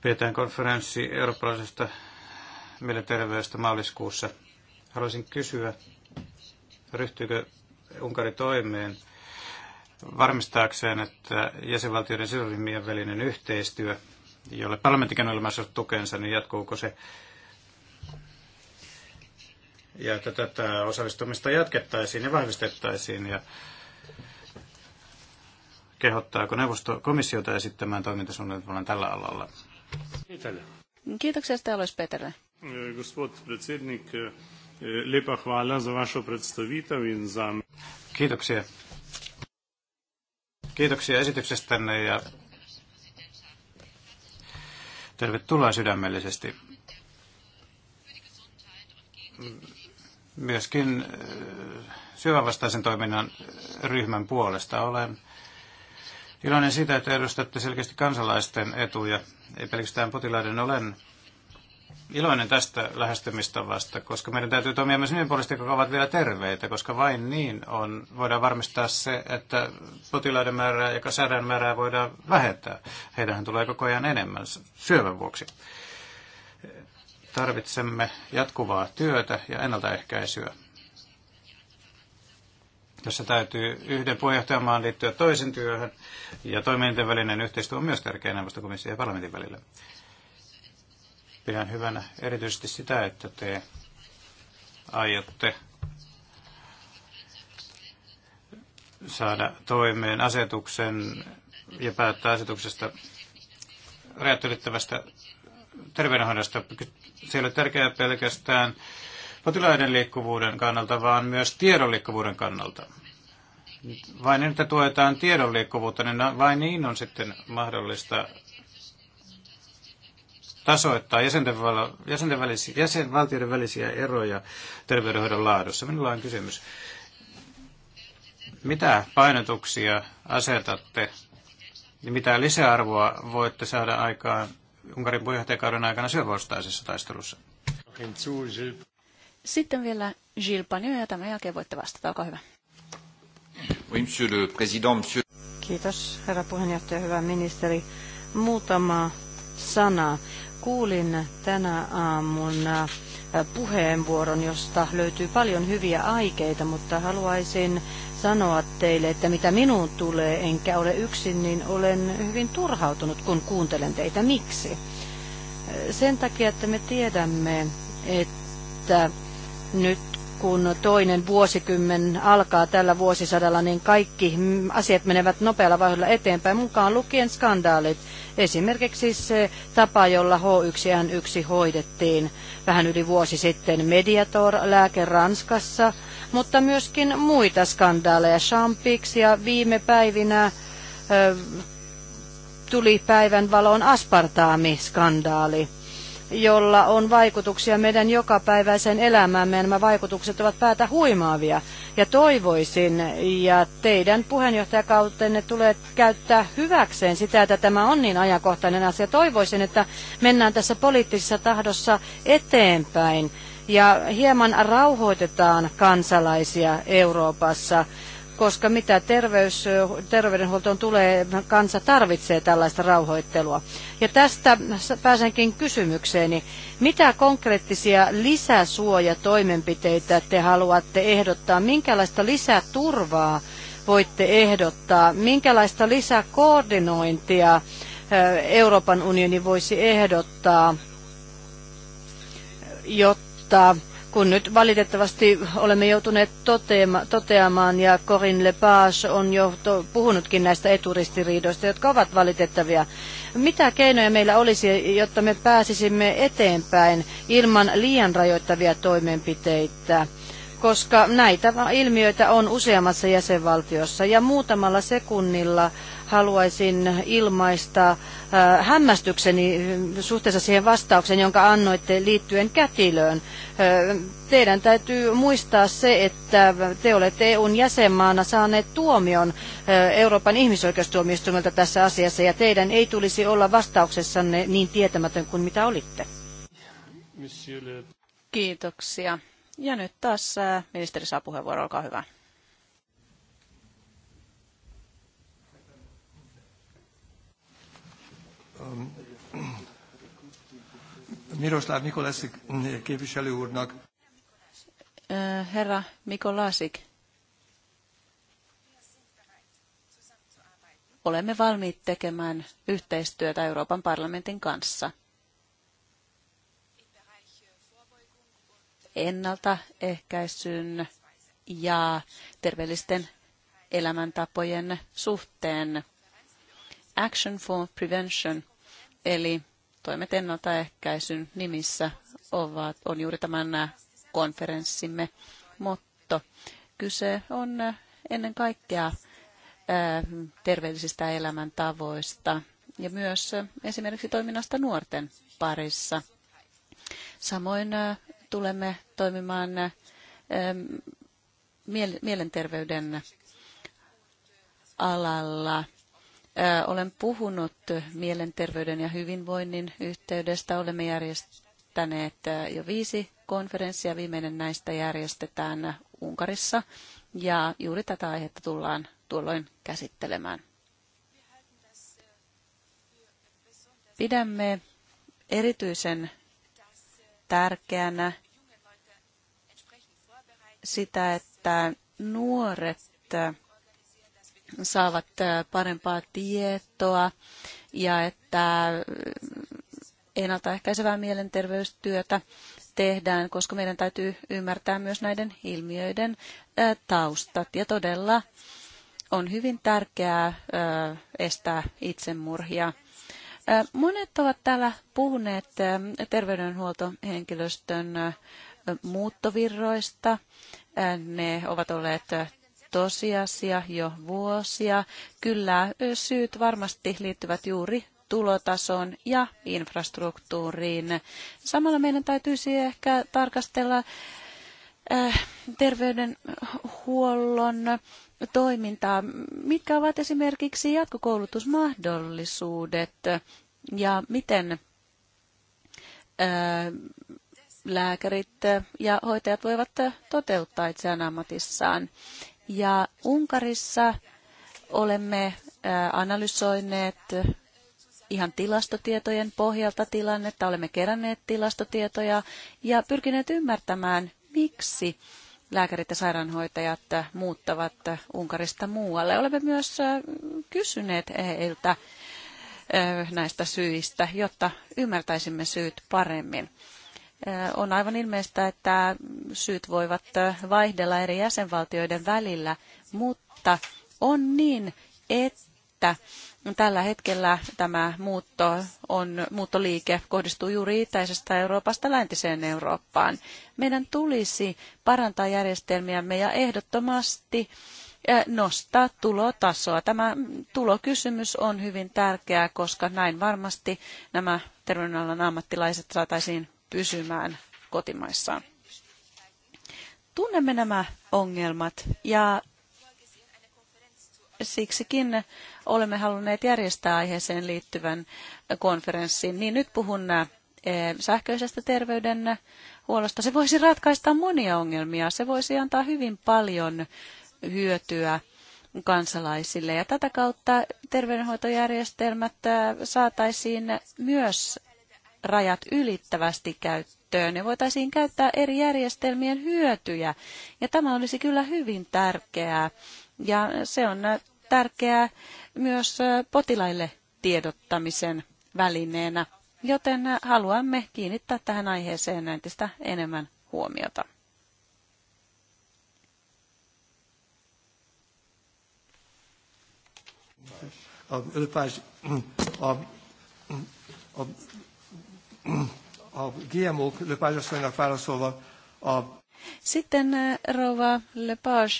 pidetään konferenssi eurooppalaisesta mielenterveydestä maaliskuussa. Haluaisin kysyä, ryhtyykö Unkari toimeen varmistaakseen, että jäsenvaltioiden sidosryhmien välinen yhteistyö, jolle parlamentikin on ilmaissut tukensa, niin jatkuuko se ja että tätä osallistumista jatkettaisiin ja vahvistettaisiin ja kehottaako neuvosto komissiota esittämään toimintasuunnitelman tällä alalla? Kiitoksia, että olisi eh, Gospod eh, Kiitoksia. Kiitoksia esityksestänne ja tervetuloa sydämellisesti myöskin äh, syövänvastaisen toiminnan ryhmän puolesta. Olen iloinen siitä, että edustatte selkeästi kansalaisten etuja, ei pelkästään potilaiden olen iloinen tästä lähestymistavasta, koska meidän täytyy toimia myös niiden puolesta, jotka ovat vielä terveitä, koska vain niin on, voidaan varmistaa se, että potilaiden määrää ja sairaan määrää voidaan vähentää. heidän tulee koko ajan enemmän syövän vuoksi. Tarvitsemme jatkuvaa työtä ja ennaltaehkäisyä jossa täytyy yhden puheenjohtajamaan liittyä toisen työhön, ja toimijoiden välinen yhteistyö on myös tärkeä neuvoston komission ja parlamentin välillä. Pidän hyvänä erityisesti sitä, että te aiotte saada toimeen asetuksen ja päättää asetuksesta rajat terveydenhoidosta se ei ole tärkeää pelkästään potilaiden liikkuvuuden kannalta, vaan myös tiedon liikkuvuuden kannalta. Vain niin, että tuetaan tiedon liikkuvuutta, niin vain niin on sitten mahdollista tasoittaa jäsenten, jäsenten välisiä, jäsenvaltioiden välisiä eroja terveydenhoidon laadussa. Minulla on kysymys. Mitä painotuksia asetatte ja mitä lisäarvoa voitte saada aikaan Unkarin puheenjohtajakauden aikana syöpävastaisessa taistelussa. Sitten vielä Gilles Pagnon ja tämän jälkeen voitte vastata. Olkaa hyvä. Oui, monsieur le président, monsieur... Kiitos, herra puheenjohtaja, hyvä ministeri. Muutama sana. Kuulin tänä aamuna Äh, puheenvuoron, josta löytyy paljon hyviä aikeita, mutta haluaisin sanoa teille, että mitä minuun tulee, enkä ole yksin, niin olen hyvin turhautunut, kun kuuntelen teitä. Miksi? Äh, sen takia, että me tiedämme, että nyt kun toinen vuosikymmen alkaa tällä vuosisadalla, niin kaikki asiat menevät nopealla vauhdilla eteenpäin, mukaan lukien skandaalit. Esimerkiksi se tapa, jolla H1N1 hoidettiin vähän yli vuosi sitten Mediator-lääke Ranskassa, mutta myöskin muita skandaaleja, Champix ja viime päivinä tuli päivän valoon aspartaamiskandaali jolla on vaikutuksia meidän jokapäiväiseen elämäämme. Ja nämä vaikutukset ovat päätä huimaavia. Ja toivoisin, ja teidän puheenjohtajakautenne tulee käyttää hyväkseen sitä, että tämä on niin ajankohtainen asia. Toivoisin, että mennään tässä poliittisessa tahdossa eteenpäin ja hieman rauhoitetaan kansalaisia Euroopassa koska mitä terveys, terveydenhuoltoon tulee, kansa tarvitsee tällaista rauhoittelua. Ja tästä pääsenkin kysymykseeni. Mitä konkreettisia lisäsuojatoimenpiteitä te haluatte ehdottaa? Minkälaista lisäturvaa voitte ehdottaa? Minkälaista lisäkoordinointia Euroopan unioni voisi ehdottaa, jotta kun nyt valitettavasti olemme joutuneet toteama, toteamaan, ja Corinne Lepage on jo to, puhunutkin näistä eturistiriidoista, jotka ovat valitettavia. Mitä keinoja meillä olisi, jotta me pääsisimme eteenpäin ilman liian rajoittavia toimenpiteitä? koska näitä ilmiöitä on useammassa jäsenvaltiossa ja muutamalla sekunnilla haluaisin ilmaista äh, hämmästykseni suhteessa siihen vastaukseen, jonka annoitte liittyen kätilöön. Äh, teidän täytyy muistaa se, että te olette EUn jäsenmaana saaneet tuomion äh, Euroopan ihmisoikeustuomioistuimelta tässä asiassa, ja teidän ei tulisi olla vastauksessanne niin tietämätön kuin mitä olitte. Kiitoksia. Ja nyt taas ministeri saa olkaa hyvä. Um, Miroslav Mikolászik mm, képviselő úrnak. Herra Mikolásik, olemme valmiit tekemään yhteistyötä Euroopan parlamentin kanssa. ennaltaehkäisyn ja terveellisten elämäntapojen suhteen. Action for Prevention Eli toimet ennaltaehkäisyn nimissä ovat, on juuri tämän äh, konferenssimme motto. Kyse on äh, ennen kaikkea äh, terveellisistä elämäntavoista ja myös esimerkiksi toiminnasta nuorten parissa. Samoin tulemme toimimaan mielenterveyden alalla – olen puhunut mielenterveyden ja hyvinvoinnin yhteydestä. Olemme järjestäneet jo viisi konferenssia. Viimeinen näistä järjestetään Unkarissa. Ja juuri tätä aihetta tullaan tuolloin käsittelemään. Pidämme erityisen tärkeänä sitä, että nuoret saavat parempaa tietoa ja että ennaltaehkäisevää mielenterveystyötä tehdään, koska meidän täytyy ymmärtää myös näiden ilmiöiden taustat. Ja todella on hyvin tärkeää estää itsemurhia. Monet ovat täällä puhuneet terveydenhuoltohenkilöstön muuttovirroista. Ne ovat olleet tosiasia jo vuosia. Kyllä syyt varmasti liittyvät juuri tulotason ja infrastruktuuriin. Samalla meidän täytyisi ehkä tarkastella äh, terveydenhuollon toimintaa. Mitkä ovat esimerkiksi jatkokoulutusmahdollisuudet ja miten äh, lääkärit ja hoitajat voivat toteuttaa itseään ammatissaan. Ja Unkarissa olemme analysoineet ihan tilastotietojen pohjalta tilannetta, olemme keränneet tilastotietoja ja pyrkineet ymmärtämään, miksi lääkärit ja sairaanhoitajat muuttavat Unkarista muualle. Olemme myös kysyneet heiltä näistä syistä, jotta ymmärtäisimme syyt paremmin on aivan ilmeistä, että syyt voivat vaihdella eri jäsenvaltioiden välillä, mutta on niin, että tällä hetkellä tämä muutto on, muuttoliike kohdistuu juuri itäisestä Euroopasta läntiseen Eurooppaan. Meidän tulisi parantaa järjestelmiämme ja ehdottomasti nostaa tulotasoa. Tämä tulokysymys on hyvin tärkeä, koska näin varmasti nämä terveydenalan ammattilaiset saataisiin pysymään kotimaissaan. Tunnemme nämä ongelmat ja siksikin olemme halunneet järjestää aiheeseen liittyvän konferenssin. Niin nyt puhun eh, sähköisestä terveydenhuollosta. Se voisi ratkaista monia ongelmia. Se voisi antaa hyvin paljon hyötyä kansalaisille. Ja tätä kautta terveydenhoitojärjestelmät eh, saataisiin myös rajat ylittävästi käyttöön ja voitaisiin käyttää eri järjestelmien hyötyjä. Ja tämä olisi kyllä hyvin tärkeää ja se on tärkeää myös potilaille tiedottamisen välineenä, joten haluamme kiinnittää tähän aiheeseen entistä enemmän huomiota. Um, a, a GMO-k, Lepage válaszolva a... Sitten eh, rova Lepage,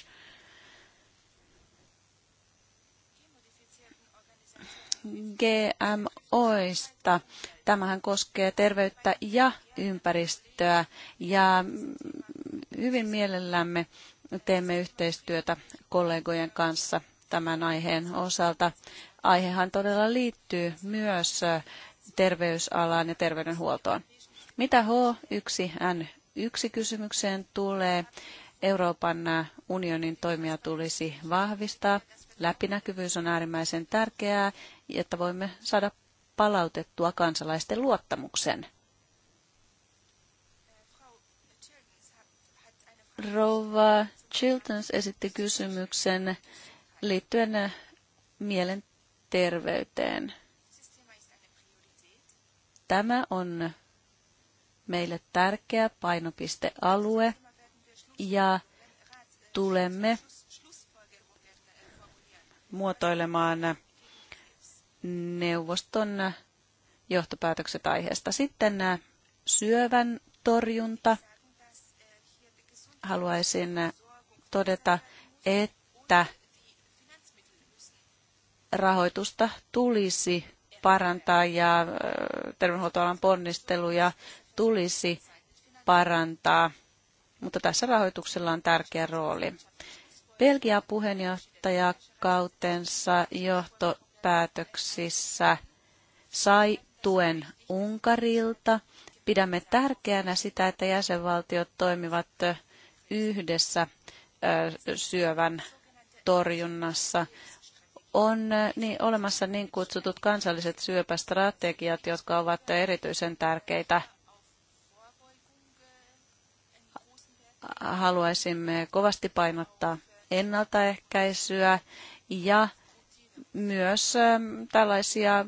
GMOista. Tämähän koskee terveyttä ja ympäristöä ja mm, hyvin mielellämme teemme yhteistyötä kollegojen kanssa tämän aiheen osalta. Aihehan todella liittyy myös eh, terveysalaan ja terveydenhuoltoon. Mitä H1N1 kysymykseen tulee, Euroopan unionin toimia tulisi vahvistaa. Läpinäkyvyys on äärimmäisen tärkeää, että voimme saada palautettua kansalaisten luottamuksen. Rouva Chiltons esitti kysymyksen liittyen mielenterveyteen. Tämä on meille tärkeä painopistealue ja tulemme muotoilemaan neuvoston johtopäätökset aiheesta. Sitten nämä äh, syövän torjunta. Haluaisin äh, todeta, että rahoitusta tulisi parantaa ja terveydenhuoltoalan ponnisteluja tulisi parantaa, mutta tässä rahoituksella on tärkeä rooli. Belgia puheenjohtajakautensa johtopäätöksissä sai tuen Unkarilta. Pidämme tärkeänä sitä, että jäsenvaltiot toimivat yhdessä syövän torjunnassa on äh, niin, olemassa niin kutsutut kansalliset syöpästrategiat, jotka ovat erityisen tärkeitä. Haluaisimme kovasti painottaa ennaltaehkäisyä ja myös ähm, tällaisia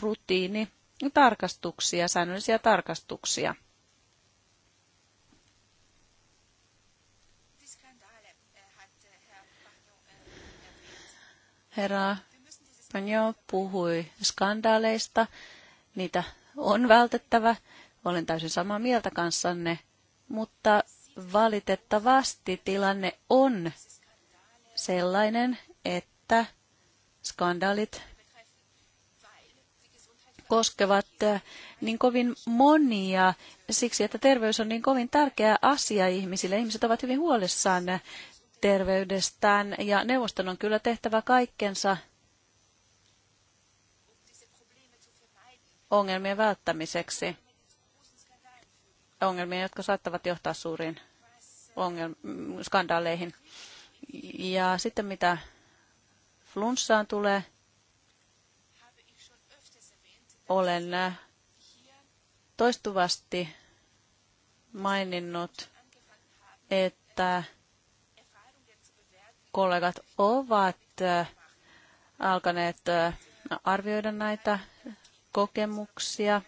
rutiinitarkastuksia, säännöllisiä tarkastuksia – Herra Panjo puhui skandaaleista. Niitä on vältettävä. Olen täysin samaa mieltä kanssanne, mutta valitettavasti tilanne on sellainen, että skandaalit koskevat eh, niin kovin monia siksi, että terveys on niin kovin tärkeä asia ihmisille. Ihmiset ovat hyvin huolissaan eh, terveydestään ja neuvoston on kyllä tehtävä kaikkensa ongelmien välttämiseksi. Ongelmia, jotka saattavat johtaa suuriin ongelm- skandaaleihin. Ja sitten mitä flunssaan tulee, olen äh, toistuvasti maininnut, että kollegat ovat äh, alkaneet äh, arvioida näitä kokemuksia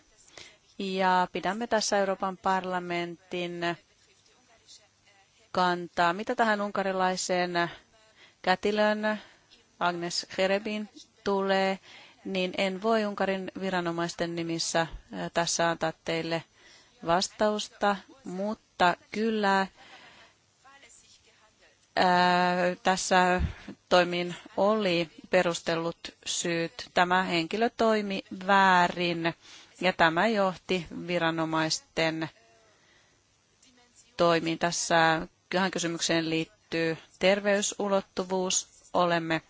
ja pidämme tässä Euroopan parlamentin kantaa. Mitä tähän unkarilaiseen kätilön Agnes Herebin tulee, niin en voi Unkarin viranomaisten nimissä äh, tässä antaa teille vastausta, mutta kyllä tässä toimin oli perustellut syyt. Tämä henkilö toimi väärin ja tämä johti viranomaisten toimiin. Tässä kysymykseen liittyy terveysulottuvuus. Olemme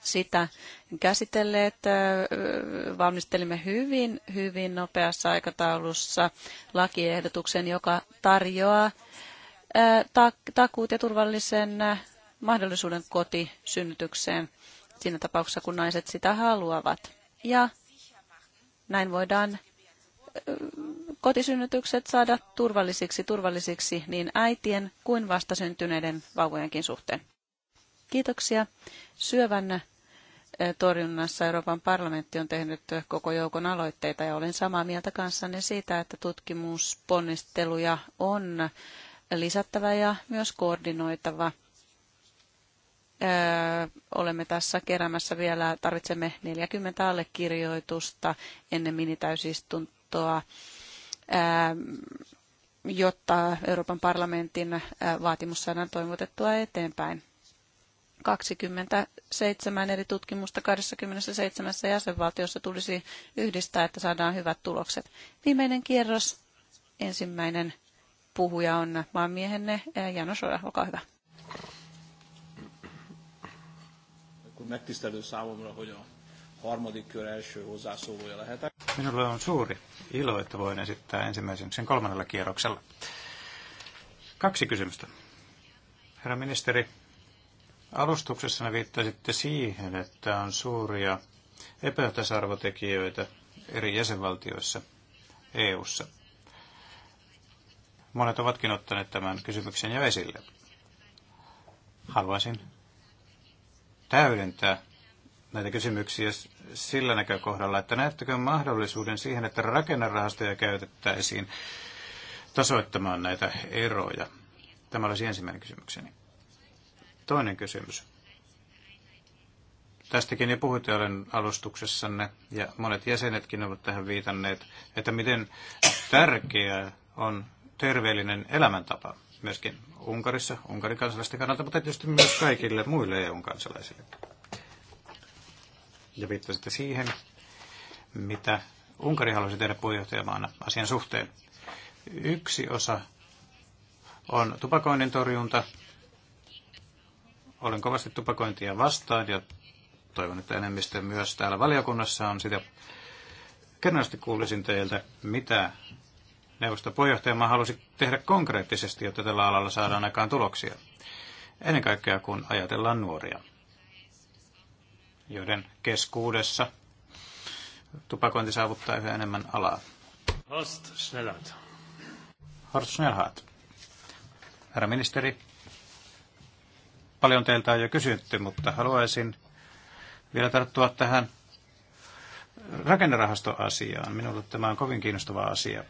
sitä käsitelleet. Valmistelimme hyvin, hyvin nopeassa aikataulussa lakiehdotuksen, joka tarjoaa takuut ja turvallisen mahdollisuuden synnytykseen siinä tapauksessa, kun naiset sitä haluavat. Ja näin voidaan kotisynnytykset saada turvallisiksi, turvallisiksi niin äitien kuin vastasyntyneiden vauvojenkin suhteen. Kiitoksia. Syövän torjunnassa Euroopan parlamentti on tehnyt koko joukon aloitteita ja olen samaa mieltä kanssanne siitä, että tutkimusponnisteluja on lisättävä ja myös koordinoitava. Öö, olemme tässä keräämässä vielä, tarvitsemme 40 allekirjoitusta ennen minitäysistuntoa, öö, jotta Euroopan parlamentin vaatimus saadaan toivotettua eteenpäin. 27 eri tutkimusta 27 jäsenvaltiossa tulisi yhdistää, että saadaan hyvät tulokset. Viimeinen kierros, ensimmäinen puhuja on maanmiehenne eh, Janos Sola. Olkaa hyvä. Minulle on suuri ilo, että voin esittää ensimmäisen sen kolmannella kierroksella. Kaksi kysymystä. Herra ministeri, alustuksessanne viittasitte siihen, että on suuria epätasarvotekijöitä eri jäsenvaltioissa EU:ssa. ssa Monet ovatkin ottaneet tämän kysymyksen jo esille. Haluaisin täydentää näitä kysymyksiä sillä näkökohdalla, että näettekö mahdollisuuden siihen, että rakennerahastoja käytettäisiin tasoittamaan näitä eroja? Tämä olisi ensimmäinen kysymykseni. Toinen kysymys. Tästäkin jo puhuitte olen alustuksessanne, ja monet jäsenetkin ovat tähän viitanneet, että miten tärkeää on terveellinen elämäntapa myöskin Unkarissa, Unkarin kansalaisten kannalta, mutta tietysti myös kaikille muille EU-kansalaisille. Ja viittasitte siihen, mitä Unkari halusi tehdä puheenjohtajamaana asian suhteen. Yksi osa on tupakoinnin torjunta. Olen kovasti tupakointia vastaan ja toivon, että enemmistö myös täällä valiokunnassa on sitä. Kernaasti kuulisin teiltä, mitä neuvoston puheenjohtajamaa halusi tehdä konkreettisesti, jotta tällä alalla saadaan aikaan tuloksia. Ennen kaikkea kun ajatellaan nuoria, joiden keskuudessa tupakointi saavuttaa yhä enemmän alaa. Horst Schnellhardt. Horst Schnellhardt. Herra ministeri, paljon teiltä on jo kysytty, mutta haluaisin vielä tarttua tähän rakennerahastoasiaan. Minulle tämä on kovin kiinnostava asia.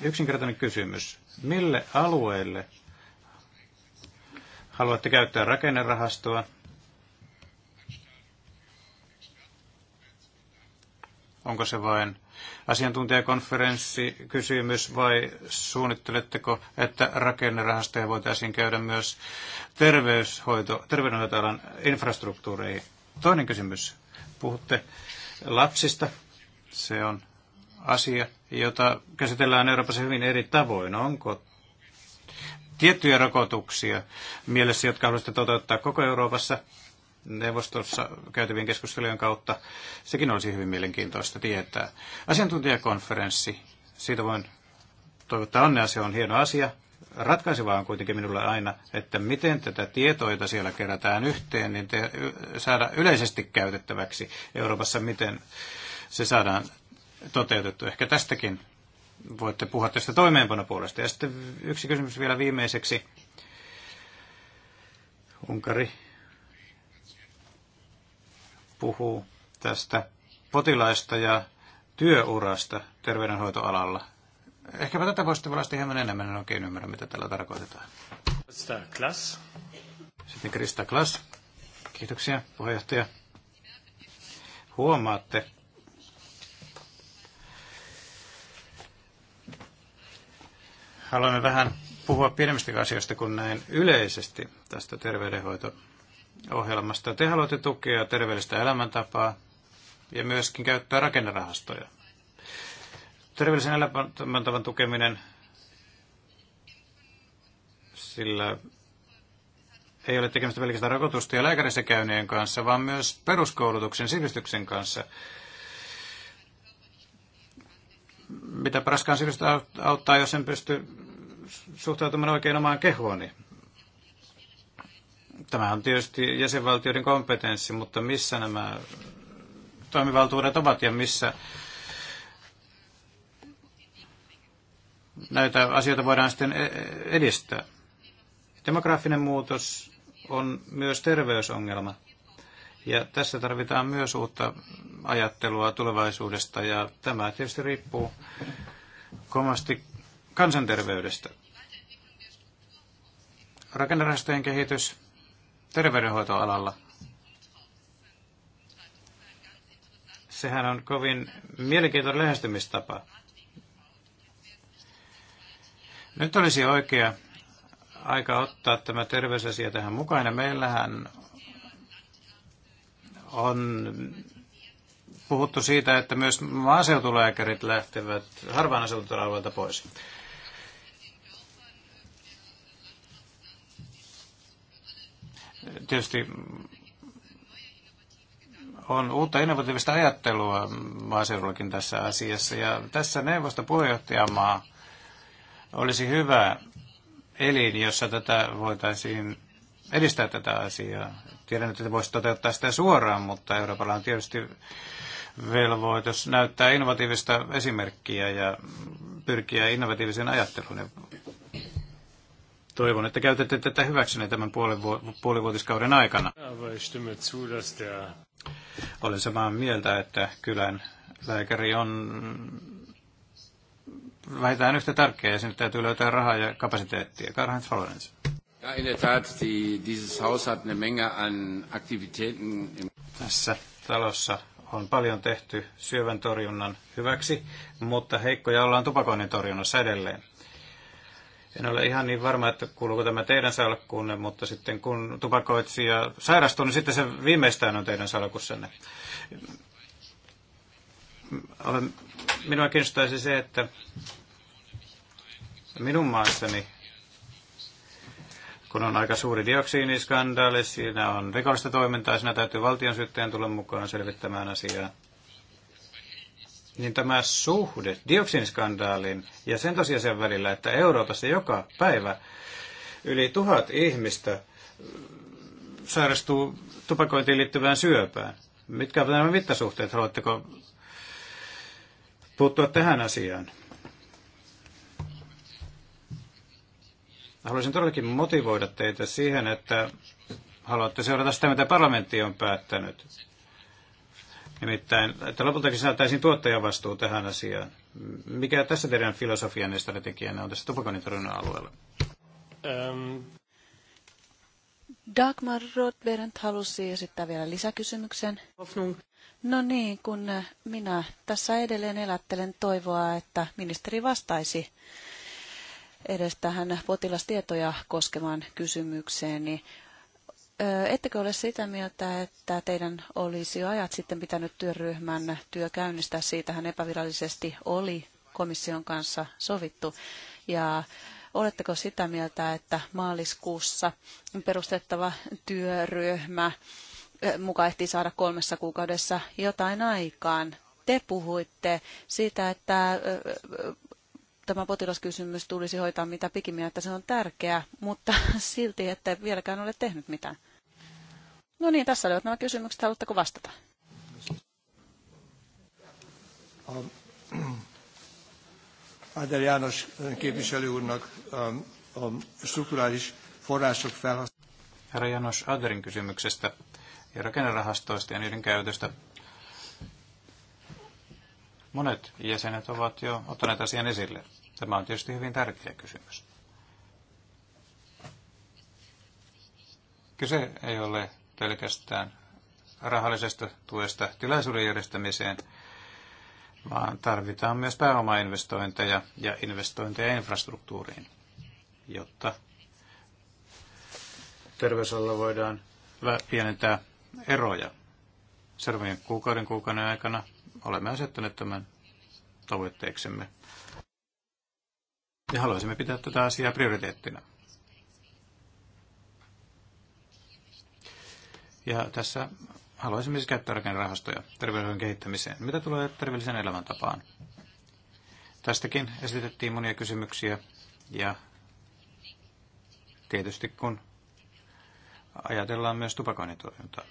Yksinkertainen kysymys. Mille alueille haluatte käyttää rakennerahastoa? Onko se vain asiantuntijakonferenssi kysymys vai suunnitteletteko, että rakennerahastoja voitaisiin käydä myös terveyshoito, terveydenhoitoalan infrastruktuureihin? Toinen kysymys. Puhutte lapsista. Se on asia, jota käsitellään Euroopassa hyvin eri tavoin. Onko tiettyjä rokotuksia mielessä, jotka haluaisitte toteuttaa koko Euroopassa neuvostossa käytävien keskustelujen kautta? Sekin olisi hyvin mielenkiintoista tietää. Asiantuntijakonferenssi, siitä voin toivottaa onnea, se on hieno asia. Ratkaisevaa on kuitenkin minulle aina, että miten tätä tietoa, jota siellä kerätään yhteen, niin te, saada yleisesti käytettäväksi Euroopassa, miten se saadaan toteutettu. Ehkä tästäkin voitte puhua tästä toimeenpanopuolesta. Ja sitten yksi kysymys vielä viimeiseksi. Unkari puhuu tästä potilaista ja työurasta terveydenhoitoalalla. Ehkäpä tätä voisitte valaista hieman enemmän, en oikein ymmärrä, mitä tällä tarkoitetaan. Krista Klass. Sitten Krista Klass. Kiitoksia, puheenjohtaja. Huomaatte, Haluamme vähän puhua pienemmistä asioista kuin näin yleisesti tästä terveydenhoito-ohjelmasta. Te haluatte tukea terveellistä elämäntapaa ja myöskin käyttää rakennerahastoja. Terveellisen elämäntavan tukeminen, sillä ei ole tekemistä pelkästään rokotusta ja lääkärissä käyneen kanssa, vaan myös peruskoulutuksen sivistyksen kanssa mitä Praskan sivistystä auttaa, jos en pysty suhtautumaan oikein omaan kehooni. Tämä on tietysti jäsenvaltioiden kompetenssi, mutta missä nämä toimivaltuudet ovat ja missä näitä asioita voidaan sitten e-, edistää. Demografinen muutos on myös terveysongelma. Ja tässä tarvitaan myös uutta ajattelua tulevaisuudesta ja tämä tietysti riippuu kovasti kansanterveydestä. Rakennerahastojen kehitys terveydenhoitoalalla. Sehän on kovin mielenkiintoinen lähestymistapa. Nyt olisi oikea aika ottaa tämä terveysasia tähän mukaan. Ja meillähän on puhuttu siitä, että myös maaseutulääkärit lähtevät harvaan asutulta pois. Tietysti on uutta innovatiivista ajattelua maaseudullakin tässä asiassa. Ja tässä neuvosta puheenjohtajamaa olisi hyvä elin, jossa tätä voitaisiin edistää tätä asiaa. Tiedän, että voisi toteuttaa sitä suoraan, mutta Euroopalla on tietysti velvoitus näyttää innovatiivista esimerkkiä ja pyrkiä innovatiiviseen ajatteluun. Toivon, että käytätte tätä hyväksyne tämän puolivuotiskauden aikana. Olen samaa mieltä, että kylän lääkäri on vähintään yhtä tärkeä ja sinne täytyy löytää rahaa ja kapasiteettia. Karhan Florence in der Tat, die, dieses Haus hat eine Menge an Aktivitäten. Tässä talossa on paljon tehty syövän torjunnan hyväksi, mutta heikkoja ollaan tupakoinnin torjunnassa edelleen. En ole ihan niin varma, että kuuluuko tämä teidän salkkuunne, mutta sitten kun tupakoitsija sairastuu, niin sitten se viimeistään on teidän salkussanne. Minua kiinnostaisi se, että minun maassani kun on aika suuri dioksiiniskandaali, siinä on rikollista toimintaa, siinä täytyy valtion syyttäjän tulla mukaan selvittämään asiaa. Niin tämä suhde dioksiiniskandaalin ja sen tosiasian välillä, että Euroopassa joka päivä yli tuhat ihmistä sairastuu tupakointiin liittyvään syöpään. Mitkä ovat nämä mittasuhteet? Haluatteko puuttua tähän asiaan? haluaisin todellakin motivoida teitä siihen, että haluatte seurata sitä, mitä parlamentti on päättänyt. Nimittäin, että lopultakin saataisiin vastuu tähän asiaan. Mikä tässä teidän filosofian ja strategianne on tässä tupakoinnin torjunnan alueella? Um. Dagmar Rothberg halusi esittää vielä lisäkysymyksen. No niin, kun minä tässä edelleen elättelen toivoa, että ministeri vastaisi edes tähän potilastietoja koskevaan kysymykseen, niin ettekö ole sitä mieltä, että teidän olisi jo ajat sitten pitänyt työryhmän työ käynnistää? Siitähän epävirallisesti oli komission kanssa sovittu. Ja oletteko sitä mieltä, että maaliskuussa perustettava työryhmä muka ehti saada kolmessa kuukaudessa jotain aikaan? Te puhuitte siitä, että tämä potilaskysymys tulisi hoitaa mitä pikimmin, että se on tärkeää, mutta silti ette vieläkään ole tehnyt mitään. No niin, tässä olivat nämä kysymykset. Haluatteko vastata? Áder um, János képviselő a um, um, strukturális források felhasználása. Herra Janos Aderin kysymyksestä ja rakennerahastoista ja niiden käytöstä. Monet jäsenet ovat jo ottaneet asian esille. Tämä on tietysti hyvin tärkeä kysymys. Kyse ei ole pelkästään rahallisesta tuesta tilaisuuden järjestämiseen, vaan tarvitaan myös pääomainvestointeja ja investointeja infrastruktuuriin, jotta terveysalalla voidaan pienentää eroja. Seuraavien kuukauden kuukauden aikana olemme asettaneet tämän tavoitteeksemme. Ja haluaisimme pitää tätä asiaa prioriteettina. Ja tässä haluaisimme siis käyttää rakennerahastoja terveyden kehittämiseen. Mitä tulee terveelliseen elämäntapaan? Tästäkin esitettiin monia kysymyksiä ja tietysti kun ajatellaan myös tupakoinnin torjuntaa.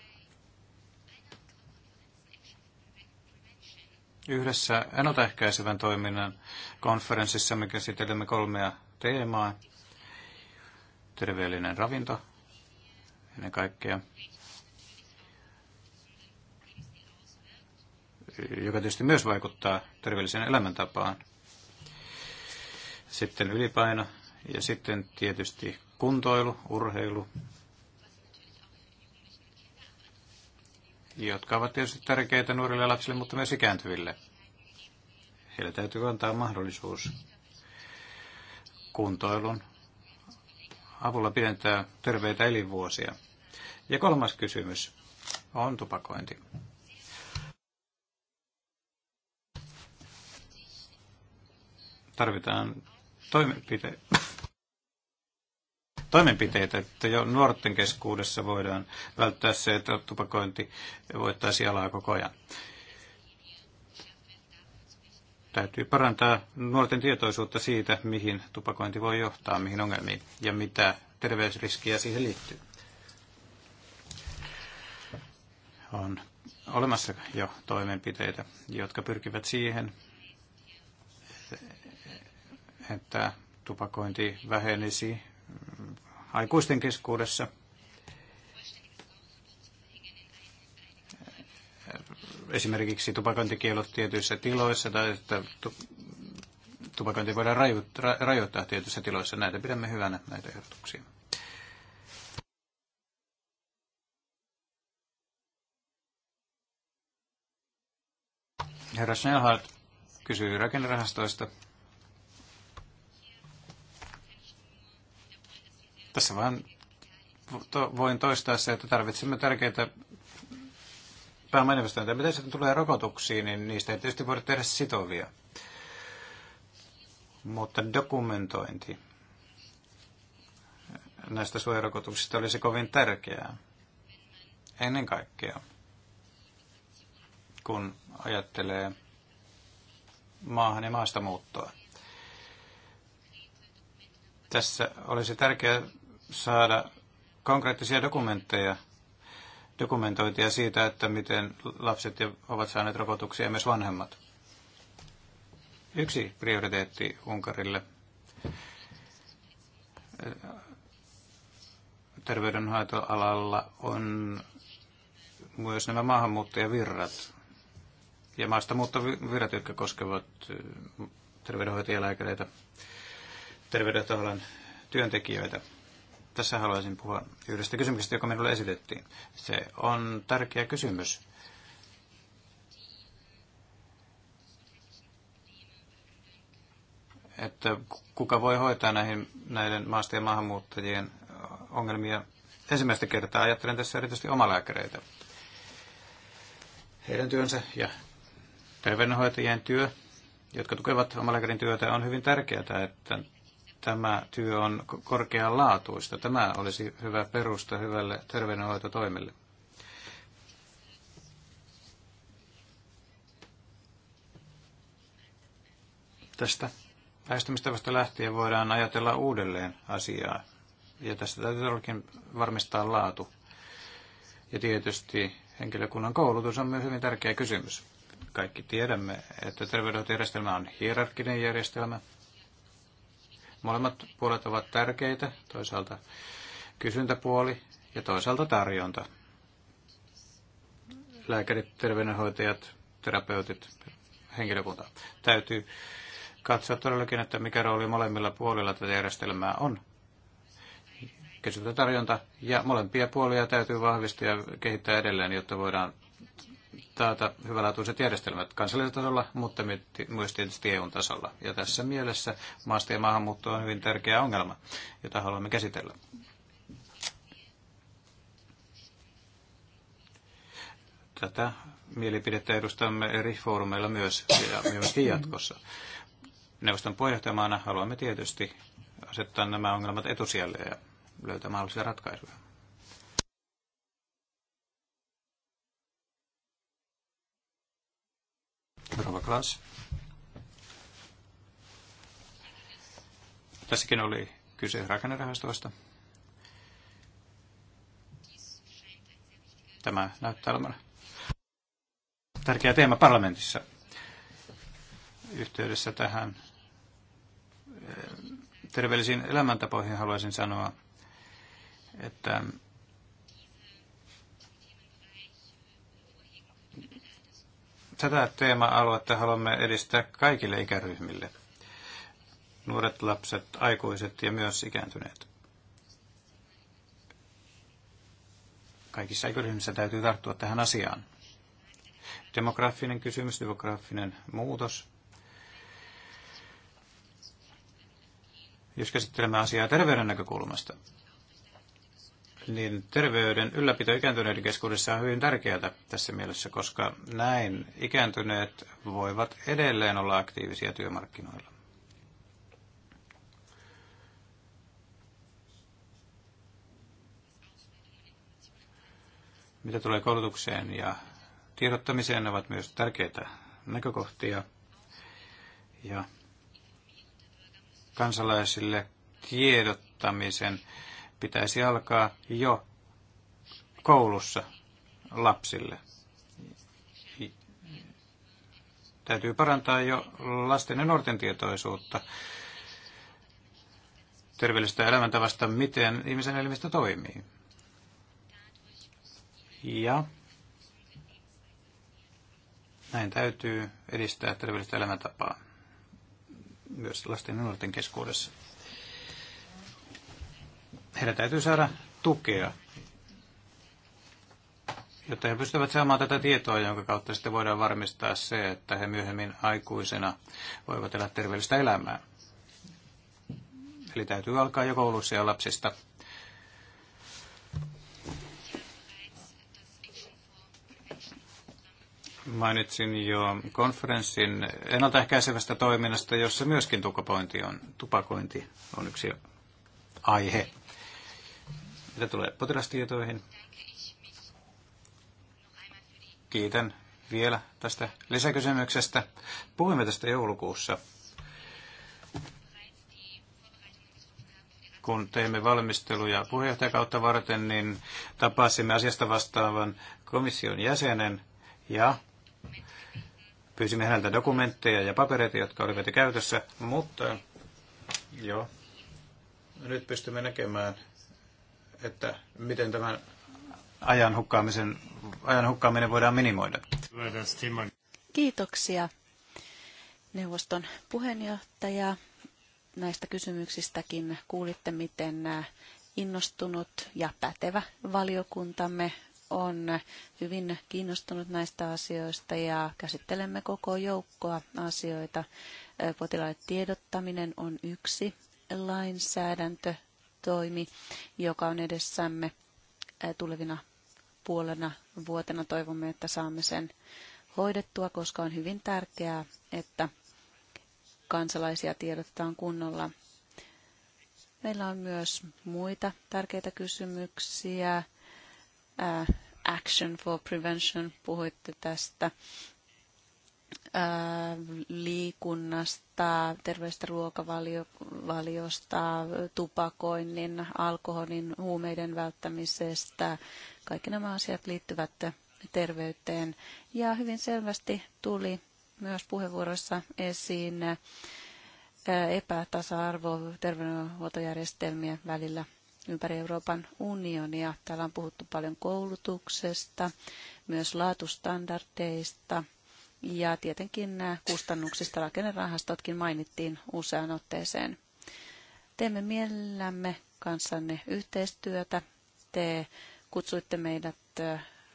Yhdessä ennaltaehkäisevän toiminnan konferenssissa me käsittelemme kolmea teemaa. Terveellinen ravinto ennen kaikkea, joka tietysti myös vaikuttaa terveelliseen elämäntapaan. Sitten ylipaino ja sitten tietysti kuntoilu, urheilu, jotka ovat tietysti tärkeitä nuorille lapsille, mutta myös ikääntyville. Heille täytyy antaa mahdollisuus kuntoilun avulla pidentää terveitä elinvuosia. Ja kolmas kysymys on tupakointi. Tarvitaan toimenpiteitä toimenpiteitä, että jo nuorten keskuudessa voidaan välttää se, että tupakointi voittaisi alaa koko ajan. Täytyy parantaa nuorten tietoisuutta siitä, mihin tupakointi voi johtaa, mihin ongelmiin ja mitä terveysriskiä siihen liittyy. On olemassa jo toimenpiteitä, jotka pyrkivät siihen, että tupakointi vähenisi aikuisten keskuudessa. Esimerkiksi tupakointikielot tietyissä tiloissa tai että tupakointi voidaan rajoittaa tietyissä tiloissa. Näitä pidämme hyvänä, näitä ehdotuksia. Herra Schnellhardt kysyy rakennerahastoista. Tässä vaan voin toistaa se, että tarvitsemme tärkeitä pääomainvestointeja. Mitä sitten tulee rokotuksiin, niin niistä ei tietysti voida tehdä sitovia. Mutta dokumentointi näistä suojarokotuksista olisi kovin tärkeää. Ennen kaikkea, kun ajattelee maahan ja muuttoa. Tässä olisi tärkeää saada konkreettisia dokumentteja, dokumentointia siitä, että miten lapset ovat saaneet rokotuksia ja myös vanhemmat. Yksi prioriteetti Unkarille terveydenhoitoalalla on myös nämä maahanmuuttajavirrat ja maastamuuttovirrat, jotka koskevat terveydenhoitajalääkäreitä, terveydenhoitoalan työntekijöitä. Tässä haluaisin puhua yhdestä kysymyksestä, joka minulle esitettiin. Se on tärkeä kysymys. että kuka voi hoitaa näihin, näiden maasta ja maahanmuuttajien ongelmia ensimmäistä kertaa. Ajattelen tässä erityisesti omalääkäreitä. Heidän työnsä ja terveydenhoitajien työ, jotka tukevat omalääkärin työtä, on hyvin tärkeää, että tämä työ on korkealaatuista. Tämä olisi hyvä perusta hyvälle terveydenhoitotoimelle. Tästä lähestymistavasta lähtien voidaan ajatella uudelleen asiaa. Ja tästä täytyy todellakin varmistaa laatu. Ja tietysti henkilökunnan koulutus on myös hyvin tärkeä kysymys. Kaikki tiedämme, että terveydenhoitojärjestelmä on hierarkkinen järjestelmä – Molemmat puolet ovat tärkeitä, toisaalta kysyntäpuoli ja toisaalta tarjonta. Lääkärit, terveydenhoitajat, terapeutit, henkilökunta. Täytyy katsoa todellakin, että mikä rooli molemmilla puolilla tätä järjestelmää on. Kysyntätarjonta ja molempia puolia täytyy vahvistaa ja kehittää edelleen, jotta voidaan taata hyvälaatuiset järjestelmät kansallisella tasolla, mutta myös tietysti EUn tasolla. Ja tässä mielessä maasta ja maahanmuutto on hyvin tärkeä ongelma, jota haluamme käsitellä. Tätä mielipidettä edustamme eri foorumeilla myös ja myöskin jatkossa. Neuvoston puheenjohtajamaana haluamme tietysti asettaa nämä ongelmat etusijalle ja löytää mahdollisia ratkaisuja. Seuraava Klaas. Tässäkin oli kyse rakennerahastoista. Tämä näyttää olevan tärkeä teema parlamentissa yhteydessä tähän eh, terveellisiin elämäntapoihin haluaisin sanoa, että Tätä teema-aluetta haluamme edistää kaikille ikäryhmille. Nuoret lapset, aikuiset ja myös ikääntyneet. Kaikissa ikäryhmissä täytyy tarttua tähän asiaan. Demografinen kysymys, demografinen muutos. Jos käsittelemme asiaa terveyden näkökulmasta, niin terveyden ylläpito ikääntyneiden keskuudessa on hyvin tärkeää tässä mielessä, koska näin ikääntyneet voivat edelleen olla aktiivisia työmarkkinoilla. Mitä tulee koulutukseen ja tiedottamiseen, ne ovat myös tärkeitä näkökohtia. Ja kansalaisille tiedottamisen pitäisi alkaa jo koulussa lapsille. Täytyy parantaa jo lasten ja nuorten tietoisuutta terveellisestä elämäntavasta, miten ihmisen elimistö toimii. Ja näin täytyy edistää terveellistä elämäntapaa myös lasten ja nuorten keskuudessa heidän täytyy saada tukea, jotta he pystyvät saamaan tätä tietoa, jonka kautta sitten voidaan varmistaa se, että he myöhemmin aikuisena voivat elää terveellistä elämää. Eli täytyy alkaa jo koulussa ja lapsista. Mainitsin jo konferenssin ennaltaehkäisevästä toiminnasta, jossa myöskin tupakointi on, tupakointi on yksi aihe. Mitä tulee potilastietoihin? Kiitän vielä tästä lisäkysymyksestä. Puhuimme tästä joulukuussa, kun teimme valmisteluja puheenjohtajakautta varten, niin tapasimme asiasta vastaavan komission jäsenen ja pyysimme häneltä dokumentteja ja papereita, jotka olivat jo käytössä, mutta joo, nyt pystymme näkemään että miten tämän ajan, hukkaamisen, ajan hukkaaminen voidaan minimoida. Kiitoksia neuvoston puheenjohtaja näistä kysymyksistäkin. Kuulitte, miten äh, innostunut ja pätevä valiokuntamme on hyvin kiinnostunut näistä asioista ja käsittelemme koko joukkoa asioita. Äh, Potilaiden tiedottaminen on yksi lainsäädäntö toimi, joka on edessämme tulevina puolena vuotena. Toivomme, että saamme sen hoidettua, koska on hyvin tärkeää, että kansalaisia tiedotetaan kunnolla. Meillä on myös muita tärkeitä kysymyksiä. Action for Prevention, puhuitte tästä liikunnasta, terveestä ruokavaliosta, tupakoinnin, alkoholin, huumeiden välttämisestä. Kaikki nämä asiat liittyvät terveyteen. Ja hyvin selvästi tuli myös puheenvuoroissa esiin epätasa-arvo terveydenhuoltojärjestelmien välillä ympäri Euroopan unionia. Täällä on puhuttu paljon koulutuksesta, myös laatustandardeista – ja tietenkin kustannuksista rakennerahastotkin mainittiin useaan otteeseen. Teemme mielellämme kanssanne yhteistyötä. Te kutsuitte meidät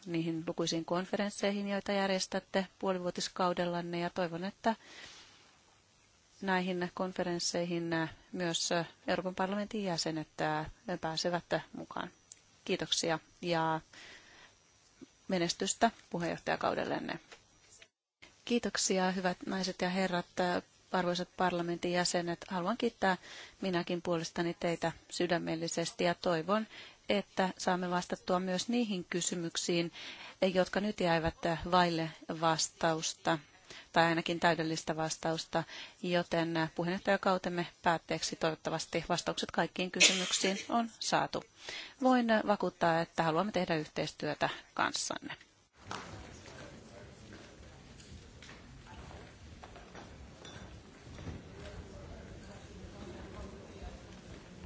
niihin lukuisiin konferensseihin, joita järjestätte puolivuotiskaudellanne ja toivon, että näihin konferensseihin myös Euroopan parlamentin jäsenet pääsevät mukaan. Kiitoksia ja menestystä puheenjohtajakaudellenne. Kiitoksia, hyvät naiset ja herrat, äh, arvoisat parlamentin jäsenet. Haluan kiittää minäkin puolestani teitä sydämellisesti ja toivon, että saamme vastattua myös niihin kysymyksiin, eh, jotka nyt jäivät äh, vaille vastausta tai ainakin täydellistä vastausta, joten äh, puheenjohtajakautemme päätteeksi toivottavasti vastaukset kaikkiin kysymyksiin on saatu. Voin vakuuttaa, että haluamme tehdä yhteistyötä kanssanne.